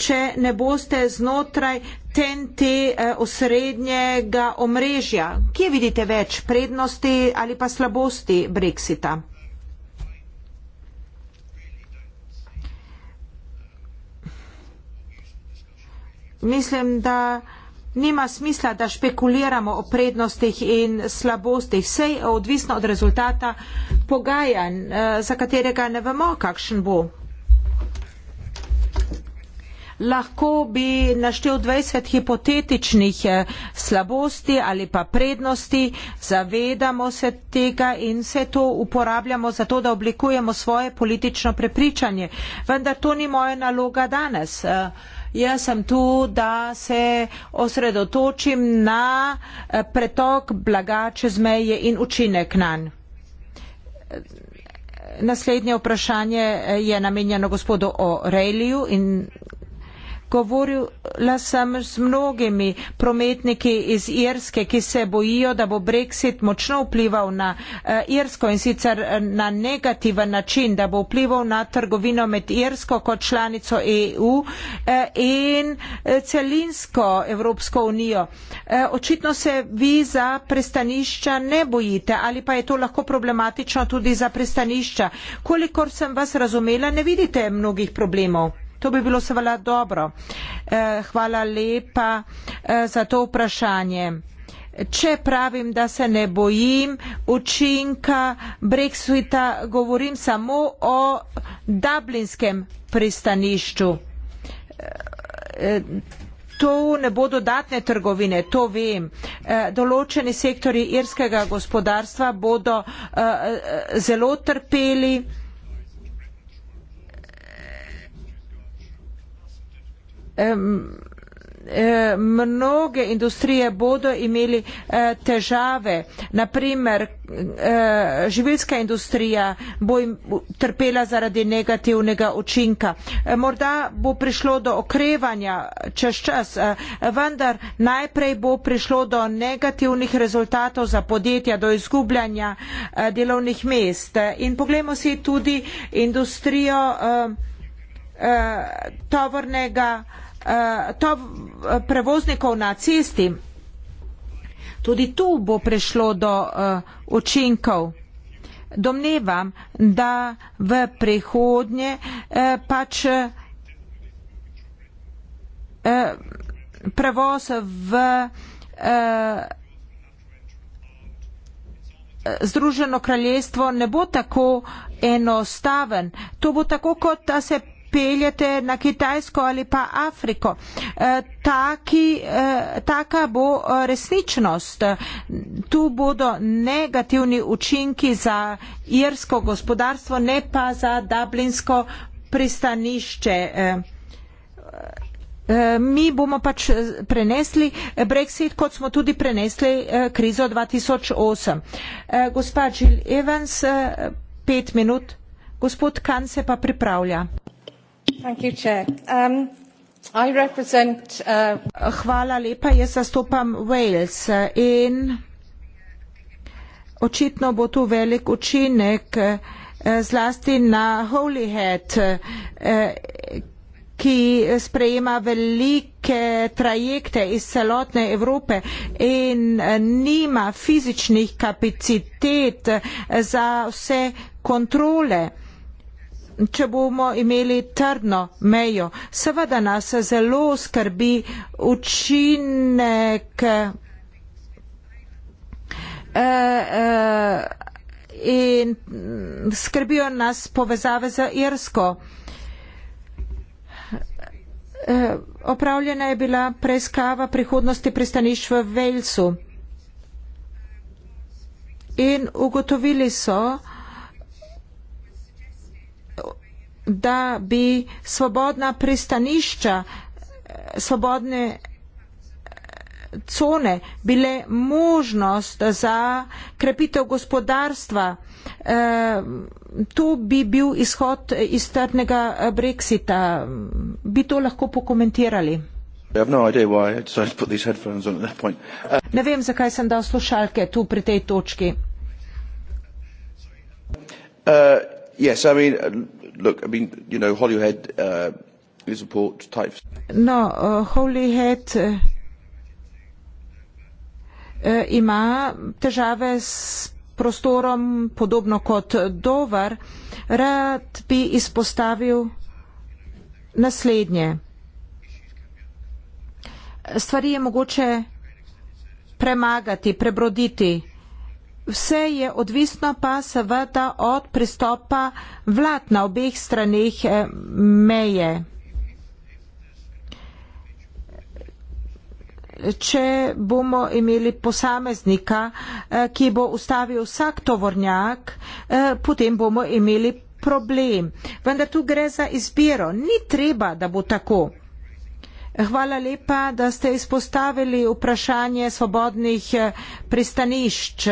če ne boste znotraj TNT eh, osrednjega omrežja. Kje vidite več prednosti ali pa slabosti Brexita? Mislim, da nima smisla, da špekuliramo o prednostih in slabostih. Vse je odvisno od rezultata pogajanj, eh, za katerega ne vemo, kakšen bo lahko bi naštel 20 hipotetičnih eh, slabosti ali pa prednosti, zavedamo se tega in vse to uporabljamo za to, da oblikujemo svoje politično prepričanje. Vendar to ni moja naloga danes. Eh, jaz sem tu, da se osredotočim na eh, pretok blaga čez meje in učinek na nj. Naslednje vprašanje je namenjeno gospodu O'Reilliju in Govorila sem z mnogimi prometniki iz Irske, ki se bojijo, da bo Brexit močno vplival na eh, Irsko in sicer eh, na negativen način, da bo vplival na trgovino med Irsko kot članico EU eh, in celinsko Evropsko unijo. Očitno se vi za pristanišča ne bojite ali pa je to lahko problematično tudi za pristanišča. Kolikor sem vas razumela, ne vidite mnogih problemov. To bi bilo seveda dobro. Eh, hvala lepa eh, za to vprašanje. Če pravim, da se ne bojim učinka Brexita, govorim samo o dublinskem pristanišču. Eh, to ne bo dodatne trgovine, to vem. Določeni sektori irskega gospodarstva bodo zelo trpeli. mnoge industrije bodo imeli e, težave. Naprimer, e, živilska industrija bo trpela zaradi negativnega učinka. E, morda bo prišlo do okrevanja čez čas, vendar najprej bo prišlo do negativnih rezultatov za podjetja, do izgubljanja delovnih mest. In poglejmo si tudi industrijo tovornega Eh, to eh, prevoznikov na cesti. Tudi tu bo prišlo do uh, učinkov. Domnevam, da v prihodnje eh, pač eh, prevoz v eh, Združeno kraljestvo ne bo tako enostaven. To bo tako, kot da se peljete na Kitajsko ali pa Afriko. E, taki, e, taka bo e, resničnost. Tu bodo negativni učinki za irsko gospodarstvo, ne pa za dublinsko pristanišče. Mi bomo pač prenesli Brexit, kot smo tudi prenesli krizo 2008. Gospa Jill Evans, pet minut. Gospod Kan se pa pripravlja. Um, uh, Hvala lepa, jaz zastopam Wales eh, in očitno bo tu velik učinek eh, zlasti na Holyhead, eh, ki sprejema velike trajekte iz celotne Evrope in nima fizičnih kapacitet za vse kontrole če bomo imeli trdno mejo. Seveda nas zelo skrbi učinek eh, eh, in skrbijo nas povezave z Irsko. Eh, opravljena je bila preiskava prihodnosti pristaniš v Velsu. In ugotovili so, da bi svobodna pristanišča, eh, svobodne eh, cone bile možnost za krepitev gospodarstva. Eh, to bi bil izhod iz trdnega brexita. Bi to lahko pokomentirali? No uh, ne vem, zakaj sem dal slušalke tu pri tej točki. Uh, yes, I mean, uh, look, I mean, you know, Holyhead uh, is a port type. No, uh, Holyhead uh, ima težave s prostorom, podobno kot Dover. Rad bi izpostavil naslednje. Stvari je mogoče premagati, prebroditi vse je odvisno pa seveda od pristopa vlad na obeh stranih eh, meje. Če bomo imeli posameznika, eh, ki bo ustavil vsak tovornjak, eh, potem bomo imeli problem. Vendar tu gre za izbiro. Ni treba, da bo tako. Hvala lepa, da ste izpostavili vprašanje svobodnih pristanišč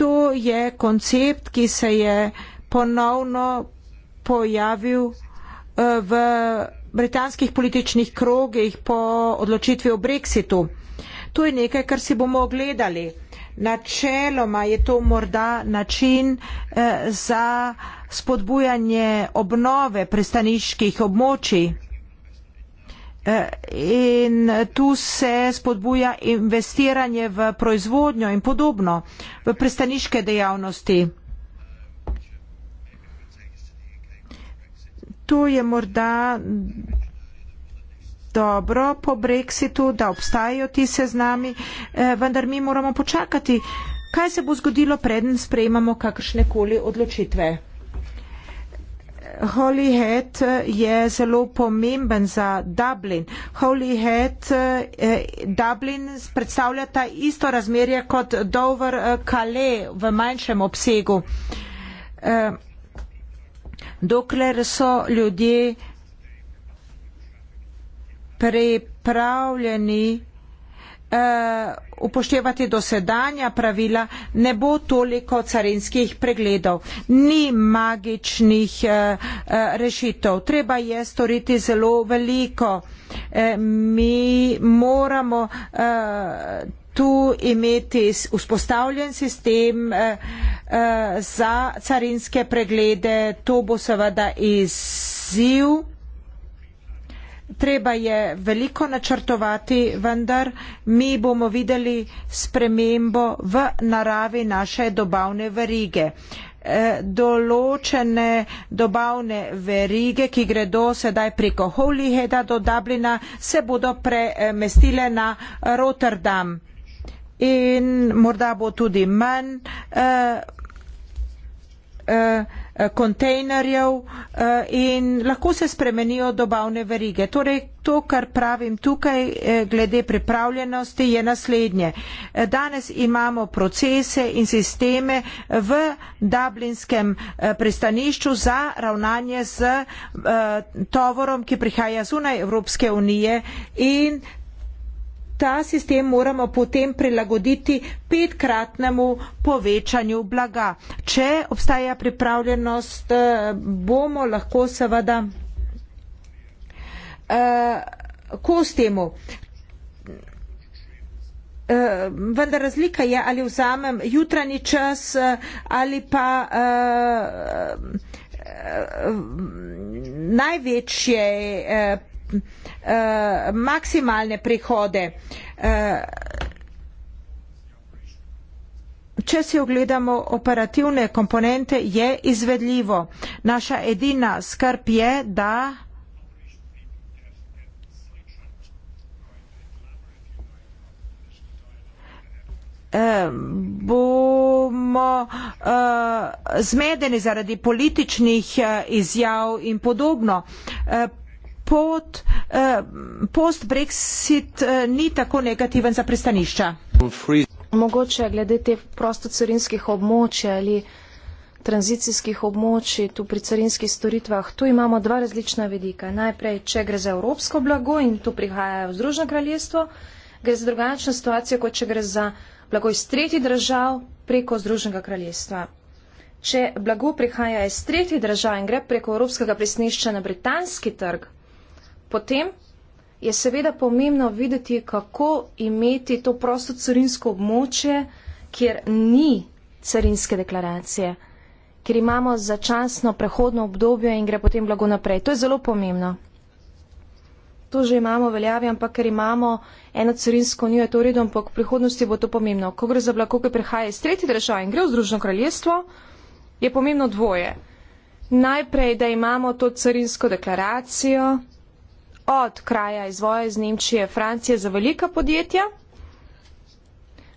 to je koncept, ki se je ponovno pojavil eh, v britanskih političnih krogih po odločitvi o Brexitu. To je nekaj, kar si bomo ogledali. Načeloma je to morda način eh, za spodbujanje obnove pristaniških območij. In tu se spodbuja investiranje v proizvodnjo in podobno, v pristaniške dejavnosti. To je morda dobro po Brexitu, da obstajajo ti seznami, eh, vendar mi moramo počakati, kaj se bo zgodilo, preden sprejmamo kakršne koli odločitve. Holyhead eh, je zelo pomemben za Dublin. Holyhead, eh, eh, Dublin predstavlja ta isto razmerje kot Dover Kale v manjšem obsegu. Dokler so ljudje pripravljeni Eh, upoštevati dosedanja pravila, ne bo toliko carinskih pregledov. Ni magičnih eh, eh, rešitev. Treba je storiti zelo veliko. Mi moramo tu imeti vzpostavljen sistem za carinske preglede. To bo seveda izziv treba je veliko načrtovati, vendar mi bomo videli spremembo v naravi naše dobavne verige. Eh, določene dobavne verige, ki gredo sedaj preko Holyheada do Dublina, se bodo premestile na Rotterdam in morda bo tudi manj. Uh, uh, Eh, kontejnerjev eh, in lahko se spremenijo dobavne verige. Torej, to, kar pravim tukaj eh, glede pripravljenosti, je naslednje. Danes imamo procese in sisteme v Dublinskem pristanišču za ravnanje z tovorom, ki prihaja zunaj Evropske unije in ta sistem moramo potem prilagoditi petkratnemu povečanju blaga. Če obstaja pripravljenost, eh, bomo lahko seveda uh, kos temu. Uh, vendar razlika je, ali vzamem jutranji čas ali pa uh, uh, uh, največje uh, Eh, maksimalne prihode. Eh, če si ogledamo operativne komponente, je izvedljivo. Naša edina skrb je, da eh, bomo zmedeni zaradi političnih izjav in podobno pot, eh, post Brexit eh, ni tako negativen za pristanišča. Mogoče glede te prostocarinskih območij ali tranzicijskih območij tu pri carinskih storitvah, tu imamo dva različna vedika. Najprej, če gre za evropsko blago in tu prihaja v Združeno kraljestvo, gre za drugačno situacijo, kot če gre za blago iz tretjih držav preko Združenega kraljestva. Če blago prihaja iz tretjih držav in gre preko evropskega pristanišča na britanski trg, Potem je seveda pomembno videti, kako imeti to prosto carinsko območje, kjer ni carinske deklaracije, kjer imamo začasno prehodno obdobje in gre potem blago naprej. To je zelo pomembno. To že imamo veljavi, ampak ker imamo eno carinsko unijo, je to uredno, ampak v prihodnosti bo to pomembno. Ko gre za blago, ki prihaja iz tretje države in gre v Združeno kraljestvo, je pomembno dvoje. Najprej, da imamo to carinsko deklaracijo, od kraja izvoja iz Nemčije, Francije za velika podjetja,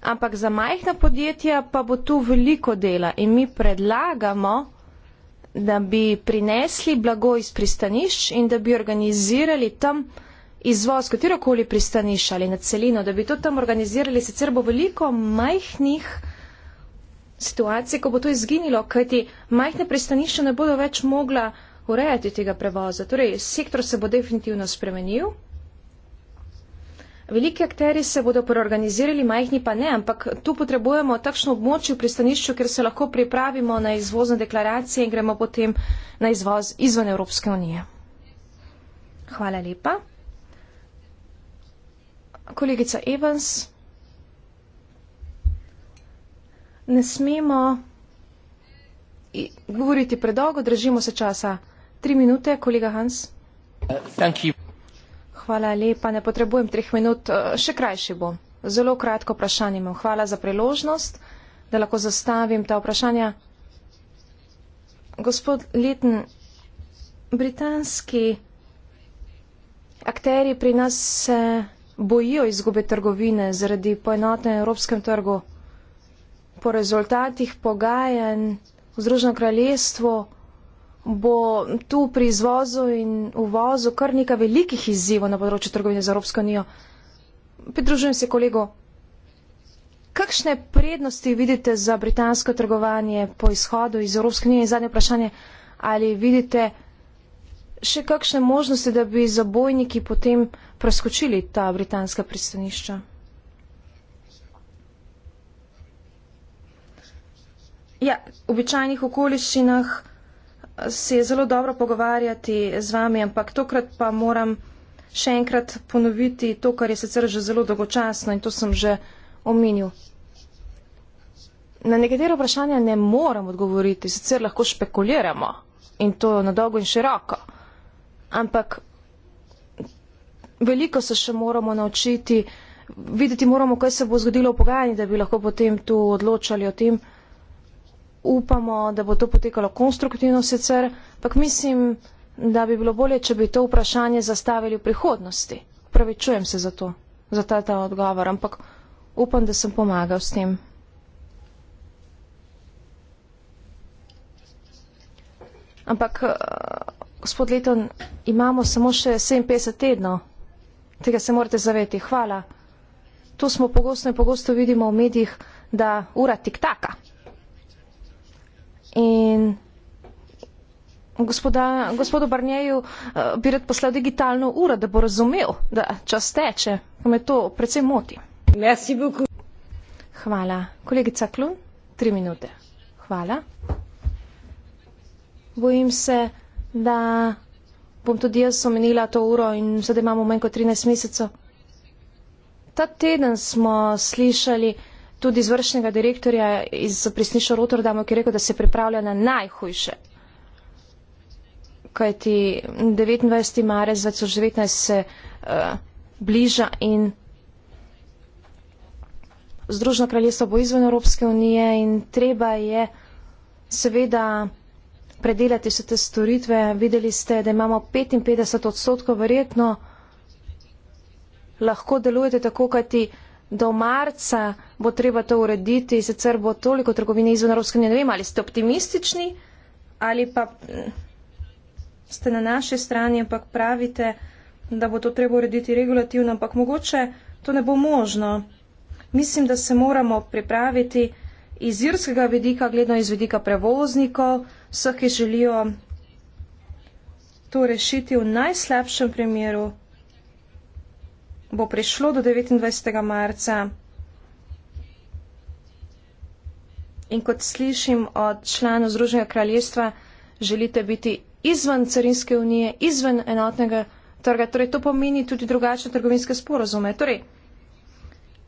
ampak za majhna podjetja pa bo tu veliko dela in mi predlagamo, da bi prinesli blago iz pristanišč in da bi organizirali tam izvoz katerokoli pristaniš ali na celino, da bi to tam organizirali, sicer bo veliko majhnih situacij, ko bo to izginilo, kajti majhne pristanišča ne bodo več mogla urejati tega prevoza. Torej, sektor se bo definitivno spremenil. Veliki akteri se bodo preorganizirali, majhni pa ne, ampak tu potrebujemo takšno območje v pristanišču, ker se lahko pripravimo na izvozne deklaracije in gremo potem na izvoz izven Evropske unije. Hvala lepa. Kolegica Evans. Ne smemo govoriti predolgo, držimo se časa. Tri minute, kolega Hans. Hvala lepa, ne potrebujem treh minut, eh, še krajši bom. Zelo kratko vprašanje imam. Hvala za priložnost, da lahko zastavim ta vprašanja. Gospod Leten, britanski akteri pri nas se bojijo izgube trgovine zaradi poenotenja evropskem trgu. Po rezultatih pogajanj v Združenem kraljestvu bo tu pri izvozu in uvozu kar nekaj velikih izzivov na področju trgovine z Evropsko unijo. Pridružujem se kolego. Kakšne prednosti vidite za britansko trgovanje po izhodu iz Evropske unije? In zadnje vprašanje, ali vidite še kakšne možnosti, da bi zabojniki potem preskočili ta britanska pristanišča? Ja, v običajnih okoliščinah se je zelo dobro pogovarjati z vami, ampak tokrat pa moram še enkrat ponoviti to, kar je sicer že zelo dolgočasno in to sem že omenil. Na nekatere vprašanja ne moram odgovoriti, sicer lahko špekuliramo in to na dolgo in široko, ampak veliko se še moramo naučiti, videti moramo, kaj se bo zgodilo v pogajanji, da bi lahko potem tu odločali o tem, upamo, da bo to potekalo konstruktivno sicer, ampak mislim, da bi bilo bolje, če bi to vprašanje zastavili v prihodnosti. Pravi, čujem se za to, za ta, ta odgovor, ampak upam, da sem pomagal s tem. Ampak, eh, gospod Leton, imamo samo še 57 tednov. Tega se morate zaveti. Hvala. To smo pogosto in pogosto vidimo v medijih, da ura tik taka. In gospoda, gospodu Barnjeju eh, bi rad poslal digitalno uro, da bo razumel, da čas teče, ko me to predvsem moti. Hvala. Kolegica Klun, tri minute. Hvala. Bojim se, da bom tudi jaz omenila to uro in sedaj imamo manj kot 13 mesecev. Ta teden smo slišali, tudi izvršnega direktorja iz prisnišo Rotterdamu, ki je rekel, da se pripravlja na najhujše. Kajti 29. marec 2019 se uh, bliža in Združeno kraljestvo bo izven Evropske unije in treba je seveda predelati vse te storitve. Videli ste, da imamo 55 odstotkov, verjetno lahko delujete tako, kajti do marca bo treba to urediti, sicer bo toliko trgovine izven Evropske unije. Ne vem, ali ste optimistični ali pa mm, ste na naši strani, ampak pravite, da bo to treba urediti regulativno, ampak mogoče to ne bo možno. Mislim, da se moramo pripraviti iz irskega vidika, gledno iz vidika prevoznikov, vseh, ki želijo to rešiti v najslabšem primeru bo prišlo do 29. marca. In kot slišim od članov Združenega kraljestva, želite biti izven carinske unije, izven enotnega trga. Torej, to pomeni tudi drugačne trgovinske sporozume. Torej,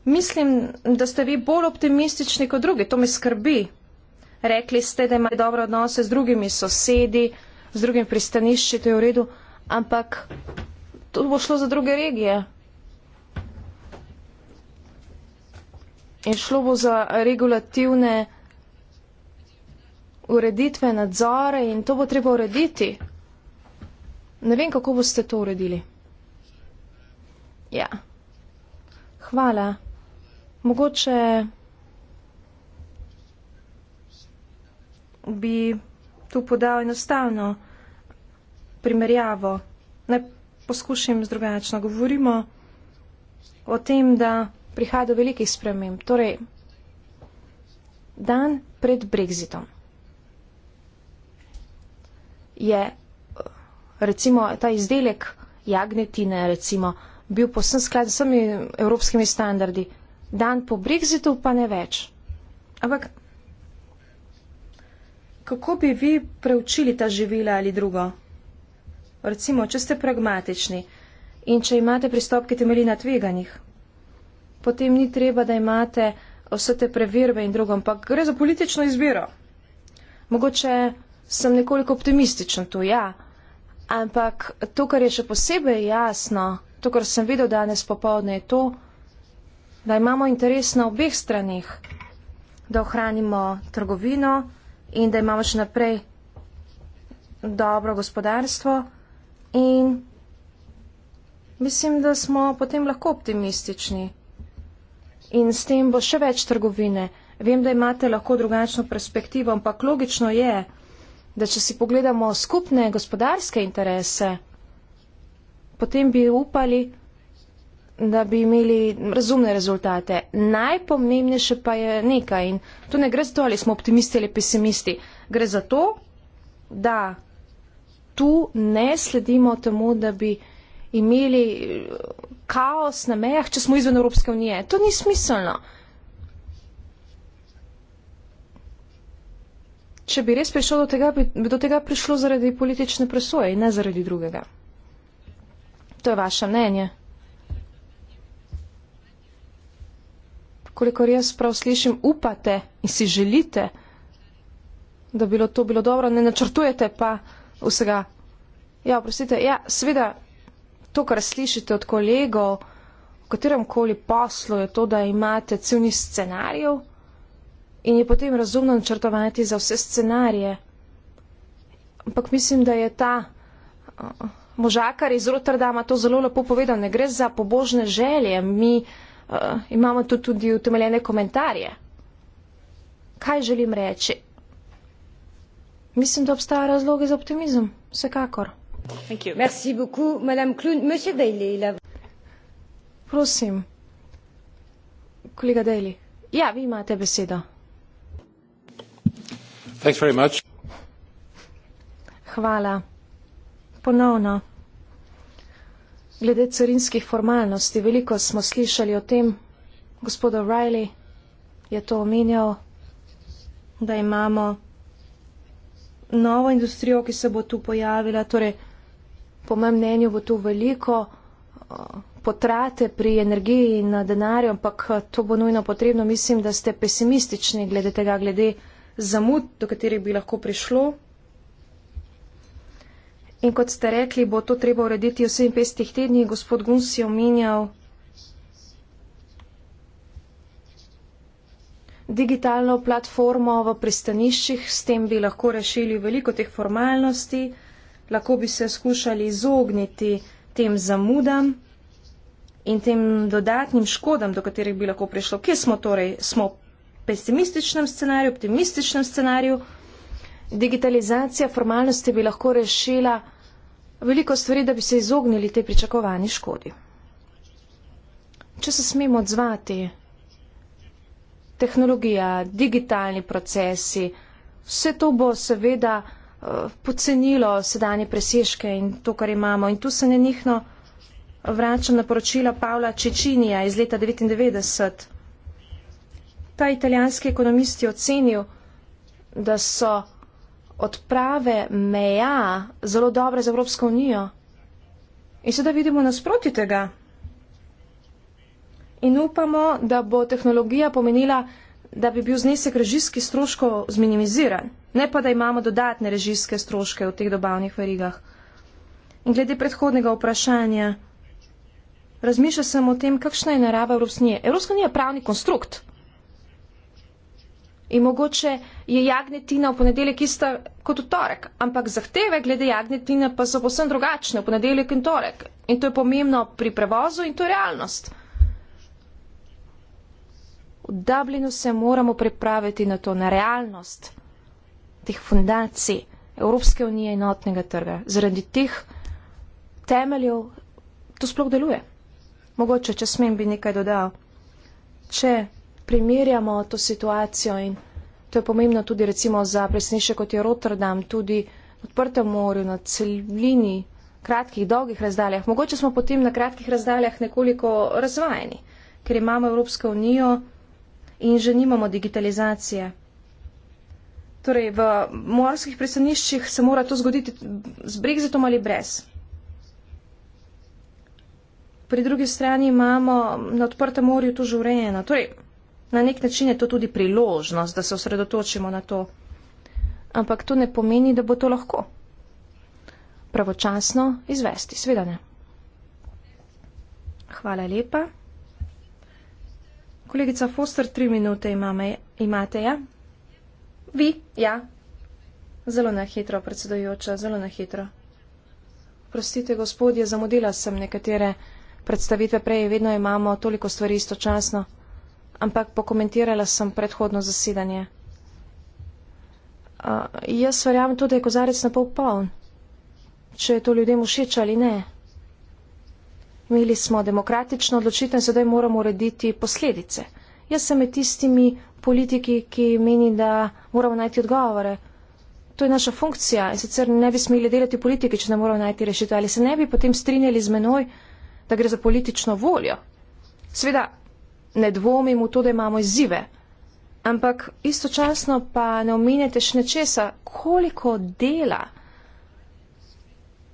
mislim, da ste vi bolj optimistični kot drugi. To me skrbi. Rekli ste, da imate dobre odnose z drugimi sosedi, z drugimi pristanišči, to je v redu, ampak to bo šlo za druge regije. in šlo bo za regulativne ureditve, nadzore in to bo treba urediti. Ne vem, kako boste to uredili. Ja. Hvala. Mogoče bi tu podal enostavno primerjavo. Naj poskušam z drugačno. Govorimo o tem, da prihaja do velikih sprememb. Torej, dan pred Brexitom je recimo ta izdelek jagnetine recimo bil posem skladen s vsemi evropskimi standardi. Dan po Brexitu pa ne več. Ampak kako bi vi preučili ta živila ali drugo? Recimo, če ste pragmatični in če imate pristop, ki temelji na tveganjih potem ni treba, da imate vse te preverbe in drugo, ampak gre za politično izbiro. Mogoče sem nekoliko optimističen tu, ja, ampak to, kar je še posebej jasno, to, kar sem videl danes popovdne, je to, da imamo interes na obeh stranih, da ohranimo trgovino in da imamo še naprej dobro gospodarstvo in mislim, da smo potem lahko optimistični in s tem bo še več trgovine. Vem, da imate lahko drugačno perspektivo, ampak logično je, da če si pogledamo skupne gospodarske interese, potem bi upali, da bi imeli razumne rezultate. Najpomembnejše pa je nekaj in tu ne gre za to, ali smo optimisti ali pesimisti. Gre za to, da tu ne sledimo temu, da bi imeli kaos na mejah, če smo izven Evropske unije. To ni smiselno. Če bi res prišlo do tega, bi do tega prišlo zaradi politične presoje in ne zaradi drugega. To je vaše mnenje. Kolikor jaz prav slišim, upate in si želite, da bi bilo to bilo dobro, ne načrtujete pa vsega. Ja, oprostite, ja, seveda to, kar slišite od kolegov, v katerem koli poslu je to, da imate cel niz scenarijev in je potem razumno načrtovati za vse scenarije. Ampak mislim, da je ta uh, možakar iz Rotterdama to zelo lepo povedal, ne gre za pobožne želje, mi uh, imamo tu tudi utemeljene komentarje. Kaj želim reči? Mislim, da obstaja razloge za optimizem, vsekakor. Prosim, kolega Daly. Ja, vi imate besedo. Hvala. Ponovno. Glede carinskih formalnosti, veliko smo slišali o tem, gospod O'Reilly je to omenjal, da imamo novo industrijo, ki se bo tu pojavila, torej po mojem mnenju bo to veliko uh, potrate pri energiji in denarju, ampak uh, to bo nujno potrebno. Mislim, da ste pesimistični glede tega, glede zamud, do katerih bi lahko prišlo. In kot ste rekli, bo to treba urediti v 57 tednih. Gospod Guns je omenjal digitalno platformo v pristaniščih, s tem bi lahko rešili veliko teh formalnosti lahko bi se skušali izogniti tem zamudam in tem dodatnim škodam, do katerih bi lahko prišlo. Kje smo torej? Smo v pesimističnem scenariju, optimističnem scenariju. Digitalizacija formalnosti bi lahko rešila veliko stvari, da bi se izognili te pričakovani škodi. Če se smemo odzvati, tehnologija, digitalni procesi, vse to bo seveda Eh, pocenilo sedanje presežke in to, kar imamo. In tu se nenihno vračam na poročila Pavla Čečinija iz leta 1999. Ta italijanski ekonomist je ocenil, da so odprave meja zelo dobre za Evropsko unijo. In sedaj vidimo nasproti tega. In upamo, da bo tehnologija pomenila da bi bil znesek režijskih stroškov zminimiziran, ne pa da imamo dodatne režijske stroške v teh dobavnih verigah. In glede predhodnega vprašanja, razmišlja sem o tem, kakšna je narava Evropske unije. Evropska unija je pravni konstrukt. In mogoče je jagnetina v ponedeljek ista kot v torek, ampak zahteve glede jagnetine pa so posebno drugačne v ponedeljek in torek. In to je pomembno pri prevozu in to je realnost. V Dublinu se moramo pripraviti na to, na realnost teh fundacij Evropske unije in notnega trga. Zaradi teh temeljev to sploh deluje. Mogoče, če smem, bi nekaj dodal. Če primerjamo to situacijo in to je pomembno tudi recimo za presnejše kot je Rotterdam, tudi na odprtem morju, na celini, kratkih, dolgih razdaljah. Mogoče smo potem na kratkih razdaljah nekoliko razvajeni, ker imamo Evropsko unijo, in že nimamo digitalizacije. Torej, v morskih pristaniščih se mora to zgoditi z brexitom ali brez. Pri drugi strani imamo na odprtem morju to že urejeno. Torej, na nek način je to tudi priložnost, da se osredotočimo na to. Ampak to ne pomeni, da bo to lahko pravočasno izvesti. Sveda ne. Hvala lepa. Kolegica Foster, tri minute imame, imate, ja? Vi? Ja. Zelo nahitro, predsedojoča, zelo nahitro. Prostite, gospodje, zamudila sem nekatere predstavitve prej, vedno imamo toliko stvari istočasno, ampak pokomentirala sem predhodno zasedanje. Uh, jaz verjamem tudi, da je kozarec napol poln, če je to ljudem všeč ali ne imeli smo demokratično odločitev in sedaj moramo urediti posledice. Jaz sem med tistimi politiki, ki meni, da moramo najti odgovore. To je naša funkcija in sicer ne bi smeli delati politiki, če ne moramo najti rešitev ali se ne bi potem strinjali z menoj, da gre za politično voljo. Sveda ne dvomim v to, da imamo izzive, ampak istočasno pa ne omenjate še nečesa, koliko dela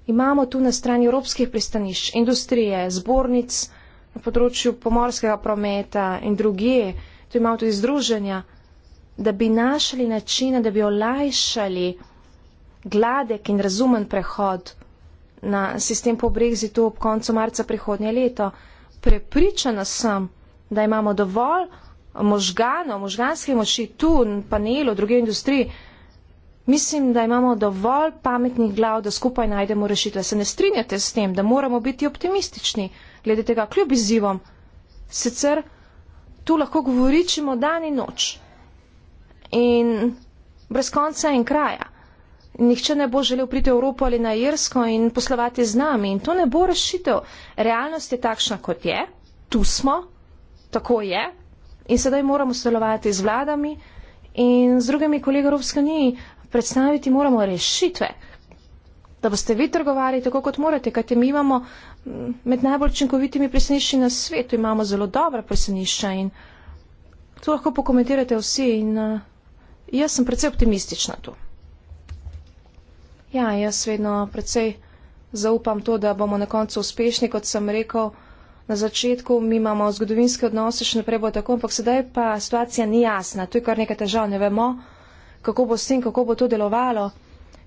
imamo tu na strani evropskih pristanišč, industrije, zbornic na področju pomorskega prometa in druge, tu imamo tudi združenja, da bi našli načine, da bi olajšali gladek in razumen prehod na sistem po brexitu ob koncu marca prihodnje leto. Prepričana sem, da imamo dovolj možganov, možganske moči tu, panelu, druge industrije, Mislim, da imamo dovolj pametnih glav, da skupaj najdemo rešitve. Se ne strinjate s tem, da moramo biti optimistični glede tega, kljub izzivom. Sicer tu lahko govoričimo dan in noč. In brez konca in kraja. Nihče ne bo želel priti v Evropo ali na Irsko in poslovati z nami. In to ne bo rešitev. Realnost je takšna, kot je. Tu smo. Tako je. In sedaj moramo sodelovati z vladami. In z drugimi kolegi Evropske unije, predstaviti moramo rešitve, da boste vi trgovali tako, kot morate, kajte mi imamo mm, med najbolj učinkovitimi presenišči na svetu, imamo zelo dobra presenišča in to lahko pokomentirate vsi in uh, jaz sem precej optimistična tu. Ja, jaz vedno precej zaupam to, da bomo na koncu uspešni, kot sem rekel. Na začetku mi imamo zgodovinske odnose, še naprej bo tako, ampak sedaj pa situacija ni jasna. Tu je kar nekaj težav, ne vemo, kako bo s tem, kako bo to delovalo.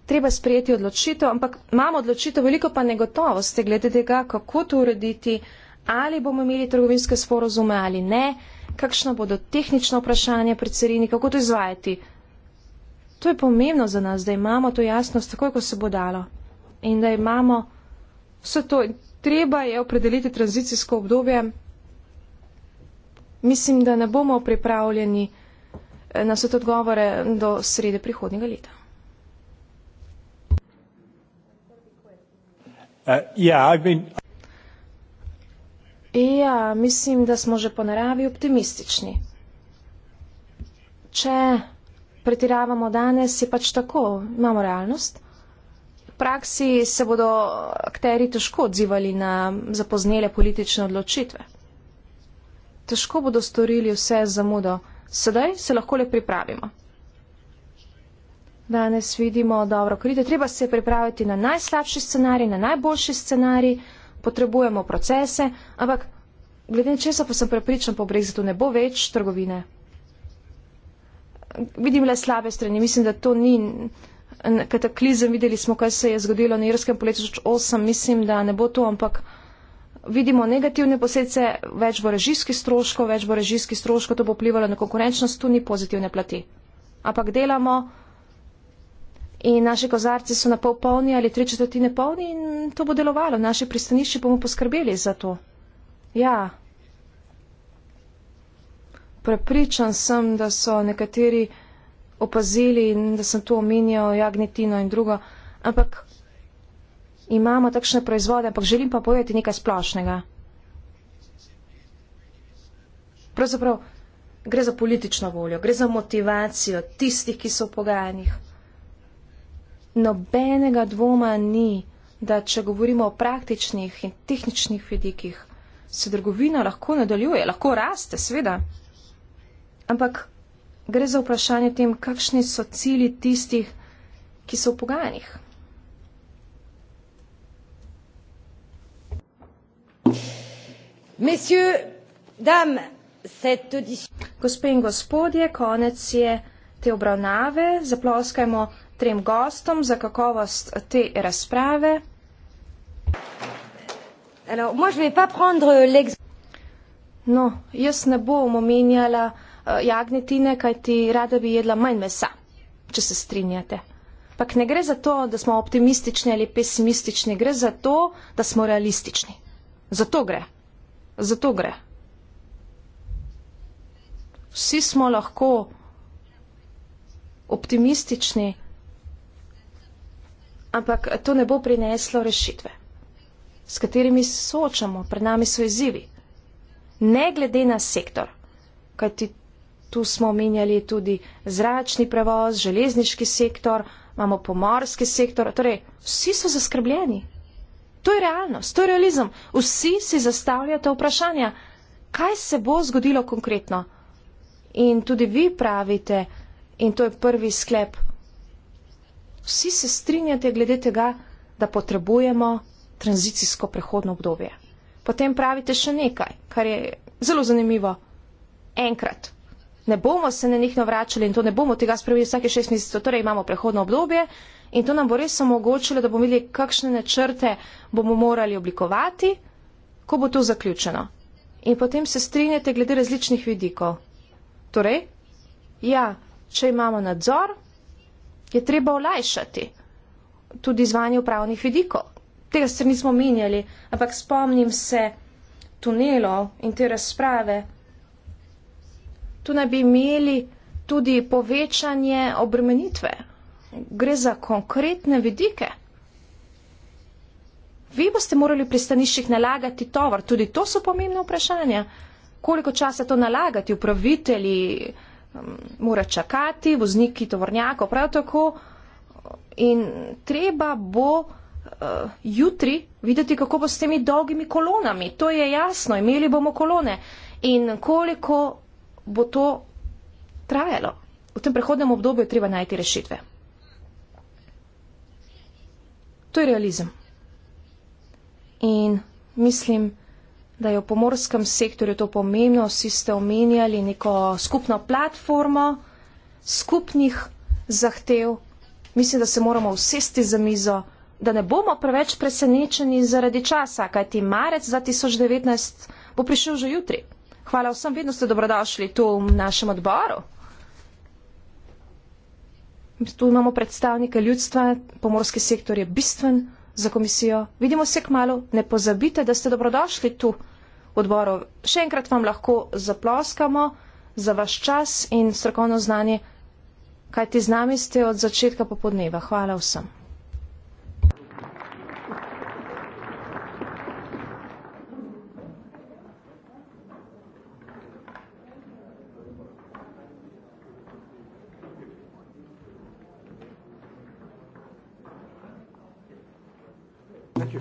Treba sprejeti odločitev, ampak imamo odločitev, veliko pa negotovosti glede tega, kako to urediti, ali bomo imeli trgovinske sporozume ali ne, kakšno bodo tehnično vprašanje pri carini, kako to izvajati. To je pomembno za nas, da imamo to jasnost takoj, ko se bo dalo. In da imamo vse to. Treba je opredeliti tranzicijsko obdobje. Mislim, da ne bomo pripravljeni na vse te odgovore do srede prihodnjega leta. Uh, yeah, been... Ja, mislim, da smo že po naravi optimistični. Če pretiravamo danes, je pač tako, imamo realnost. V praksi se bodo akteri težko odzivali na zapoznele politične odločitve. Težko bodo storili vse z zamudo. Sedaj se lahko le pripravimo. Danes vidimo dobro, ker je treba se pripraviti na najslabši scenarij, na najboljši scenarij, potrebujemo procese, ampak glede na česa pa sem prepričan, po Brexitu ne bo več trgovine. Vidim le slabe strani, mislim, da to ni kataklizem, videli smo, kaj se je zgodilo na Irskem poletu 2008, mislim, da ne bo to, ampak vidimo negativne posledice, več bo režijskih stroškov, več bo režijskih stroškov, to bo vplivalo na konkurenčnost, tu ni pozitivne plati. Ampak delamo in naši kozarci so na pol polni ali tri četrtine polni in to bo delovalo. Naši pristanišči bomo poskrbeli za to. Ja. Prepričan sem, da so nekateri opazili in da sem to omenjal, jagnetino in drugo, ampak imamo takšne proizvode, ampak želim pa povedati nekaj splošnega. Pravzaprav gre za politično voljo, gre za motivacijo tistih, ki so v pogajanjih. Nobenega dvoma ni, da če govorimo o praktičnih in tehničnih vidikih, se trgovina lahko nadaljuje, lahko raste, seveda. Ampak gre za vprašanje tem, kakšni so cili tistih, ki so v pogajanjih. gospe in gospodje, konec je te obravnave. Zaploskajmo trem gostom za kakovost te razprave. No, jaz ne bom omenjala eh, jagnetine, kajti rada bi jedla manj mesa, če se strinjate. Pak ne gre za to, da smo optimistični ali pesimistični, gre za to, da smo realistični. Za to gre. Za to gre. Vsi smo lahko optimistični, ampak to ne bo prineslo rešitve, s katerimi se soočamo, pred nami so izzivi. Ne glede na sektor, kajti tu smo omenjali tudi zračni prevoz, železniški sektor, imamo pomorski sektor, torej vsi so zaskrbljeni. To je realnost, to je realizem. Vsi si zastavljate vprašanja, kaj se bo zgodilo konkretno. In tudi vi pravite, in to je prvi sklep, vsi se strinjate glede tega, da potrebujemo tranzicijsko prehodno obdobje. Potem pravite še nekaj, kar je zelo zanimivo. Enkrat. Ne bomo se na njih navračali in to ne bomo tega spravili vsake šest mesecev, torej imamo prehodno obdobje, In to nam bo res omogočilo, da bomo videli, kakšne načrte bomo morali oblikovati, ko bo to zaključeno. In potem se strinjate glede različnih vidikov. Torej, ja, če imamo nadzor, je treba olajšati tudi izvanje upravnih vidikov. Tega se nismo menjali, ampak spomnim se tunelov in te razprave. Tu naj bi imeli tudi povečanje obremenitve gre za konkretne vidike. Vi boste morali v pristaniščih nalagati tovar, tudi to so pomembne vprašanja. Koliko časa to nalagati, upravitelji um, mora čakati, vozniki tovornjakov, prav tako. In treba bo uh, jutri videti, kako bo s temi dolgimi kolonami. To je jasno, imeli bomo kolone. In koliko bo to trajalo. V tem prehodnem obdobju treba najti rešitve. To je realizem. In mislim, da je v pomorskem sektorju to pomembno, vsi ste omenjali neko skupno platformo skupnih zahtev. Mislim, da se moramo usesti za mizo, da ne bomo preveč presenečeni zaradi časa, kajti marec 2019 bo prišel že jutri. Hvala vsem, vedno ste dobrodošli tu v našem odboru. Tu imamo predstavnike ljudstva, pomorski sektor je bistven za komisijo. Vidimo se k malu, ne pozabite, da ste dobrodošli tu v odboru. Še enkrat vam lahko zaploskamo za vaš čas in strokovno znanje, kajti z nami ste od začetka popodneva. Hvala vsem.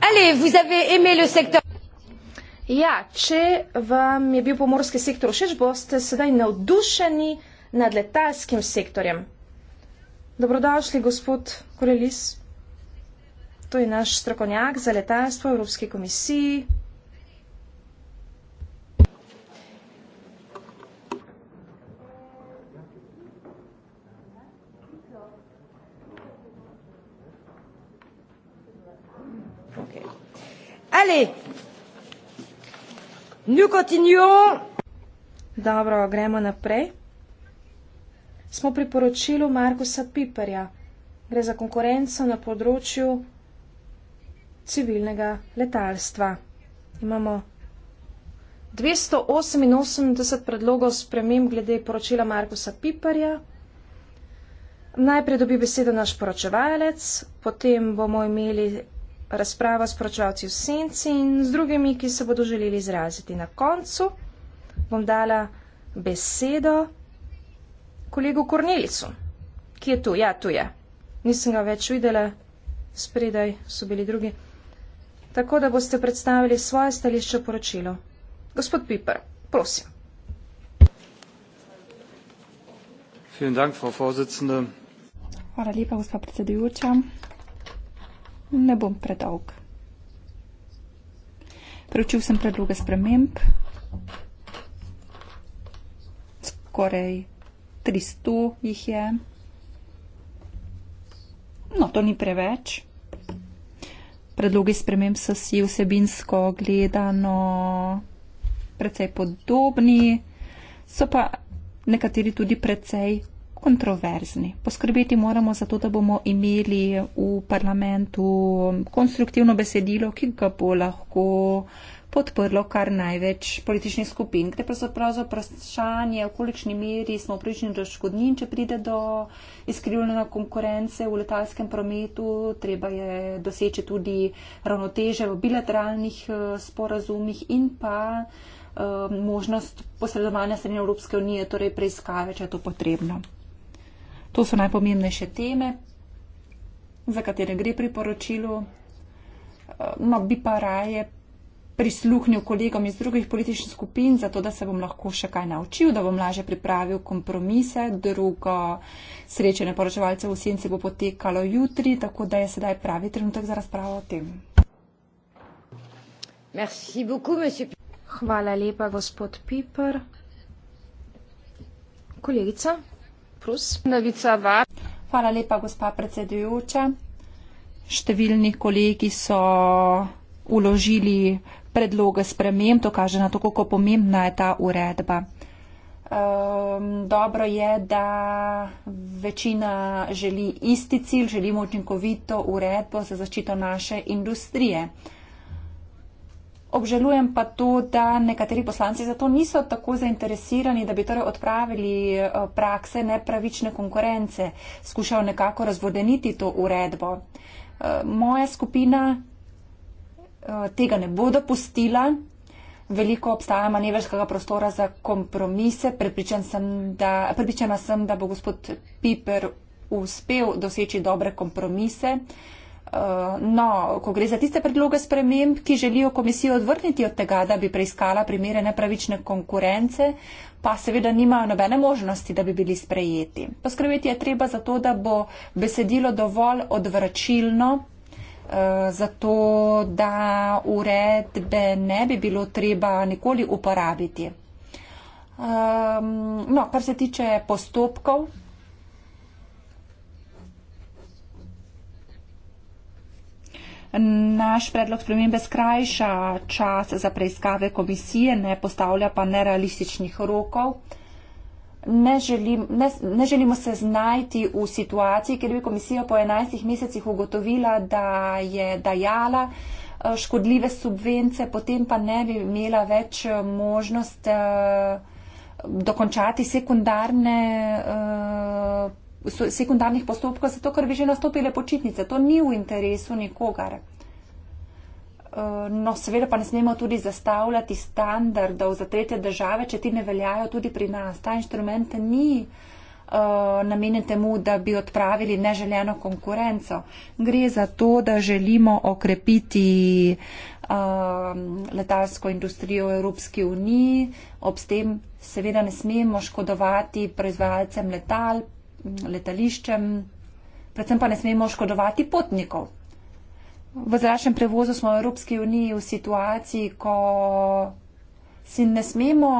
Ali, vous avez aimé le secteur? Ja, če vam je bil pomorski sektor všeč, boste sedaj navdušeni nad letalskim sektorjem. Dobrodošli, gospod Korelis. To je naš strokovnjak za letalstvo Evropske komisije. Allez. Nous continuons. Dobro, gremo naprej. Smo pri poročilu Markusa Piperja. Gre za konkurenco na področju civilnega letalstva. Imamo 288 predlogov sprememb glede poročila Markusa Piperja. Najprej dobi besedo naš poročevalec, potem bomo imeli razprava s pročavci v senci in z drugimi, ki se bodo želeli izraziti. Na koncu bom dala besedo kolegu Kornelicu, ki je tu. Ja, tu je. Nisem ga več videla, spredaj so bili drugi. Tako da boste predstavili svoje stališče poročilo. Gospod Piper, prosim. Hvala lepa, gospod predsedujoča ne bom predolg. Preučil sem predloge sprememb, skoraj 300 jih je. No, to ni preveč. Predlogi sprememb so si vsebinsko gledano precej podobni, so pa nekateri tudi precej kontroverzni. Poskrbeti moramo za to, da bomo imeli v parlamentu konstruktivno besedilo, ki ga bo lahko podprlo kar največ političnih skupin. Gre pravzaprav za vprašanje, v kolikšni meri smo prični do škodnin, če pride do izkrivljena konkurence v letalskem prometu. Treba je doseči tudi ravnoteže v bilateralnih eh, sporazumih in pa eh, možnost posredovanja strani Evropske unije, torej preiskave, če je to potrebno. To so najpomembnejše teme, za katere gre pri poročilu. Eh, no, bi pa raje prisluhnil kolegom iz drugih političnih skupin, zato da se bom lahko še kaj naučil, da bom lažje pripravil kompromise. Drugo srečanje poročevalcev v Senci bo potekalo jutri, tako da je sedaj pravi trenutek za razpravo o tem. Beaucoup, Hvala lepa, gospod Piper. Kolegica. Prus. Hvala lepa, gospa predsedujoča. Številni kolegi so uložili predloge sprememb, to kaže na to, kako pomembna je ta uredba. Um, dobro je, da večina želi isti cilj, želimo učinkovito uredbo za zaščito naše industrije. Uh, Obžalujem pa to, da nekateri poslanci za to niso tako zainteresirani, da bi torej odpravili eh, prakse nepravične konkurence, skušal nekako razvodeniti to uredbo. Eh, moja skupina eh, tega ne bo dopustila. Veliko obstaja manevrskega prostora za kompromise. Pripričan sem, da, pripričana sem, da bo gospod Piper uspel doseči dobre kompromise. Uh, Eh, no, ko gre za tiste predloge sprememb, ki želijo komisijo odvrniti od tega, da bi preiskala primere nepravične konkurence, pa seveda nimajo nobene možnosti, da bi bili sprejeti. Poskrbeti je treba za to, da bo besedilo dovolj odvračilno, eh, zato da uredbe ne bi bilo treba nikoli uporabiti. Ehm, no, kar se tiče postopkov. Naš predlog spremembe skrajša čas za preiskave komisije, ne postavlja pa nerealističnih rokov. Ne, želim, ne, ne želimo se znajti v situaciji, ker bi komisija po 11 mesecih ugotovila, da je dajala eh, škodljive subvence, potem pa ne bi imela več eh, možnost eh, dokončati sekundarne sekundarnih postopkov, zato ker bi že nastopile počitnice. To ni v interesu nikogar. Eh, no, seveda pa ne smemo tudi zastavljati standardov za tretje države, če ti ne veljajo tudi pri nas. Ta inštrument ni uh, namenjen temu, da bi odpravili neželeno konkurenco. Gre za to, da želimo okrepiti uh, letalsko industrijo v Evropski uniji, ob tem seveda ne smemo škodovati proizvajalcem letal, letališčem, predvsem pa ne smemo škodovati potnikov. V zračnem prevozu smo v Evropski uniji v situaciji, ko si ne smemo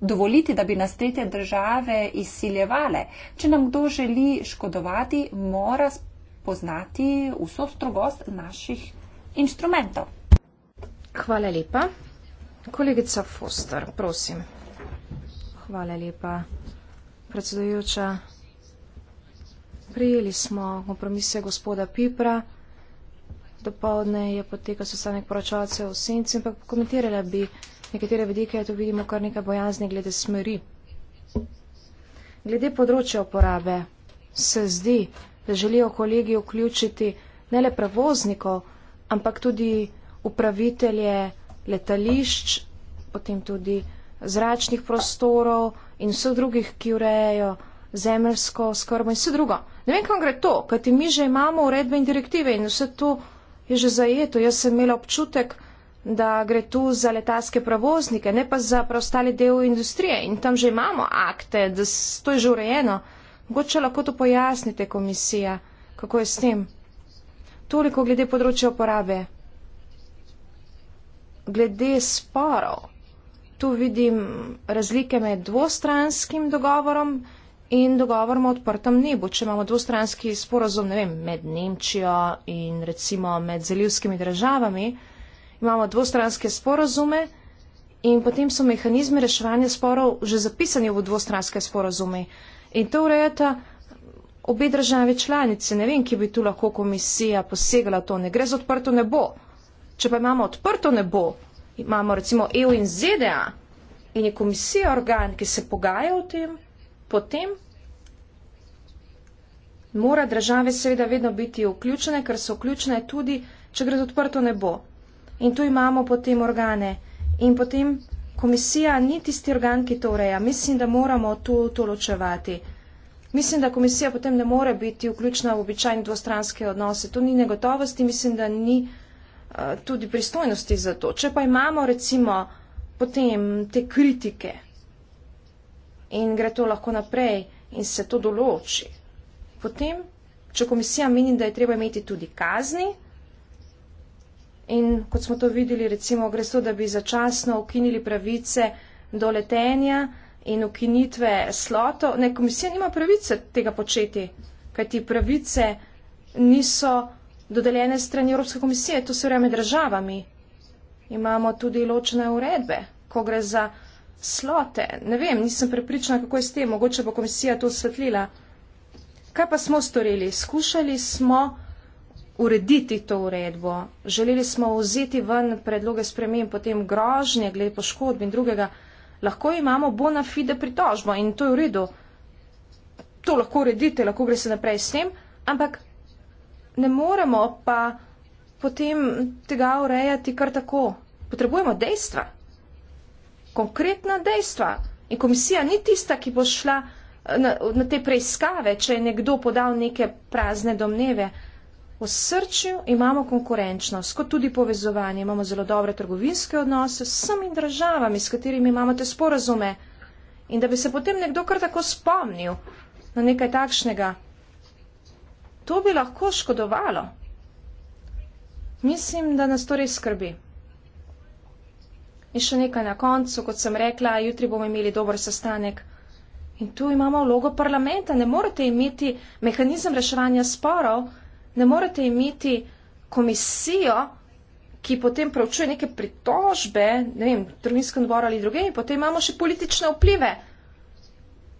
dovoliti, da bi nas tretje države izsiljevale. Če nam kdo želi škodovati, mora spoznati vso strogost naših inštrumentov. Hvala lepa. Kolegica Foster, prosim. Hvala lepa predsedujoča. Prijeli smo kompromise gospoda Pipra. Dopoldne je potekal sestanek poročalcev v senci, ampak komentirala bi nekatere vedike, tu vidimo kar nekaj bojazni glede smeri. Glede področja uporabe se zdi, da želijo kolegi vključiti ne le prevoznikov, ampak tudi upravitelje letališč, potem tudi zračnih prostorov in vseh drugih, ki urejajo zemljsko skrbo in vse drugo. Ne vem, kam gre to, kaj ti mi že imamo uredbe in direktive in vse to je že zajeto. Jaz sem imela občutek, da gre tu za letalske pravoznike, ne pa za preostali del industrije in tam že imamo akte, da to je že urejeno. Mogoče lahko to pojasnite, komisija, kako je s tem. Toliko glede področja uporabe. Glede sporov tu vidim razlike med dvostranskim dogovorom in dogovorom o odprtem nebu. Če imamo dvostranski sporozum, ne vem, med Nemčijo in recimo med zalivskimi državami, imamo dvostranske sporozume in potem so mehanizmi reševanja sporov že zapisani v dvostranske sporozume. In to urejata obe države članice. Ne vem, ki bi tu lahko komisija posegala to. Ne gre za odprto nebo. Če pa imamo odprto nebo, imamo recimo EU in ZDA in je komisija organ, ki se pogaja o tem, potem mora države seveda vedno biti vključene, ker so vključene tudi, če gre za odprto nebo. In tu imamo potem organe. In potem komisija ni tisti organ, ki to ureja. Mislim, da moramo to, to ločevati. Mislim, da komisija potem ne more biti vključena v običajne dvostranske odnose. To ni negotovosti, mislim, da ni. Eh, tudi pristojnosti za to. Če pa imamo recimo potem te kritike in gre to lahko naprej in se to določi, potem, če komisija meni, da je treba imeti tudi kazni in kot smo to videli, recimo gre to, da bi začasno ukinili pravice do letenja in ukinitve sloto, ne, komisija nima pravice tega početi, kajti pravice niso dodeljene strani Evropske komisije, to se vreme državami. Imamo tudi ločene uredbe, ko gre za slote. Ne vem, nisem prepričana, kako je s tem, mogoče bo komisija to osvetlila. Kaj pa smo storili? Skušali smo urediti to uredbo, želeli smo vzeti ven predloge spremem, potem grožnje glede poškodb in drugega. Lahko imamo bona fide pritožbo in to je v redu. To lahko uredite, lahko gre se naprej s tem, ampak ne moremo pa potem tega urejati kar tako. Potrebujemo dejstva. Konkretna dejstva. In komisija ni tista, ki bo šla eh, na, na te preiskave, če je nekdo podal neke prazne domneve. V srčju imamo konkurenčnost, kot tudi povezovanje. Imamo zelo dobre trgovinske odnose s samimi državami, s katerimi imamo te sporazume. In da bi se potem nekdo kar tako spomnil na nekaj takšnega, To bi lahko škodovalo. Mislim, da nas to res skrbi. In še nekaj na koncu, kot sem rekla, jutri bomo imeli dober sestanek. In tu imamo vlogo parlamenta. Ne morete imeti mehanizem reševanja sporov, ne morete imeti komisijo, ki potem pravčuje neke pritožbe, ne vem, trgovinskem dvoru ali druge, in potem imamo še politične vplive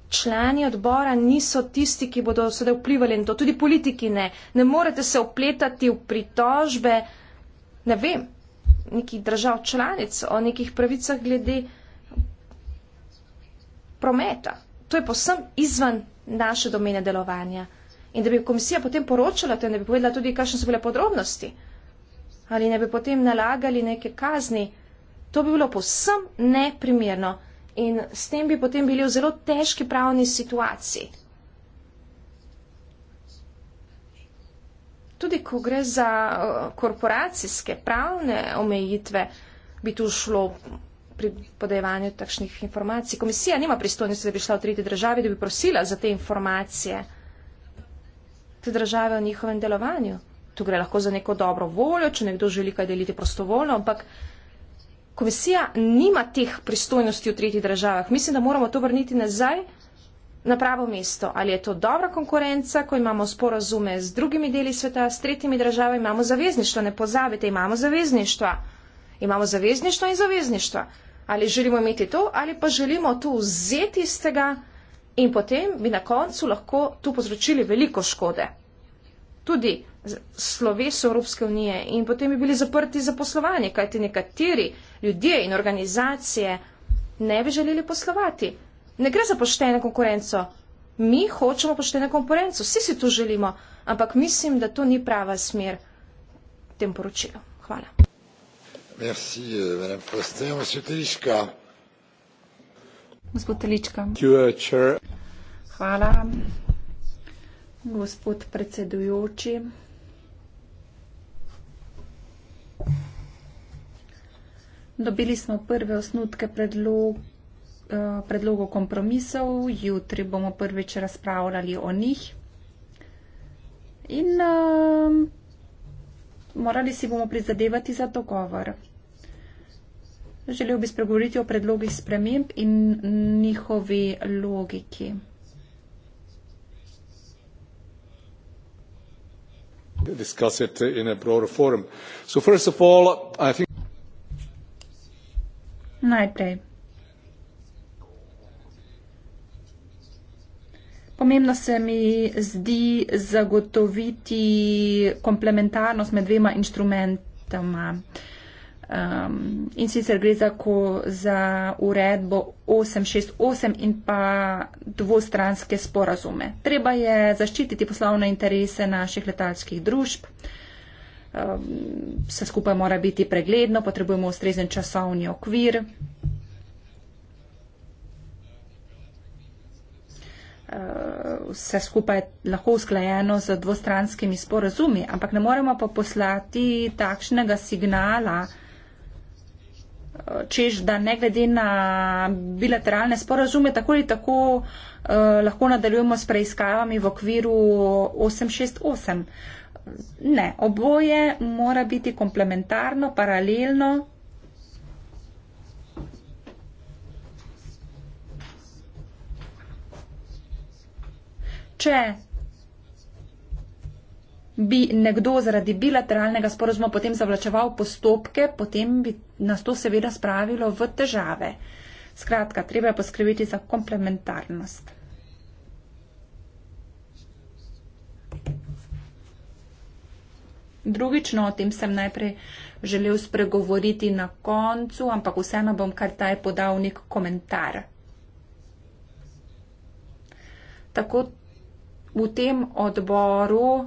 člani odbora niso tisti, ki bodo sedaj vplivali in to tudi politiki ne. Ne morete se opletati v pritožbe, ne vem, nekih držav članic o nekih pravicah glede prometa. To je posem izven naše domene delovanja. In da bi komisija potem poročala, da bi povedala tudi, kakšne so bile podrobnosti, ali ne bi potem nalagali neke kazni, to bi bilo posem neprimerno in s tem bi potem bili v zelo težki pravni situaciji. Tudi, ko gre za eh, korporacijske pravne omejitve, bi tu šlo pri podajanju takšnih informacij. Komisija nima pristojnosti, da bi šla v tretji državi, da bi prosila za te informacije te države o njihovem delovanju. Tu gre lahko za neko dobro voljo, če nekdo želi kaj deliti prostovoljno, ampak komisija nima teh pristojnosti v tretjih državah. Mislim, da moramo to vrniti nazaj na pravo mesto. Ali je to dobra konkurenca, ko imamo sporazume z drugimi deli sveta, s tretjimi državami, imamo zavezništvo, ne pozabite, imamo zavezništva. Imamo zavezništvo in zavezništva. Ali želimo imeti to, ali pa želimo to vzeti iz tega in potem bi na koncu lahko tu povzročili veliko škode. Tudi sloves Evropske unije in potem bi bili zaprti za poslovanje, kajti nekateri ljudje in organizacije ne bi želeli poslovati. Ne gre za pošteno konkurenco. Mi hočemo pošteno konkurenco, vsi si to želimo, ampak mislim, da to ni prava smer tem poročilu. Hvala. Merci, eh, Gospod Telička. Eh, Hvala. Gospod predsedujoči. Dobili smo prve osnutke predlog, eh, predlogov kompromisov, jutri bomo prvič razpravljali o njih. In um, morali si bomo prizadevati za dogovor. Želel bi spregovoriti o predlogih sprememb in njihovi logiki. discuss it in a broader forum. So first of all, I think najprej. Pomembno se mi zdi zagotoviti komplementarnost med dvema inštrumentoma. Uh, Um, in sicer gre za, ko, za uredbo 868 in pa dvostranske sporazume. Treba je zaščititi poslovne interese naših letalskih družb. Vse um, skupaj mora biti pregledno, potrebujemo ustrezen časovni okvir. Vse skupaj je lahko usklajeno z dvostranskimi sporazumi, ampak ne moremo pa poslati takšnega signala, čež, da ne glede na bilateralne sporazume, tako ali tako eh, lahko nadaljujemo s preiskavami v okviru 868. Ne, oboje mora biti komplementarno, paralelno. Če bi nekdo zaradi bilateralnega sporozuma potem zavlačeval postopke, potem bi nas to seveda spravilo v težave. Skratka, treba je poskrbeti za komplementarnost. Drugično, o tem sem najprej želel spregovoriti na koncu, ampak vseeno bom kar taj podal nek komentar. Tako v tem odboru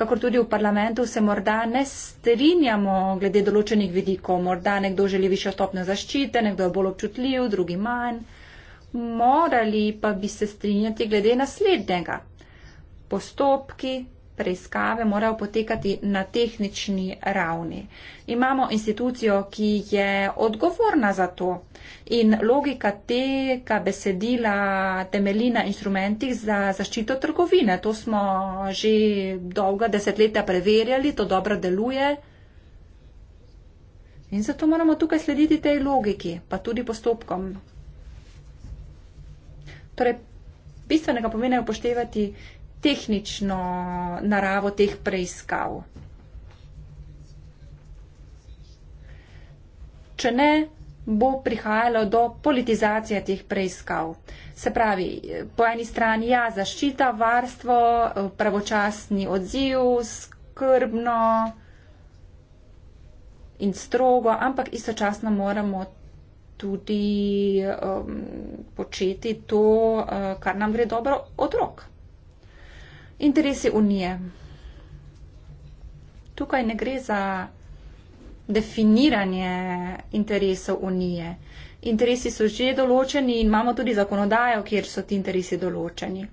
kakor tudi v parlamentu se morda ne strinjamo glede določenih vidikov. Morda nekdo želi višjo stopnjo zaščite, nekdo je bolj občutljiv, drugi manj. Morali pa bi se strinjati glede naslednjega. Postopki, preiskave morajo potekati na tehnični ravni. Imamo institucijo, ki je odgovorna za to in logika tega besedila temelji na instrumentih za zaščito trgovine. To smo že dolga desetletja preverjali, to dobro deluje. In zato moramo tukaj slediti tej logiki, pa tudi postopkom. Torej, bistvenega pomena je upoštevati tehnično naravo teh preiskav. Če ne, bo prihajalo do politizacije teh preiskav. Se pravi, po eni strani ja, zaščita, varstvo, pravočasni odziv, skrbno in strogo, ampak istočasno moramo tudi um, početi to, uh, kar nam gre dobro od rok interesi unije. Tukaj ne gre za definiranje interesov unije. Interesi so že določeni in imamo tudi zakonodajo, kjer so ti interesi določeni.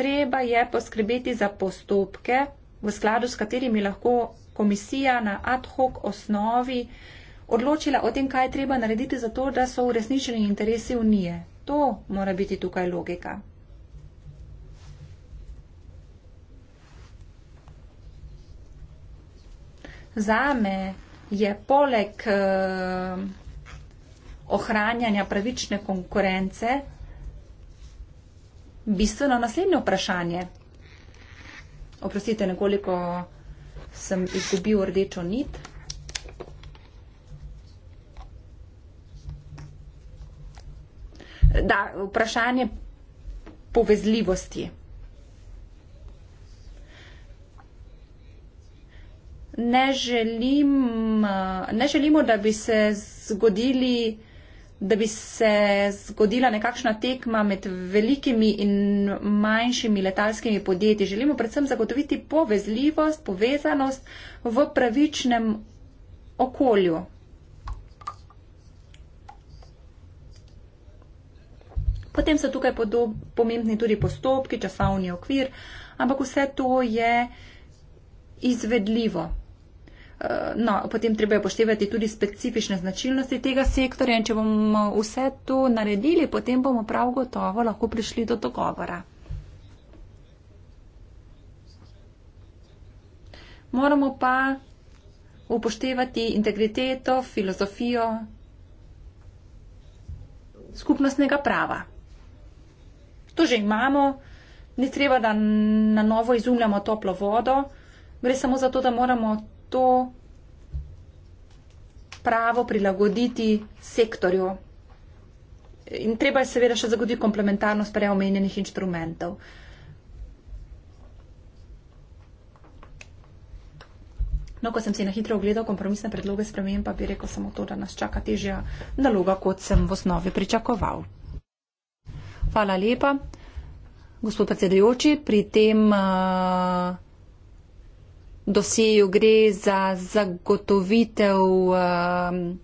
Treba je poskrbeti za postopke, v skladu s katerimi lahko komisija na ad hoc osnovi odločila o tem, kaj je treba narediti za to, da so uresničeni interesi unije. To mora biti tukaj logika. zame je poleg eh, ohranjanja pravične konkurence bistveno naslednje vprašanje. Oprostite, nekoliko sem izgubil rdečo nit. Da, vprašanje povezljivosti. ne, želim, eh, ne želimo, da bi se zgodili da bi se zgodila nekakšna tekma med velikimi in manjšimi letalskimi podjetji. Želimo predvsem zagotoviti povezljivost, povezanost v pravičnem okolju. Potem so tukaj pomembni tudi postopki, časovni okvir, ampak vse to je izvedljivo. Eh, no, potem treba je poštevati tudi specifične značilnosti tega sektorja in če bomo vse to naredili, potem bomo prav gotovo lahko prišli do dogovora. Moramo pa upoštevati integriteto, filozofijo skupnostnega prava. To že imamo, ni treba, da na novo izumljamo toplo vodo, gre samo zato, da moramo to pravo prilagoditi sektorju. In treba je seveda še zagotoviti komplementarnost prej omenjenih inštrumentov. No, ko sem si na hitro ogledal kompromisne predloge spremem, pa bi rekel samo to, da nas čaka težja naloga, kot sem v osnovi pričakoval. Hvala lepa, gospod predsedujoči. Pri tem. Uh, dosjeju gre za zagotovitev um,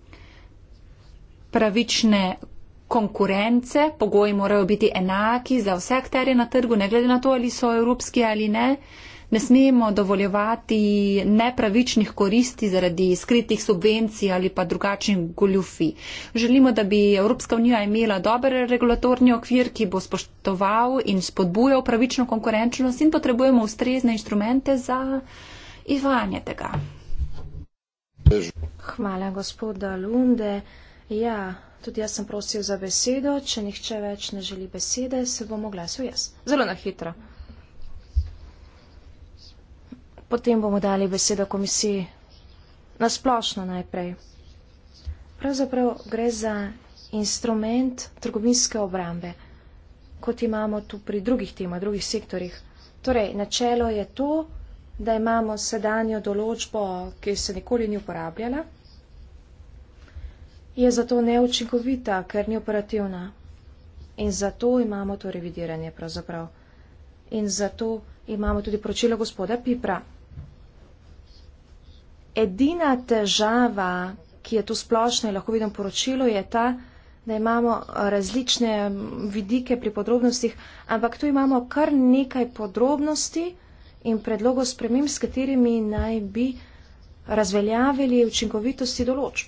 pravične konkurence, pogoji morajo biti enaki za vse akterje na trgu, ne glede na to, ali so evropski ali ne. Ne smemo dovoljevati nepravičnih koristi zaradi skritih subvencij ali pa drugačnih goljufi. Želimo, da bi Evropska unija imela dober regulatorni okvir, ki bo spoštoval in spodbujal pravično konkurenčnost in potrebujemo ustrezne inštrumente za izvajanje tega. Hvala, gospoda Lunde. Ja, tudi jaz sem prosil za besedo. Če nihče več ne želi besede, se bom oglasil jaz. Zelo na hitro. Potem bomo dali besedo komisiji nasplošno najprej. Pravzaprav gre za instrument trgovinske obrambe, kot imamo tu pri drugih temah, drugih sektorjih. Torej, načelo je to, da imamo sedanjo določbo, ki se nikoli ni uporabljala, je zato neučinkovita, ker ni operativna. In zato imamo to revidiranje pravzaprav. In zato imamo tudi poročilo gospoda Pipra. Edina težava, ki je tu splošna in lahko vidim poročilo, je ta, da imamo različne vidike pri podrobnostih, ampak tu imamo kar nekaj podrobnosti, in predlogov spremem, s katerimi naj bi razveljavili učinkovitosti določb.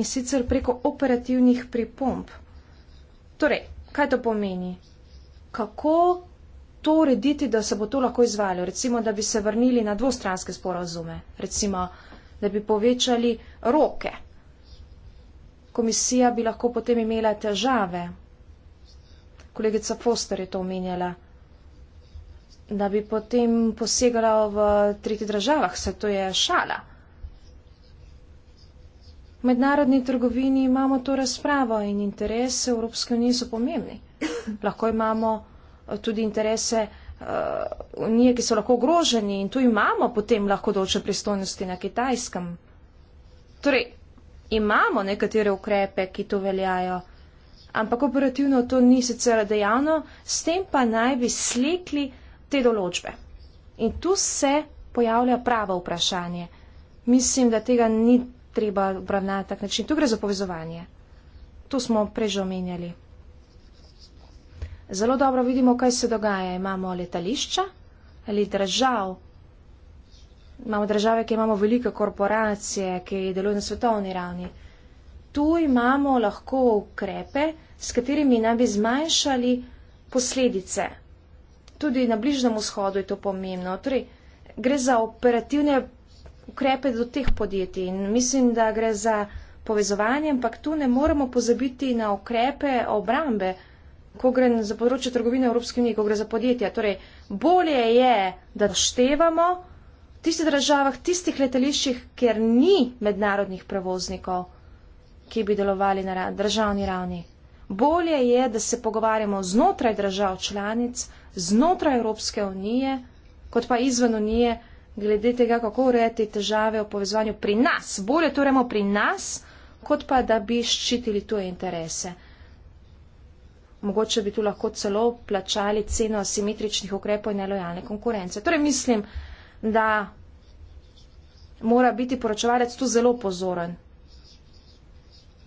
In sicer preko operativnih pripomp. Torej, kaj to pomeni? Kako to urediti, da se bo to lahko izvalo? Recimo, da bi se vrnili na dvostranske sporazume. Recimo, da bi povečali roke. Komisija bi lahko potem imela težave. Kolegica Foster je to omenjala da bi potem posegala v tretjih državah, se to je šala. V mednarodni trgovini imamo to razpravo in interese Evropske unije so pomembni. Lahko imamo eh, tudi interese uh, unije, ki so lahko ogroženi in tu imamo potem lahko določene pristojnosti na kitajskem. Torej, imamo nekatere ukrepe, ki to veljajo, ampak operativno to ni sicer dejavno, s tem pa naj bi slekli te določbe. In tu se pojavlja pravo vprašanje. Mislim, da tega ni treba obravnati tak način. Tu gre za povezovanje. Tu smo prej omenjali. Zelo dobro vidimo, kaj se dogaja. Imamo letališča ali držav. Imamo države, ki imamo velike korporacije, ki delujejo na svetovni ravni. Tu imamo lahko ukrepe, s katerimi naj bi zmanjšali posledice tudi na bližnjem vzhodu je to pomembno. Torej, gre za operativne ukrepe do teh podjetij in mislim, da gre za povezovanje, ampak tu ne moremo pozabiti na ukrepe obrambe, ko gre za področje trgovine Evropske unije, ko gre za podjetja. Torej, bolje je, da naštevamo v tistih državah, tistih letališčih, kjer ni mednarodnih prevoznikov, ki bi delovali na državni ravni bolje je, da se pogovarjamo znotraj držav članic, znotraj Evropske unije, kot pa izven unije, glede tega, kako urejati težave v povezovanju pri nas. Bolje to remo pri nas, kot pa da bi ščitili tuje interese. Mogoče bi tu lahko celo plačali ceno asimetričnih ukrepov in nelojalne konkurence. Torej mislim, da mora biti poročevalec tu zelo pozoren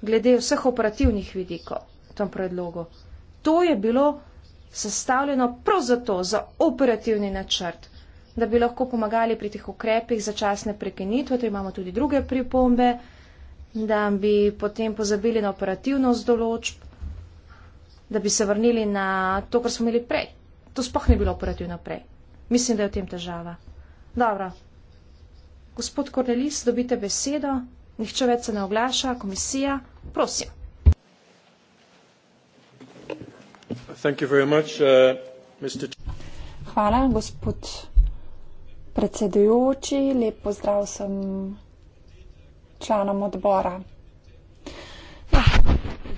glede vseh operativnih vidikov tem predlogu. To je bilo sestavljeno prav zato, za operativni načrt, da bi lahko pomagali pri teh ukrepih za časne prekinitve, tu imamo tudi druge pripombe, da bi potem pozabili na operativnost določb, da bi se vrnili na to, kar smo imeli prej. To sploh ni bilo operativno prej. Mislim, da je v tem težava. Dobro. Gospod Kornelis, dobite besedo. Nihče več se ne oglaša. Komisija, prosim. Uh, Hvala, gospod predsedujoči. Lep pozdrav sem članom odbora. Ja,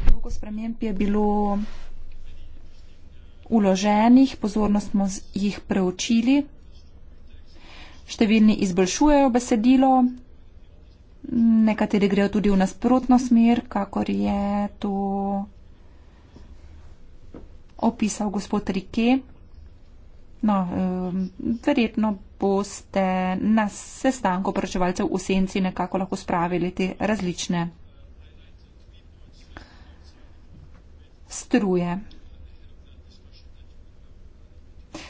veliko sprememb je bilo uloženih, pozorno smo jih preučili. Številni izboljšujejo besedilo, nekateri grejo tudi v nasprotno smer, kakor je to opisal gospod Rike. No, verjetno boste na sestanku poročevalcev v senci nekako lahko spravili te različne struje.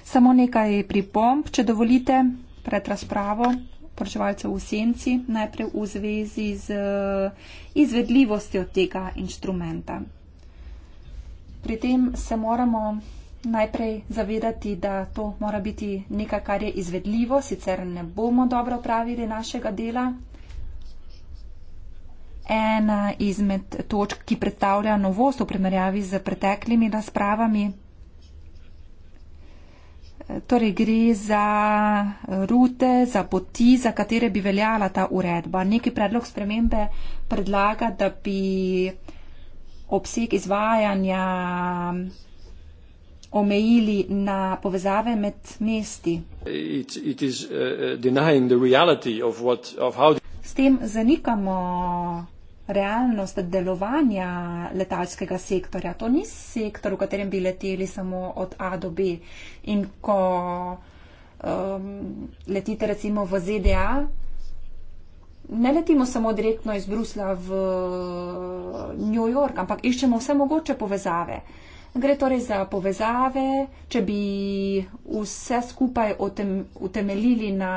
Samo nekaj pripomb, če dovolite, pred razpravo poročevalcev v senci, najprej v zvezi z eh, izvedljivostjo tega inštrumenta. Pri tem se moramo najprej zavedati, da to mora biti nekaj, kar je izvedljivo, sicer ne bomo dobro pravili našega dela. Ena izmed točk, ki predstavlja novost v primerjavi z preteklimi razpravami, torej gre za rute, za poti, za katere bi veljala ta uredba. Neki predlog spremembe predlaga, da bi obseg izvajanja omejili na povezave med mesti. It, it is, uh, uh what, the... S tem zanikamo realnost delovanja letalskega sektorja. To ni sektor, v katerem bi leteli samo od A do B. In ko um, letite recimo v ZDA, ne letimo samo direktno iz Brusla v eh, New York, ampak iščemo vse mogoče povezave. Gre torej za povezave, če bi vse skupaj otem, utemeljili na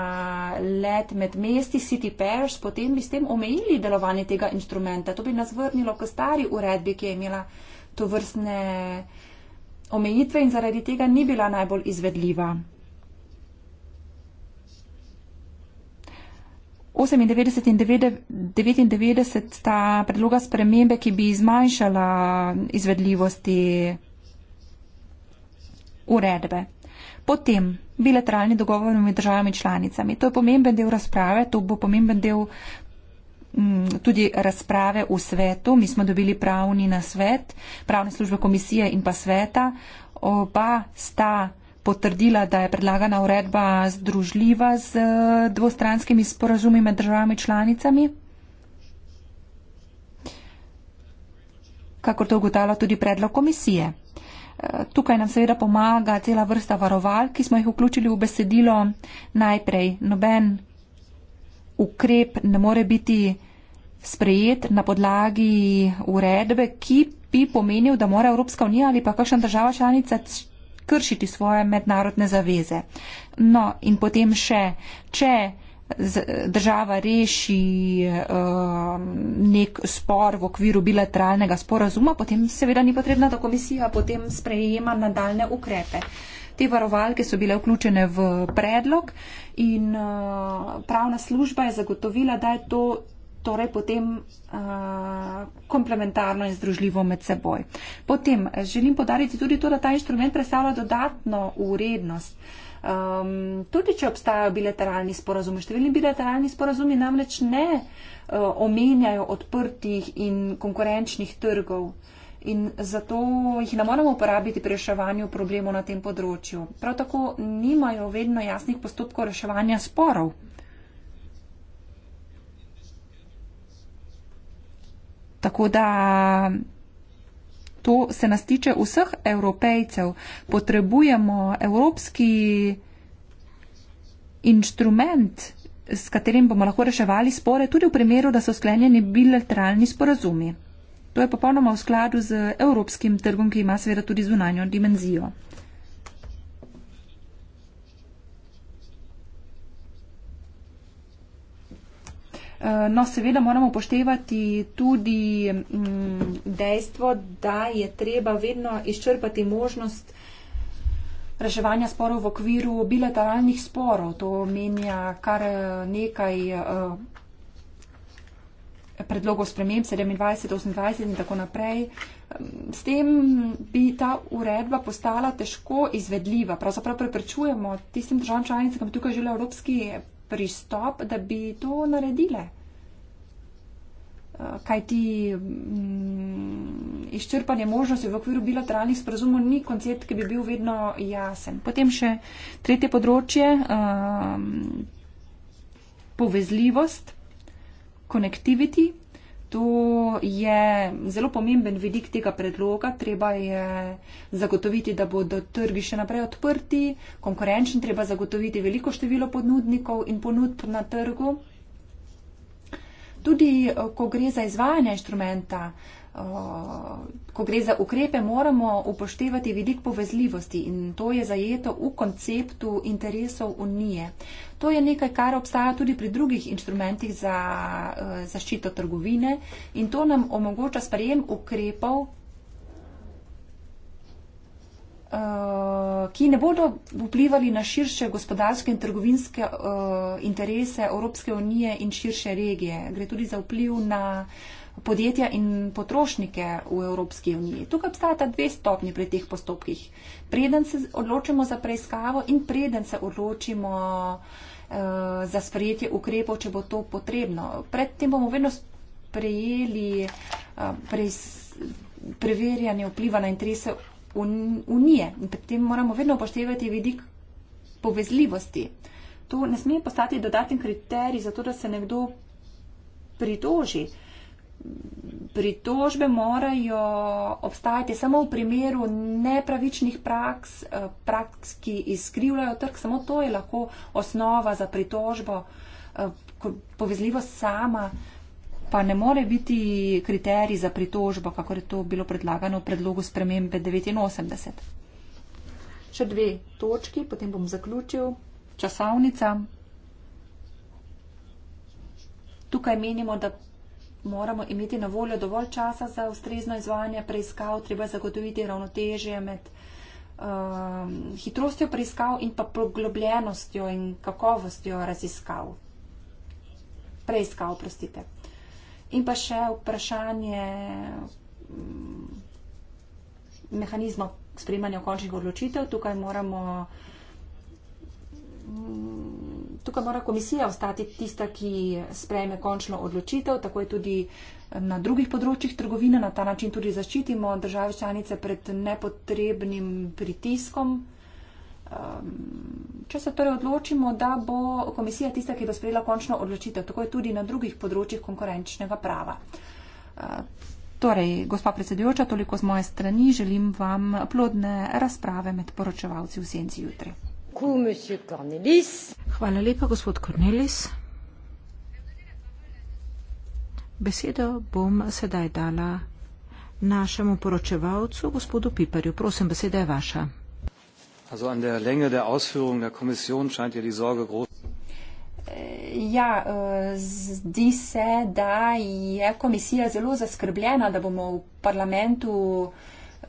let med mesti City Pairs, potem bi s tem omejili delovanje tega instrumenta. To bi nas vrnilo k stari uredbi, ki je imela to vrstne omejitve in zaradi tega ni bila najbolj izvedljiva. 98 in 99 sta predloga spremembe, ki bi zmanjšala izvedljivosti uredbe. Potem bilateralni dogovor med državami članicami. To je pomemben del razprave, to bo pomemben del mm, tudi razprave v svetu. Mi smo dobili pravni na svet, pravne službe komisije in pa sveta. Oba sta potrdila, da je predlagana uredba združljiva z eh, dvostranskimi sporazumi med državami članicami. Kako to ugotavlja tudi predlog komisije. Eh, tukaj nam seveda pomaga cela vrsta varoval, ki smo jih vključili v besedilo najprej. Noben ukrep ne more biti sprejet na podlagi uredbe, ki bi pomenil, da mora Evropska unija ali pa kakšna država članica kršiti svoje mednarodne zaveze. No, in potem še, če država reši uh, nek spor v okviru bilateralnega sporazuma, potem seveda ni potrebna, da komisija potem sprejema nadaljne ukrepe. Te varovalke so bile vključene v predlog in uh, pravna služba je zagotovila, da je to torej potem uh, komplementarno in združljivo med seboj. Potem eh, želim podariti tudi to, da ta inštrument predstavlja dodatno urednost. Um, ehm, tudi, če obstajajo bilateralni sporazumi. Številni bilateralni sporazumi namreč ne uh, omenjajo odprtih in konkurenčnih trgov in zato jih ne moremo uporabiti pri reševanju problemov na tem področju. Prav tako nimajo vedno jasnih postopkov reševanja sporov. Tako da to se nas tiče vseh evropejcev. Potrebujemo evropski inštrument, s katerim bomo lahko reševali spore, tudi v primeru, da so sklenjeni bilateralni sporazumi. To je popolnoma v skladu z evropskim trgom, ki ima seveda tudi zunanjo dimenzijo. Eh, no, seveda moramo upoštevati tudi mm, dejstvo, da je treba vedno izčrpati možnost reševanja sporov v okviru bilateralnih sporov. To menja kar eh, nekaj eh, predlogov sprememb 27, 28 in tako naprej. S tem bi ta uredba postala težko izvedljiva. Pravzaprav preprečujemo tistim državam članicam, ki tukaj želijo Evropski pristop, da bi to naredile. Eh, Kaj ti mm, izčrpanje možnosti v okviru bilateralnih sporazumov ni koncept, ki bi bil vedno jasen. Potem še tretje področje, um, povezljivost, konektiviti, To je zelo pomemben vidik tega predloga. Treba je zagotoviti, da bodo trgi še naprej odprti, konkurenčni, treba zagotoviti veliko število ponudnikov in ponudb na trgu. Tudi, eh, ko gre za izvajanje inštrumenta, Eh, ko gre za ukrepe, moramo upoštevati vidik povezljivosti in to je zajeto v konceptu interesov unije. To je nekaj, kar obstaja tudi pri drugih inštrumentih za eh, zaščito trgovine in to nam omogoča sprejem ukrepov, eh, ki ne bodo vplivali na širše gospodarske in trgovinske interese Evropske unije in širše regije. Gre tudi za vpliv na podjetja in potrošnike v Evropski uniji. Tukaj obstajata dve stopnji pri teh postopkih. Preden se odločimo za preiskavo in preden se odločimo uh, za sprejetje ukrepov, če bo to potrebno. Predtem bomo vedno sprejeli uh, preverjanje vpliva na interese unije in predtem moramo vedno upoštevati vidik povezljivosti. To ne sme postati dodaten kriterij za to, da se nekdo pritoži. Uh, pritožbe morajo obstajati samo v primeru nepravičnih praks, eh, praks, ki izkrivljajo trg, samo to je lahko osnova za pritožbo. Eh, Povezljivost sama pa ne more biti kriterij za pritožbo, kako je to bilo predlagano v predlogu spremembe 89. Še dve točki, potem bom zaključil. Časovnica. Tukaj menimo, da moramo imeti na voljo dovolj časa za ustrezno izvajanje preiskav, treba zagotoviti ravnotežje med um, hitrostjo preiskav in pa poglobljenostjo in kakovostjo raziskav. Preiskav, prostite. In pa še vprašanje um, mehanizma sprejmanja končnih odločitev. Tukaj moramo. Um, tukaj mora komisija ostati tista, ki sprejme končno odločitev, tako je tudi na drugih področjih trgovine, na ta način tudi zaščitimo države članice pred nepotrebnim pritiskom. Um, če se torej odločimo, da bo komisija tista, ki bo sprejela končno odločitev, tako je tudi na drugih področjih konkurenčnega prava. Uh, torej, gospa predsedujoča, toliko z moje strani, želim vam plodne razprave med poročevalci v senci jutri. Hvala lepa, gospod Kornelis. Besedo bom sedaj dala našemu poročevalcu, gospodu Piperju. Prosim, beseda je vaša. Ja, ja eh, zdi se, da je komisija zelo zaskrbljena, da bomo v parlamentu eh,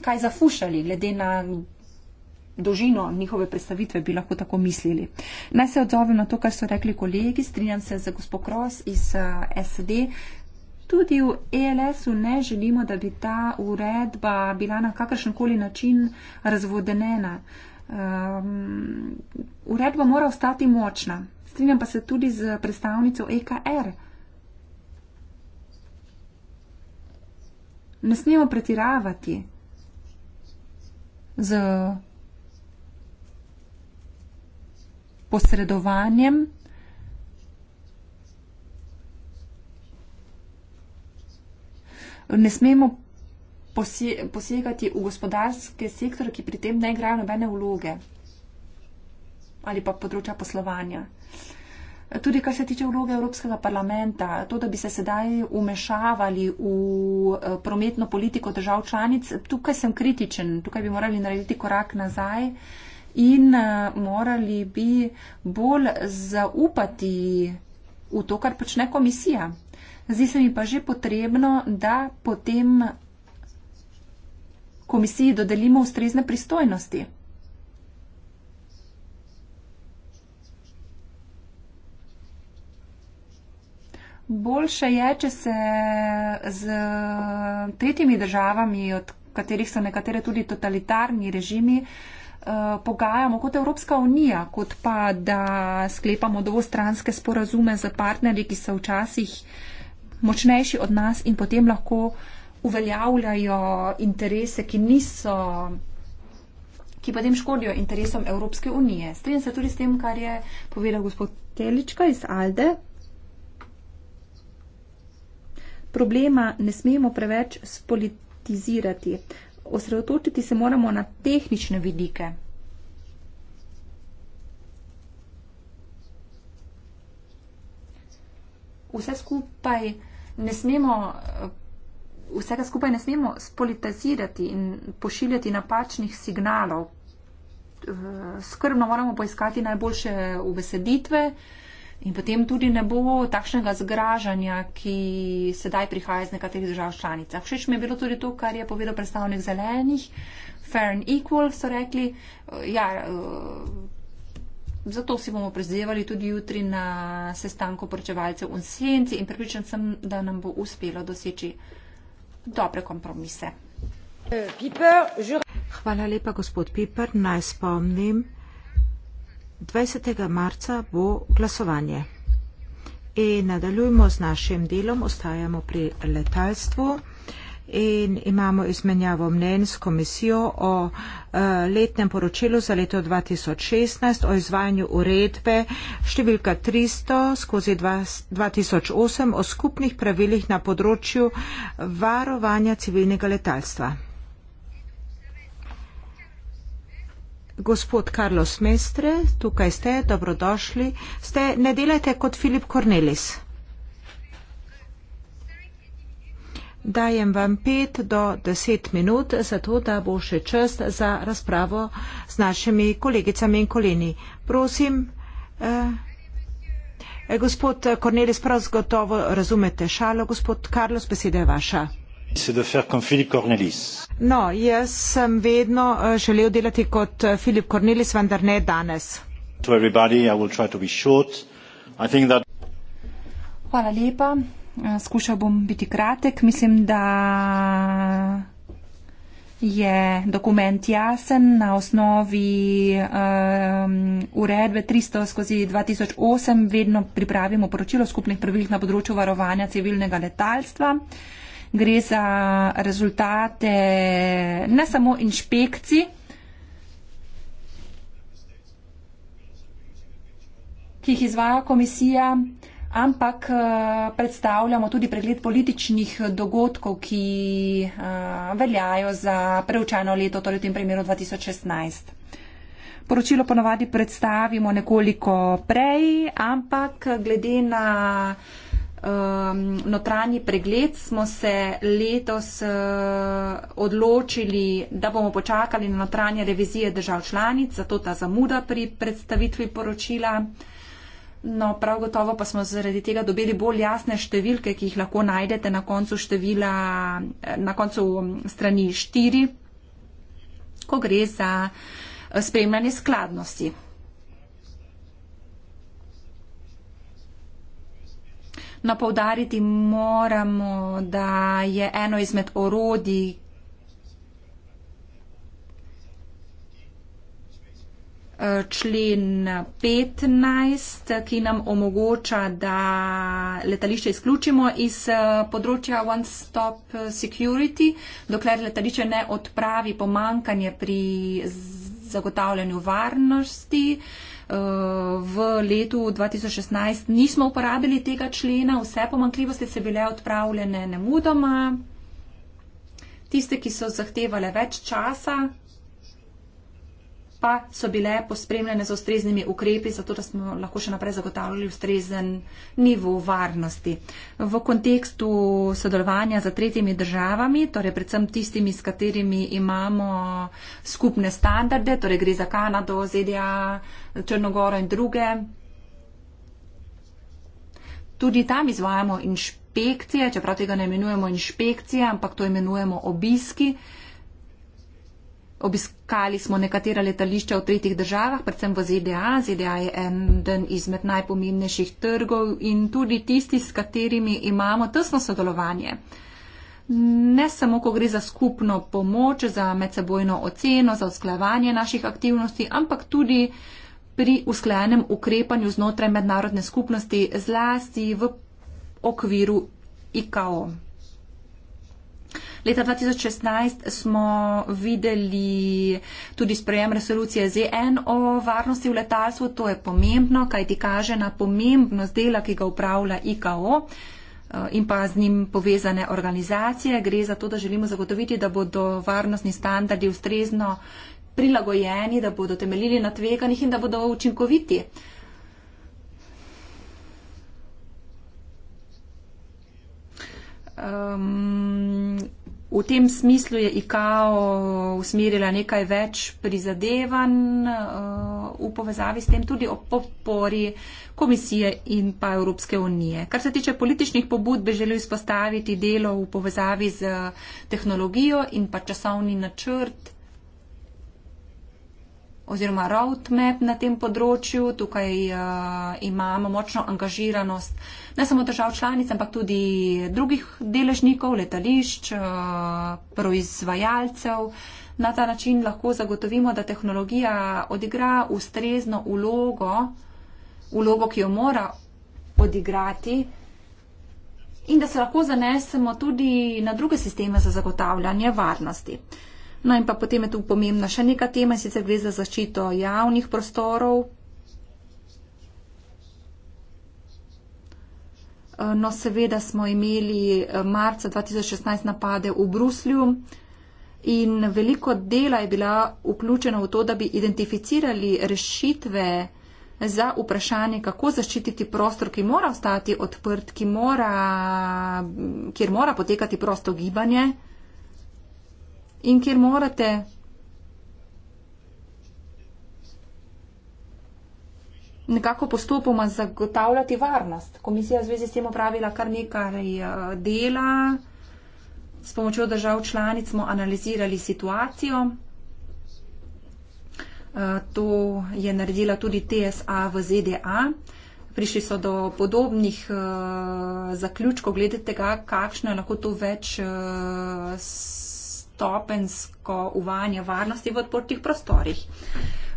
kaj zafušali, glede na dolžino njihove predstavitve, bi lahko tako mislili. Naj se odzovem na to, kar so rekli kolegi, strinjam se za gospod Kros iz eh, SD. Tudi v ELS-u ne želimo, da bi ta uredba bila na kakršenkoli način razvodenena. Um, uredba mora ostati močna. Strinjam pa se tudi z predstavnico EKR. Ne smemo pretiravati z posredovanjem ne smemo posje, posegati v gospodarske sektore, ki pri tem ne igrajo nobene vloge ali pa področja poslovanja. Tudi kar se tiče vloge Evropskega parlamenta, to, da bi se sedaj umešavali v eh, prometno politiko držav članic, tukaj sem kritičen, tukaj bi morali narediti korak nazaj. Uh, in eh, morali bi bolj zaupati v to, kar počne komisija. Zdi se mi pa že potrebno, da potem komisiji dodelimo ustrezne pristojnosti. Boljše je, če se z tretjimi državami, od katerih so nekatere tudi totalitarni režimi, uh, Eh, pogajamo kot Evropska unija, kot pa da sklepamo dvostranske sporazume z partnerji, ki so včasih močnejši od nas in potem lahko uveljavljajo interese, ki niso, ki potem škodijo interesom Evropske unije. Strenjam se tudi s tem, kar je povedal gospod Telička iz Alde. Problema ne smemo preveč spolitizirati osredotočiti se moramo na tehnične vidike. Vse skupaj ne smemo, vsega skupaj ne smemo spolitizirati in pošiljati napačnih signalov. Eh, skrbno moramo poiskati najboljše ubeseditve, uh, In potem tudi ne bo takšnega zgražanja, ki sedaj prihaja iz nekaterih držav članic. Všeč mi je bilo tudi to, kar je povedal predstavnik zelenih, fair and equal so rekli. Eh, ja, eh, zato si bomo prezdevali tudi jutri na sestanku poročevalcev v senci in pripričan sem, da nam bo uspelo doseči dobre kompromise. Eh, Hvala lepa, gospod Piper. Naj spomnim. 20. marca bo glasovanje. In nadaljujemo z našim delom, ostajamo pri letalstvu in imamo izmenjavo mnen s komisijo o eh, letnem poročilu za leto 2016 o izvajanju uredbe številka 300 skozi 2008 o skupnih pravilih na področju varovanja civilnega letalstva. Gospod Carlos Mestre, tukaj ste, dobrodošli. Ste, ne delajte kot Filip Cornelis. Dajem vam pet do deset minut, zato da bo še čas za razpravo z našimi kolegicami in koleni. Prosim, eh, eh gospod Cornelis, prav zgotovo razumete šalo. Gospod Carlos, beseda je vaša. No, jaz sem vedno eh, želel delati kot Filip eh, Cornelis, vendar ne danes. Hvala lepa. Eh, skušal bom biti kratek. Mislim, da je dokument jasen na osnovi um, uredbe 300 skozi 2008. Vedno pripravimo poročilo skupnih pravil na področju varovanja civilnega letalstva gre za rezultate ne samo inšpekcij, ki jih izvaja komisija, ampak eh, predstavljamo tudi pregled političnih dogodkov, ki eh, veljajo za preučano leto, torej v tem primeru 2016. Poročilo ponovadi predstavimo nekoliko prej, ampak glede na uh, um, notranji pregled, smo se letos uh, odločili, da bomo počakali na notranje revizije držav članic, zato ta zamuda pri predstavitvi poročila. No, prav gotovo pa smo zaradi tega dobili bolj jasne številke, ki jih lahko najdete na koncu števila, na koncu um, strani 4, ko gre za uh, spremljanje skladnosti. No, povdariti moramo, da je eno izmed orodij, eh, člen 15, ki nam omogoča, da letališče izključimo iz eh, področja One Stop Security, dokler letališče ne odpravi pomankanje pri zagotavljanju varnosti. Uh, v letu 2016 nismo uporabili tega člena, vse pomankljivosti so bile odpravljene nemudoma. Tiste, ki so zahtevale več časa, pa so bile pospremljene z ustreznimi ukrepi, zato da smo lahko še naprej zagotavljali ustrezen nivo varnosti. V kontekstu sodelovanja z tretjimi državami, torej predvsem tistimi, s katerimi imamo skupne standarde, torej gre za Kanado, ZDA, Črnogoro in druge, tudi tam izvajamo inšpekcije, čeprav tega ne imenujemo inšpekcije, ampak to imenujemo obiski. Obiskali smo nekatera letališča v tretjih državah, predvsem v ZDA. ZDA je eden izmed najpomembnejših trgov in tudi tisti, s katerimi imamo tesno sodelovanje. Ne samo, ko gre za skupno pomoč, za medsebojno oceno, za usklajevanje naših aktivnosti, ampak tudi pri usklajenem ukrepanju znotraj mednarodne skupnosti, zlasti v okviru IKO. Leta 2016 smo videli tudi sprejem resolucije ZN o varnosti v letalstvu. To je pomembno, kaj ti kaže na pomembnost dela, ki ga upravlja IKO eh, in pa z njim povezane organizacije. Gre za to, da želimo zagotoviti, da bodo varnostni standardi ustrezno prilagojeni, da bodo temeljili na tveganjih in da bodo učinkoviti. Um, V tem smislu je IKAO usmerila nekaj več prizadevanj uh, v povezavi s tem, tudi o podpori komisije in pa Evropske unije. Kar se tiče političnih pobud, bi želel izpostaviti delo v povezavi z tehnologijo in pa časovni načrt oziroma roadmap na tem področju. Tukaj uh, imamo močno angažiranost ne samo držav članic, ampak tudi drugih deležnikov, letališč, uh, proizvajalcev. Na ta način lahko zagotovimo, da tehnologija odigra ustrezno ulogo, ulogo, ki jo mora odigrati. In da se lahko zanesemo tudi na druge sisteme za zagotavljanje varnosti. Uh, No in pa potem je tu pomembna še neka tema, sicer gre za zaščito javnih prostorov. Eh, no seveda smo imeli eh, marca 2016 napade v Bruslju in veliko dela je bila vključena v to, da bi identificirali rešitve za vprašanje, kako zaščititi prostor, ki mora ostati odprt, ki mora, kjer mora potekati prosto gibanje in kjer morate nekako postopoma zagotavljati varnost. Komisija v zvezi s tem opravila kar nekaj eh, dela. S pomočjo držav članic smo analizirali situacijo. Eh, to je naredila tudi TSA v ZDA. Prišli so do podobnih eh, zaključkov glede tega, kakšno je lahko to več stopensko uvajanje varnosti v odprtih prostorih.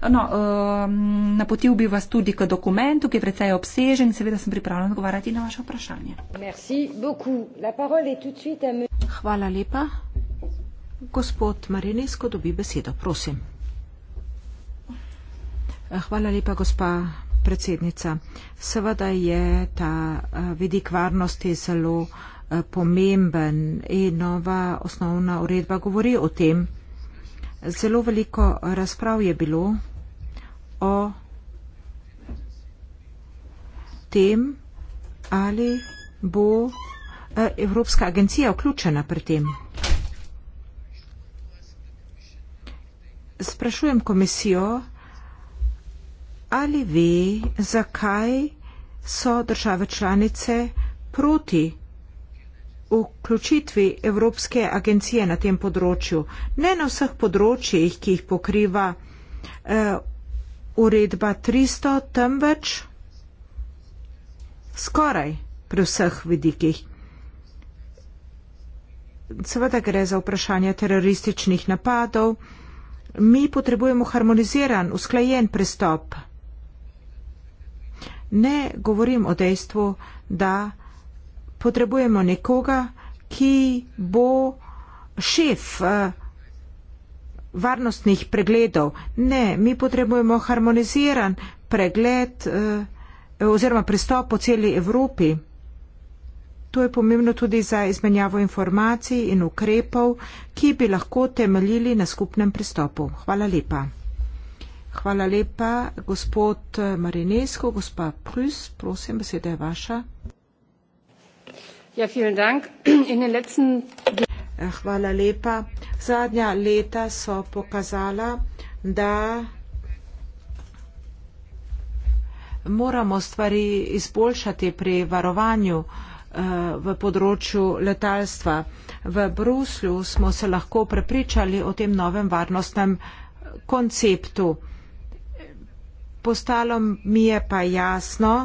No, um, napotil bi vas tudi k dokumentu, ki je precej obsežen in seveda sem pripravljen odgovarjati na vaše vprašanje. Hvala lepa. Gospod Marinesko dobi besedo, prosim. Hvala lepa, gospa predsednica. Seveda je ta eh, vidik varnosti zelo pomemben in nova osnovna uredba govori o tem. Zelo veliko razprav je bilo o tem, ali bo eh, Evropska agencija vključena pri tem. Sprašujem komisijo, ali ve, zakaj so države članice proti vključitvi Evropske agencije na tem področju, ne na vseh področjih, ki jih pokriva eh, uredba 300, temveč skoraj pri vseh vidikih. Seveda gre za vprašanje terorističnih napadov. Mi potrebujemo harmoniziran, usklajen pristop. Ne govorim o dejstvu, da potrebujemo nekoga, ki bo šef eh, varnostnih pregledov. Ne, mi potrebujemo harmoniziran pregled eh, oziroma pristop po celi Evropi. To je pomembno tudi za izmenjavo informacij in ukrepov, ki bi lahko temeljili na skupnem pristopu. Hvala lepa. Hvala lepa, gospod Marinesko, gospa Prus, prosim, beseda je vaša. Ja, vielen Dank. In den letzten... Eh, hvala lepa. Zadnja leta so pokazala, da moramo stvari izboljšati pri varovanju eh, v področju letalstva. V Bruslju smo se lahko prepričali o tem novem varnostnem konceptu. Postalo mi je pa jasno,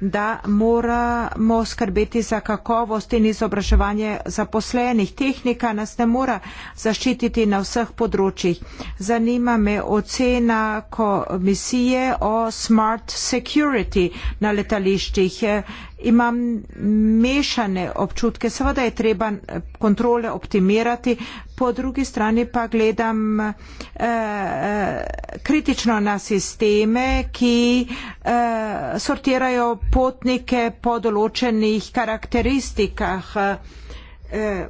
da moramo skrbeti za kakovost in izobraževanje zaposlenih. Tehnika nas ne mora zaščititi na vseh področjih. Zanima me ocena komisije o smart security na letališčih imam mešane občutke. Seveda je treba eh, kontrole optimirati, po drugi strani pa gledam eh, eh, kritično na sisteme, ki eh, sortirajo potnike po določenih karakteristikah. Eh, eh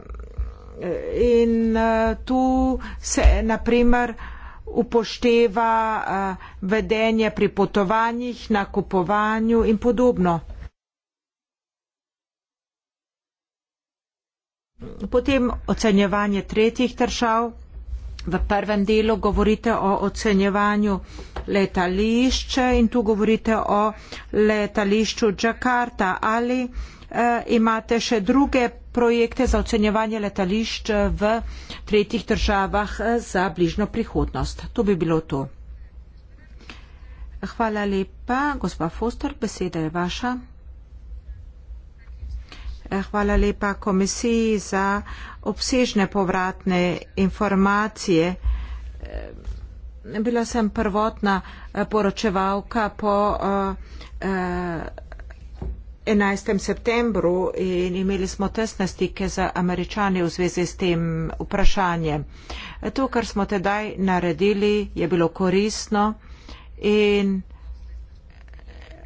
in eh, tu se naprimer upošteva vedenje pri potovanjih, nakupovanju in podobno. Potem ocenjevanje tretjih držav. V prvem delu govorite o ocenjevanju letališče in tu govorite o letališču Džakarta. Ali eh, imate še druge projekte za ocenjevanje letališč v tretjih državah eh, za bližno prihodnost? To bi bilo to. Hvala lepa, gospa Foster, beseda je vaša. Eh, hvala lepa komisiji za obsežne povratne informacije. Eh, bila sem prvotna eh, poročevalka po 11. septembru in imeli smo tesne stike z američani v zvezi s tem vprašanjem. To, kar smo tedaj naredili, je bilo koristno in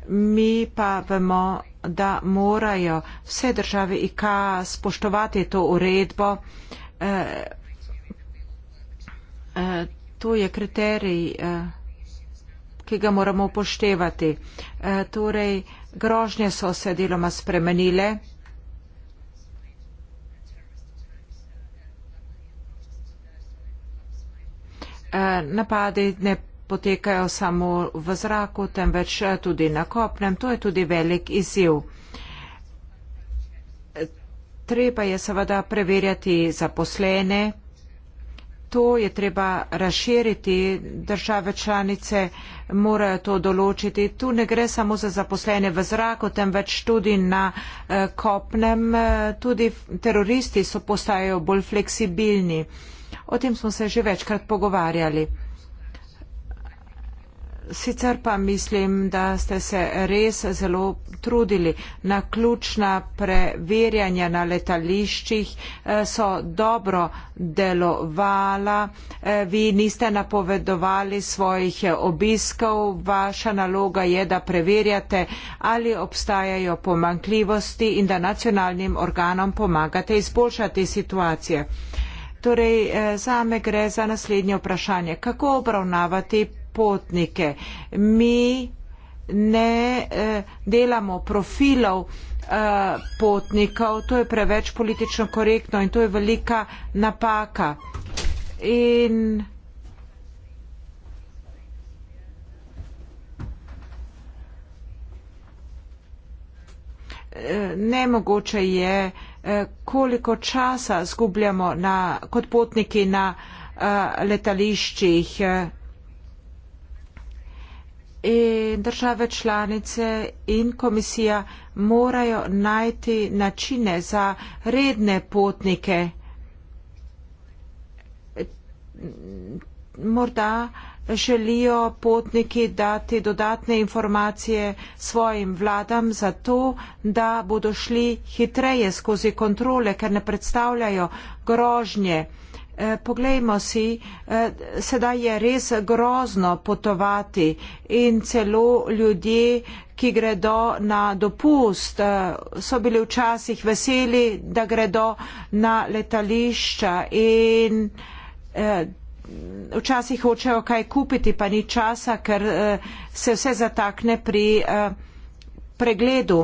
mi pa vemo, da morajo vse države IK spoštovati to uredbo. E, e, to je kriterij, e, ki ga moramo upoštevati. E, torej, grožnje so se deloma spremenile. Napadi ne potekajo samo v zraku, temveč eh, tudi na kopnem. To je tudi velik izziv. Treba je seveda preverjati zaposlene. To je treba razširiti. Države članice morajo to določiti. Tu ne gre samo za zaposlene v zraku, temveč tudi na eh, kopnem. Eh, tudi teroristi so postajajo bolj fleksibilni. O tem smo se že večkrat pogovarjali. Sicer pa mislim, da ste se res zelo trudili. Na ključna preverjanja na letališčih eh, so dobro delovala. Eh, vi niste napovedovali svojih obiskov. Vaša naloga je, da preverjate, ali obstajajo pomankljivosti in da nacionalnim organom pomagate izboljšati situacije. Torej, eh, zame gre za naslednje vprašanje. Kako obravnavati potnike. Mi ne eh, delamo profilov eh, potnikov, to je preveč politično korektno in to je velika napaka. In Nemogoče je, eh, koliko časa zgubljamo na, kot potniki na uh, letališčih. Uh, in države članice in komisija morajo najti načine za redne potnike. Morda želijo potniki dati dodatne informacije svojim vladam za to, da bodo šli hitreje skozi kontrole, ker ne predstavljajo grožnje. Eh, poglejmo si, eh, sedaj je res grozno potovati in celo ljudje, ki gredo na dopust, eh, so bili včasih veseli, da gredo na letališča in včasih hočejo kaj kupiti, pa ni časa, ker se vse zatakne pri pregledu.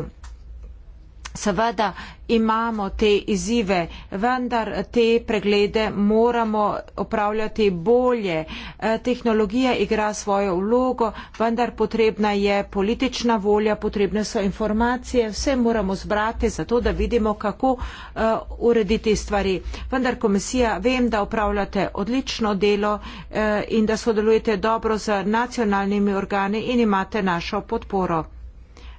Seveda imamo te izzive, vendar te preglede moramo opravljati bolje. Eh, tehnologija igra svojo vlogo, vendar potrebna je politična volja, potrebne so informacije, vse moramo zbrati za to, da vidimo, kako eh, urediti stvari. Vendar komisija, vem, da upravljate odlično delo eh, in da sodelujete dobro z nacionalnimi organi in imate našo podporo.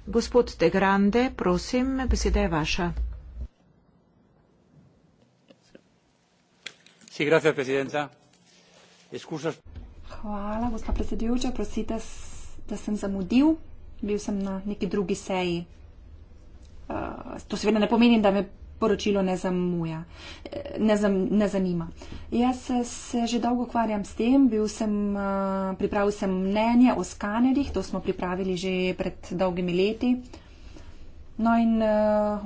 Gospod De Grande, prosim, beseda je vaša. Hvala, gospod predsedujoča. Prosite, da sem zamudil. Bil sem na neki drugi seji. Eh, to seveda ne pomeni, da me poročilo ne zamuja, ne, zam, ne zanima. Jaz se, se že dolgo ukvarjam s tem, bil sem, pripravil sem mnenje o skanerjih, to smo pripravili že pred dolgimi leti. No in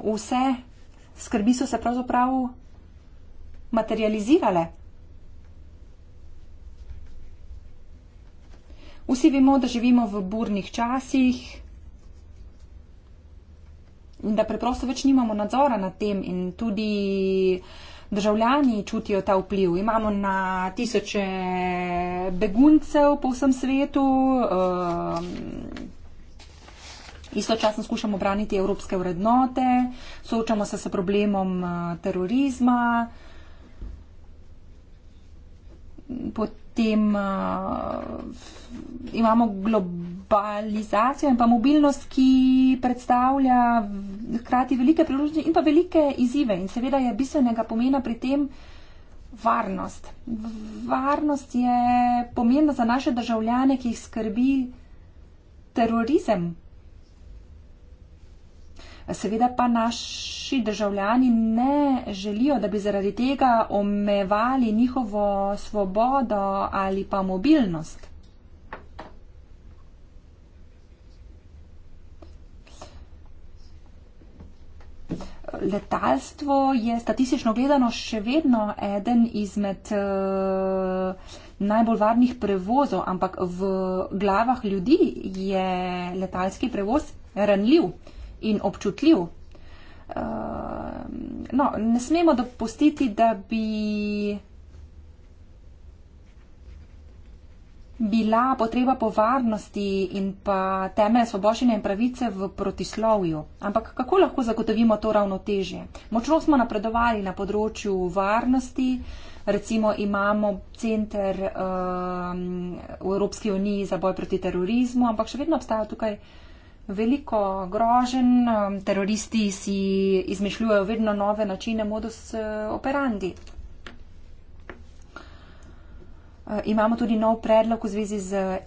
vse skrbi so se pravzaprav materializirale. Vsi vemo, da živimo v burnih časih, da preprosto več nimamo nadzora nad tem in tudi državljani čutijo ta vpliv. Imamo na tisoče beguncev po vsem svetu. Ehm, istočasno skušamo braniti evropske vrednote, soočamo se s problemom eh, terorizma, potem uh, imamo globalno globalizacijo in pa mobilnost, ki predstavlja hkrati velike priložnosti in pa velike izzive. In seveda je bistvenega pomena pri tem varnost. Varnost je pomembna za naše državljane, ki jih skrbi terorizem. Seveda pa naši državljani ne želijo, da bi zaradi tega omevali njihovo svobodo ali pa mobilnost. letalstvo je statistično gledano še vedno eden izmed uh, najbolj varnih prevozov, ampak v glavah ljudi je letalski prevoz ranljiv in občutljiv. Uh, no, ne smemo dopustiti, da bi. bila potreba po varnosti in pa temelj svoboščine in pravice v protislovju. Ampak kako lahko zagotovimo to ravnotežje? Močno smo napredovali na področju varnosti, recimo imamo center um, v Evropski uniji za boj proti terorizmu, ampak še vedno obstaja tukaj veliko grožen, um, teroristi si izmišljujejo vedno nove načine modus uh, operandi. Eh, imamo tudi nov predlog v zvezi z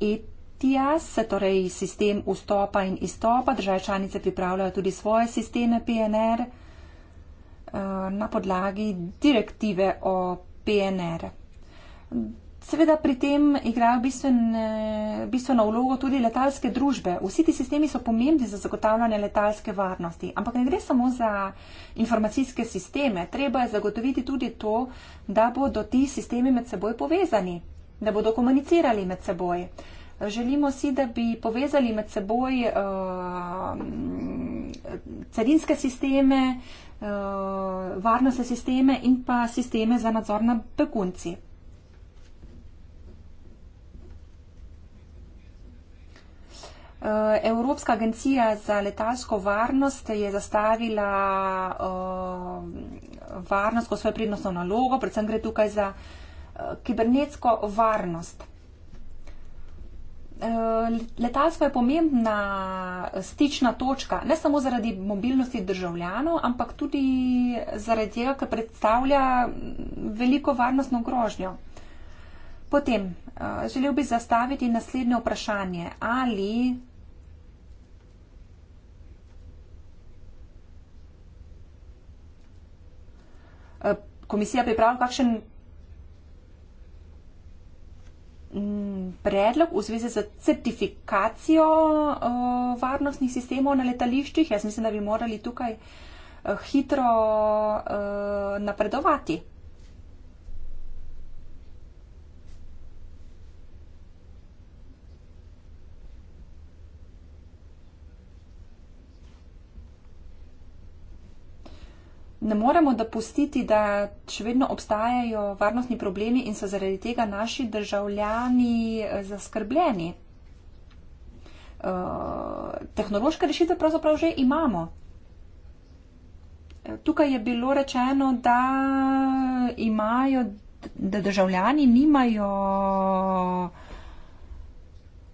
ETIAS, torej sistem vstopa in izstopa. Države članice pripravljajo tudi svoje sisteme PNR eh, na podlagi direktive o PNR. Seveda pri tem igrajo bistvene, bistveno vlogo tudi letalske družbe. Vsi ti sistemi so pomembni za zagotavljanje letalske varnosti, ampak ne gre samo za informacijske sisteme. Treba je zagotoviti tudi to, da bodo ti sistemi med seboj povezani, da bodo komunicirali med seboj. Želimo si, da bi povezali med seboj uh, carinske sisteme, uh, varnostne sisteme in pa sisteme za nadzor nad begunci. Eh, Evropska agencija za letalsko varnost je zastavila eh, varnost kot svojo prednostno nalogo, predvsem gre tukaj za eh, kibernetsko varnost. Letalstvo je pomembna stična točka, ne samo zaradi mobilnosti državljanov, ampak tudi zaradi tega, ker predstavlja veliko varnostno grožnjo. Potem, želel bi zastaviti naslednje vprašanje. Ali Eh, komisija pripravila kakšen mm, predlog v zvezi z certifikacijo eh, varnostnih sistemov na letališčih. Jaz mislim, da bi morali tukaj eh, hitro napredovati. ne moremo dopustiti, da še vedno obstajajo varnostni problemi in so zaradi tega naši državljani eh, zaskrbljeni. Eh, tehnološke rešitve pravzaprav že imamo. Eh, tukaj je bilo rečeno, da imajo, da državljani nimajo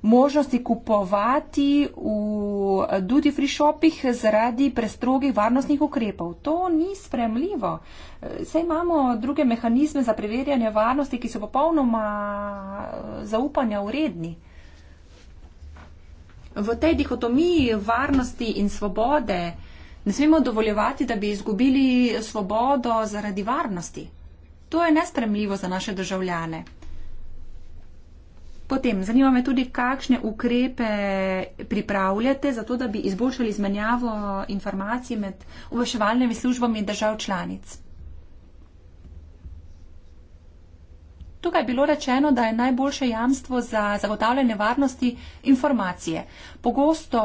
možnosti kupovati v duty free shopih zaradi prestrogih varnostnih ukrepov. To ni spremljivo. Saj imamo druge mehanizme za preverjanje varnosti, ki so popolnoma eh, zaupanja uredni. V tej dihotomiji varnosti in svobode ne smemo dovoljevati, da bi izgubili svobodo zaradi varnosti. To je nespremljivo za naše državljane. Potem, zanima me tudi, kakšne ukrepe pripravljate za to, da bi izboljšali izmenjavo informacij med obveševalnimi službami držav članic. Tukaj je bilo rečeno, da je najboljše jamstvo za zagotavljanje varnosti informacije. Pogosto,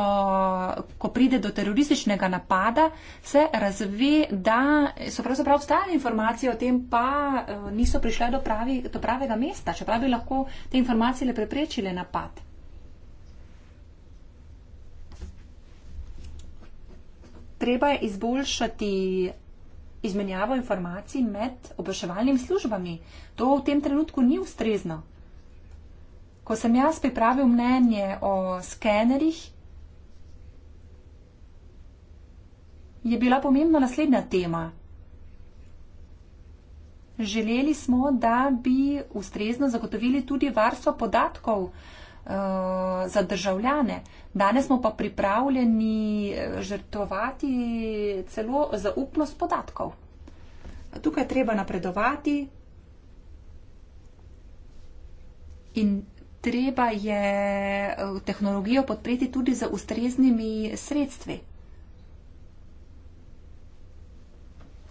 ko pride do terorističnega napada, se razve, da so pravzaprav obstajale informacije o tem, pa eh, niso prišle do, pravi, do pravega mesta, čeprav bi lahko te informacije le preprečile napad. Treba je izboljšati izmenjavo informacij med obveševalnimi službami. To v tem trenutku ni ustrezno. Ko sem jaz pripravil mnenje o skenerjih, je bila pomembna naslednja tema. Želeli smo, da bi ustrezno zagotovili tudi varstvo podatkov, Eh, za državljane. Danes smo pa pripravljeni eh, žrtovati celo zaupnost podatkov. Tukaj treba napredovati in treba je eh, tehnologijo podpreti tudi z ustreznimi sredstvi.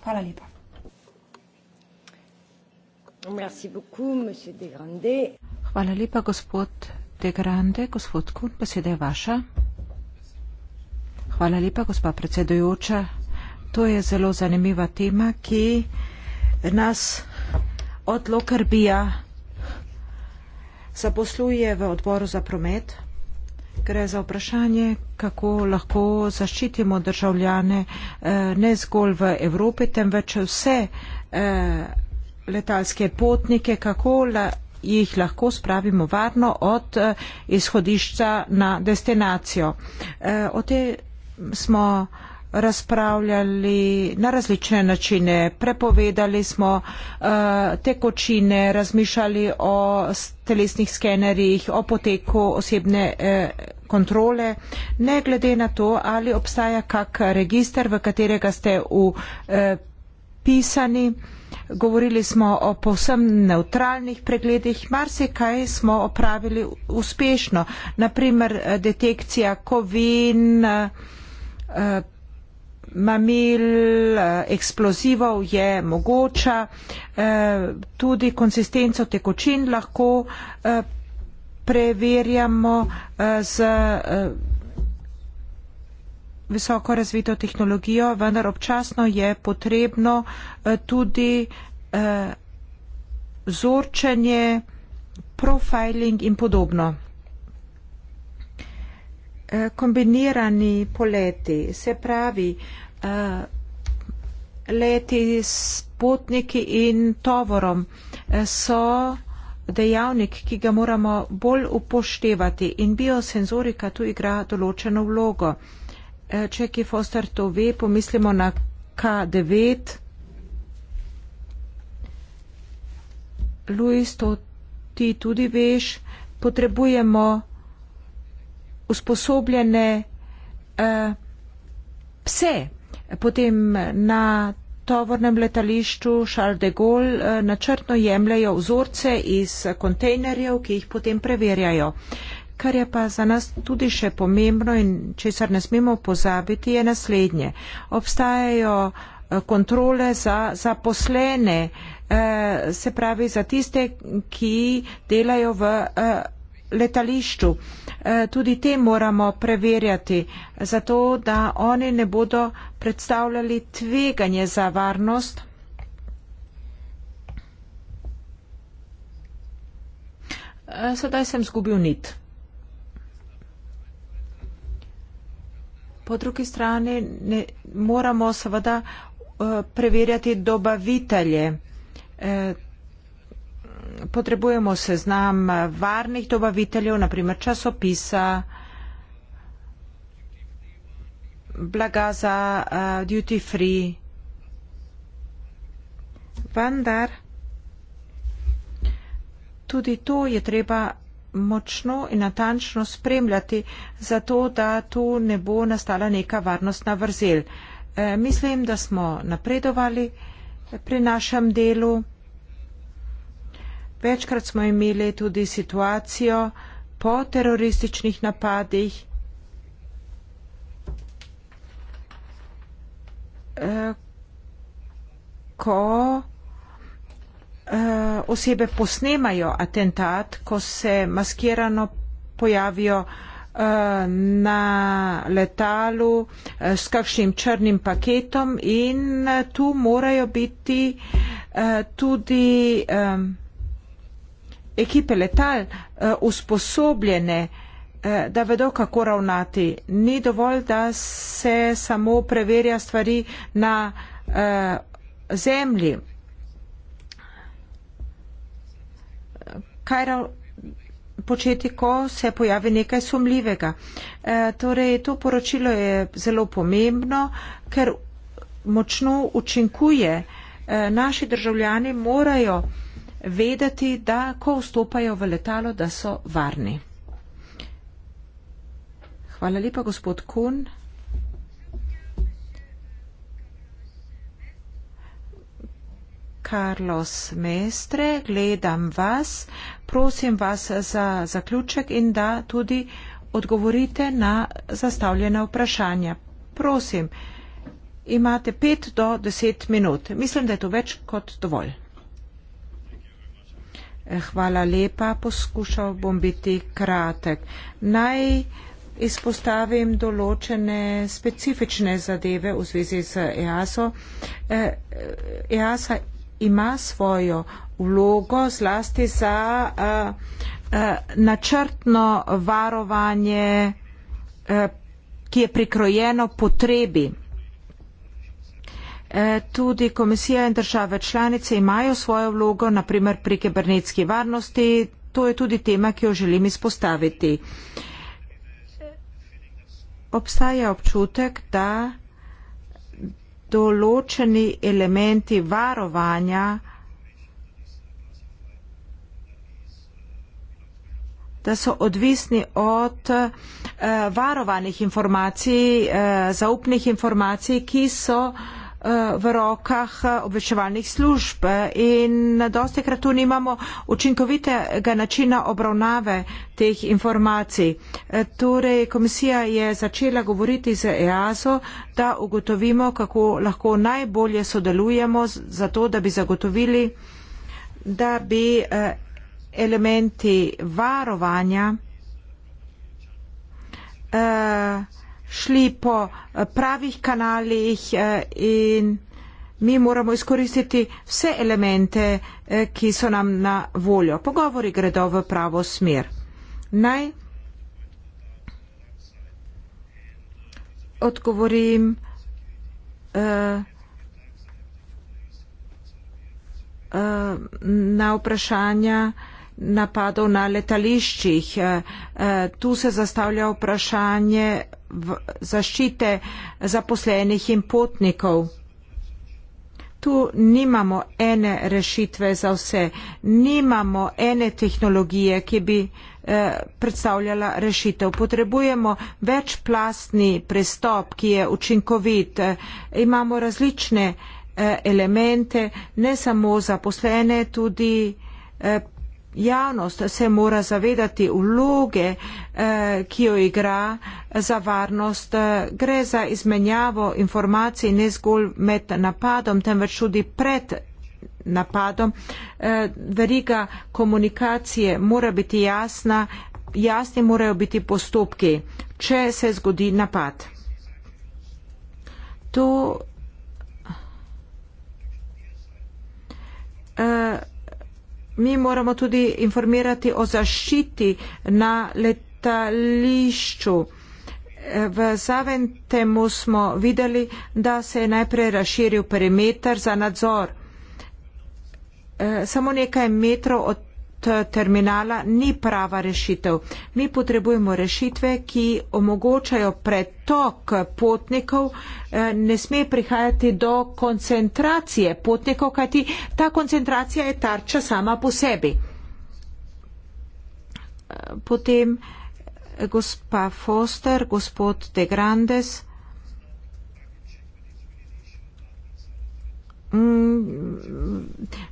Hvala lepa. Hvala lepa, gospod De Grande, gospod Kun, beseda je vaša. Hvala lepa, gospa predsedujoča. To je zelo zanimiva tema, ki nas od Lokrbija zaposluje v odboru za promet. Gre za vprašanje, kako lahko zaščitimo državljane eh, ne zgolj v Evropi, temveč vse eh, letalske potnike, kako lahko jih lahko spravimo varno od eh, izhodišča na destinacijo. Eh, o te smo razpravljali na različne načine, prepovedali smo eh, tekočine, razmišljali o telesnih skenerjih, o poteku osebne kontrole, ne glede na to, ali obstaja kak register, v katerega ste v pisani, govorili smo o povsem neutralnih pregledih, marsikaj smo opravili uspešno, naprimer eh, detekcija kovin, eh, eh, mamil, eksplozivov je mogoča, tudi konsistenco tekočin lahko preverjamo z visoko razvito tehnologijo, vendar občasno je potrebno eh, tudi eh, zorčenje, profiling in podobno. Eh, kombinirani poleti, se pravi, leti s potniki in tovorom so dejavnik, ki ga moramo bolj upoštevati in biosenzorika tu igra določeno vlogo. Eh, če ki Foster to ve, pomislimo na K9. Luis, to ti tudi veš. Potrebujemo usposobljene eh, pse. Potem na tovornem letališču Charles de Gaulle eh, načrtno jemljajo vzorce iz kontejnerjev, ki jih potem preverjajo. Eh, Kar je pa za nas tudi še pomembno in česar ne smemo pozabiti, je naslednje. Obstajajo eh, kontrole za zaposlene, eh, se pravi za tiste, ki delajo v eh, letališču. Tudi te moramo preverjati, zato da oni ne bodo predstavljali tveganje za varnost. Sedaj sem zgubil nit. po drugi strani ne, moramo seveda eh, preverjati dobavitelje. Eh, potrebujemo seznam eh, varnih dobaviteljev, naprimer časopisa, blaga za duty free. Vendar tudi to je treba močno in natančno spremljati, zato da tu ne bo nastala neka varnostna vrzel. E, mislim, da smo napredovali pri našem delu. Večkrat smo imeli tudi situacijo po terorističnih napadih, e, ko Eh, osebe posnemajo atentat, ko se maskirano pojavijo eh, na letalu eh, s kakšnim črnim paketom in tu morajo biti tudi ekipe letal usposobljene, da vedo, kako ravnati. Ni dovolj, da se samo preverja stvari na zemlji. kaj početi, ko se pojavi nekaj sumljivega. E, torej, to poročilo je zelo pomembno, ker močno učinkuje. E, naši državljani morajo vedeti, da ko vstopajo v letalo, da so varni. Hvala lepa, gospod Kun. Carlos Mestre, gledam vas, prosim vas za zaključek in da tudi odgovorite na zastavljena vprašanja. Prosim, imate pet do deset minut. Mislim, da je to več kot dovolj. Eh, hvala lepa, poskušal bom biti kratek. Naj izpostavim določene specifične zadeve v zvezi z EASO. EASA eh, e ima svojo vlogo zlasti za uh, uh, načrtno varovanje, uh, ki je prikrojeno potrebi. Tudi komisija in države članice imajo svojo vlogo, naprimer pri kibernetski varnosti. To je tudi tema, ki jo želim izpostaviti. Obstaja občutek, da določeni elementi varovanja, da so odvisni od uh, varovanih informacij, uh, zaupnih informacij, ki so uh, Eh, v rokah eh, obveščevalnih služb in dosti krat tu nimamo učinkovitega načina obravnave teh informacij. Eh, torej, komisija je začela govoriti z EASO, da ugotovimo, kako lahko najbolje sodelujemo za to, da bi zagotovili, da bi elementi varovanja uh, šli po eh, pravih kanalih eh, in mi moramo izkoristiti vse elemente, eh, ki so nam na voljo. Pogovori gredo v pravo smer. Naj odgovorim uh, uh, na vprašanja napadov na letališčih. Eh, eh, tu se zastavlja vprašanje zaščite zaposlenih in potnikov. Tu nimamo ene rešitve za vse, nimamo ene tehnologije, ki bi eh, predstavljala rešitev. Potrebujemo večplastni pristop, ki je učinkovit. Imamo različne elemente, ne samo zaposlene, tudi Javnost se mora zavedati vloge, eh, ki jo igra za varnost. Eh, gre za izmenjavo informacij ne zgolj med napadom, temveč tudi pred napadom. Eh, veriga komunikacije mora biti jasna, jasni morajo biti postopki, če se zgodi napad. To, uh, mi moramo tudi informirati o zaščiti na letališču. V Zaventemu smo videli, da se je najprej razširil perimeter za nadzor. Eh, samo nekaj metrov od terminala ni prava rešitev. Mi potrebujemo rešitve, ki omogočajo pretok potnikov, eh, ne sme prihajati do koncentracije potnikov, kajti ta koncentracija je tarča sama po sebi. Eh, potem eh, gospa Foster, gospod De Grandes. Mm,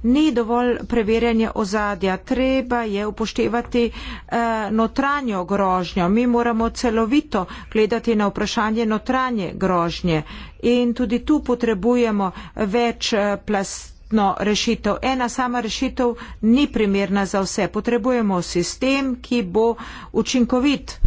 ni dovolj preverjanje ozadja, treba je upoštevati eh, notranjo grožnjo. Mi moramo celovito gledati na vprašanje notranje grožnje in tudi tu potrebujemo več eh, plastno rešitev. Ena sama rešitev ni primerna za vse. Potrebujemo sistem, ki bo učinkovit.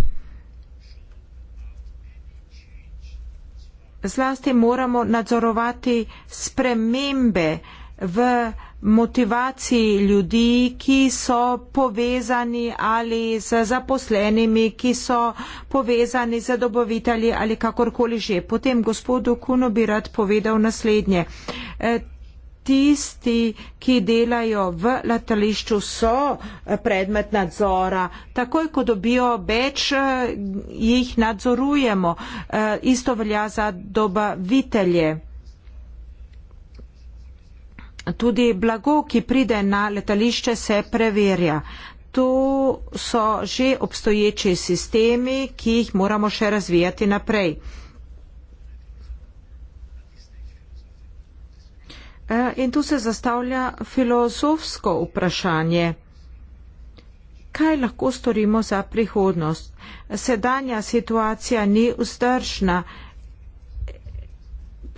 zlasti moramo nadzorovati spremembe v motivaciji ljudi, ki so povezani ali z zaposlenimi, ki so povezani z dobavitelji ali kakorkoli že. Potem gospodu Kuno bi rad povedal naslednje tisti, ki delajo v letališču, so eh, predmet nadzora. Takoj, ko dobijo več, eh, jih nadzorujemo. Eh, isto velja za dobavitelje. Tudi blago, ki pride na letališče, se preverja. To so že obstoječi sistemi, ki jih moramo še razvijati naprej. E, in tu se zastavlja filozofsko vprašanje. Kaj lahko storimo za prihodnost? Sedanja situacija ni vzdržna.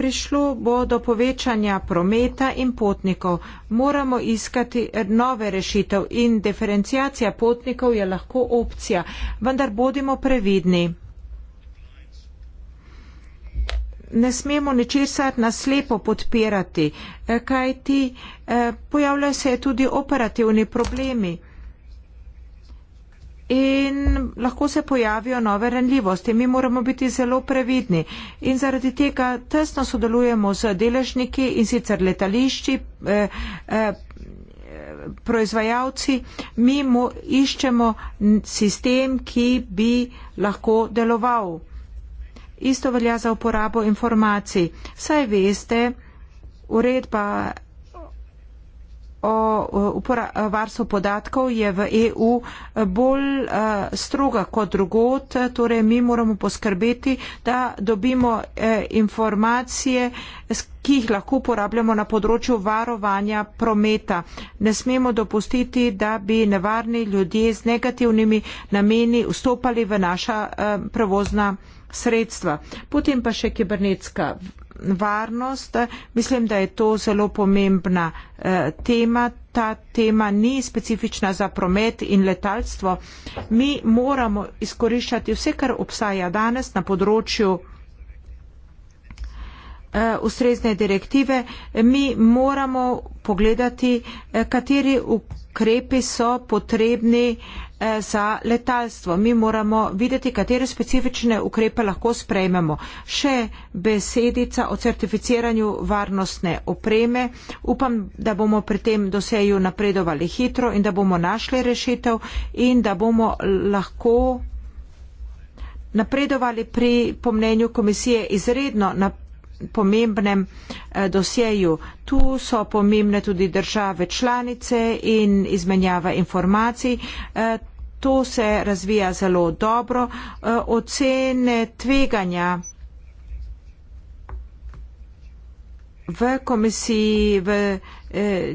Prišlo bo do povečanja prometa in potnikov. Moramo iskati nove rešitev in diferencijacija potnikov je lahko opcija, vendar bodimo previdni. ne smemo ničesar naslepo podpirati, eh, kajti eh, pojavljajo se tudi operativni problemi in lahko se pojavijo nove renljivosti. Mi moramo biti zelo previdni in zaradi tega tesno sodelujemo z deležniki in sicer letališči, eh, proizvajalci. Mi iščemo sistem, ki bi lahko deloval. Isto velja za uporabo informacij. Saj veste, uredba o varstvu podatkov je v EU eh, bolj eh, stroga kot drugot, torej mi moramo poskrbeti, da dobimo eh, informacije, ki jih lahko uporabljamo na področju varovanja prometa. Ne smemo dopustiti, da bi nevarni ljudje z negativnimi nameni vstopali v naša prevozna sredstva. Potem pa še kibernetska varnost. Mislim, da je to zelo pomembna eh, tema. Ta tema ni specifična za promet in letalstvo. Mi moramo izkoriščati vse, kar obstaja danes na področju eh, ustrezne direktive, mi moramo pogledati, eh, kateri ukrepi so potrebni Eh, za letalstvo. Mi moramo videti, katere specifične ukrepe lahko sprejmemo. Še besedica o certificiranju varnostne opreme. Upam, da bomo pri tem doseju napredovali hitro in da bomo našli rešitev in da bomo lahko napredovali pri, po mnenju komisije, izredno na pomembnem eh, dosjeju. Tu so pomembne tudi države članice in izmenjava informacij. Eh, to se razvija zelo dobro. Eh, ocene tveganja v komisiji v eh,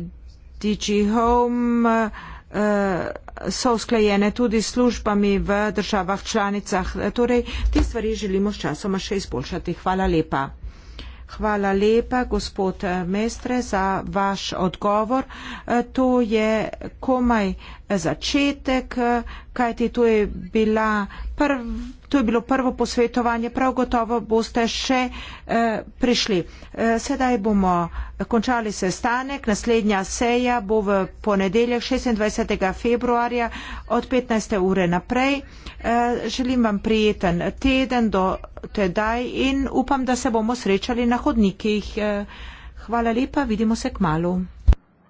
DG Home eh, so usklajene tudi s službami v državah članicah. Torej, te stvari želimo s časoma še izboljšati. Hvala lepa. Hvala lepa, gospod Mestre, za vaš odgovor. To je komaj začetek, kajti to je, bila prv, to je bilo prvo posvetovanje, prav gotovo boste še eh, prišli. Eh, sedaj bomo končali sestanek, naslednja seja bo v ponedeljek 26. februarja od 15. ure naprej. Eh, želim vam prijeten teden do tedaj in upam, da se bomo srečali na hodnikih. Hvala lepa, vidimo se k malu.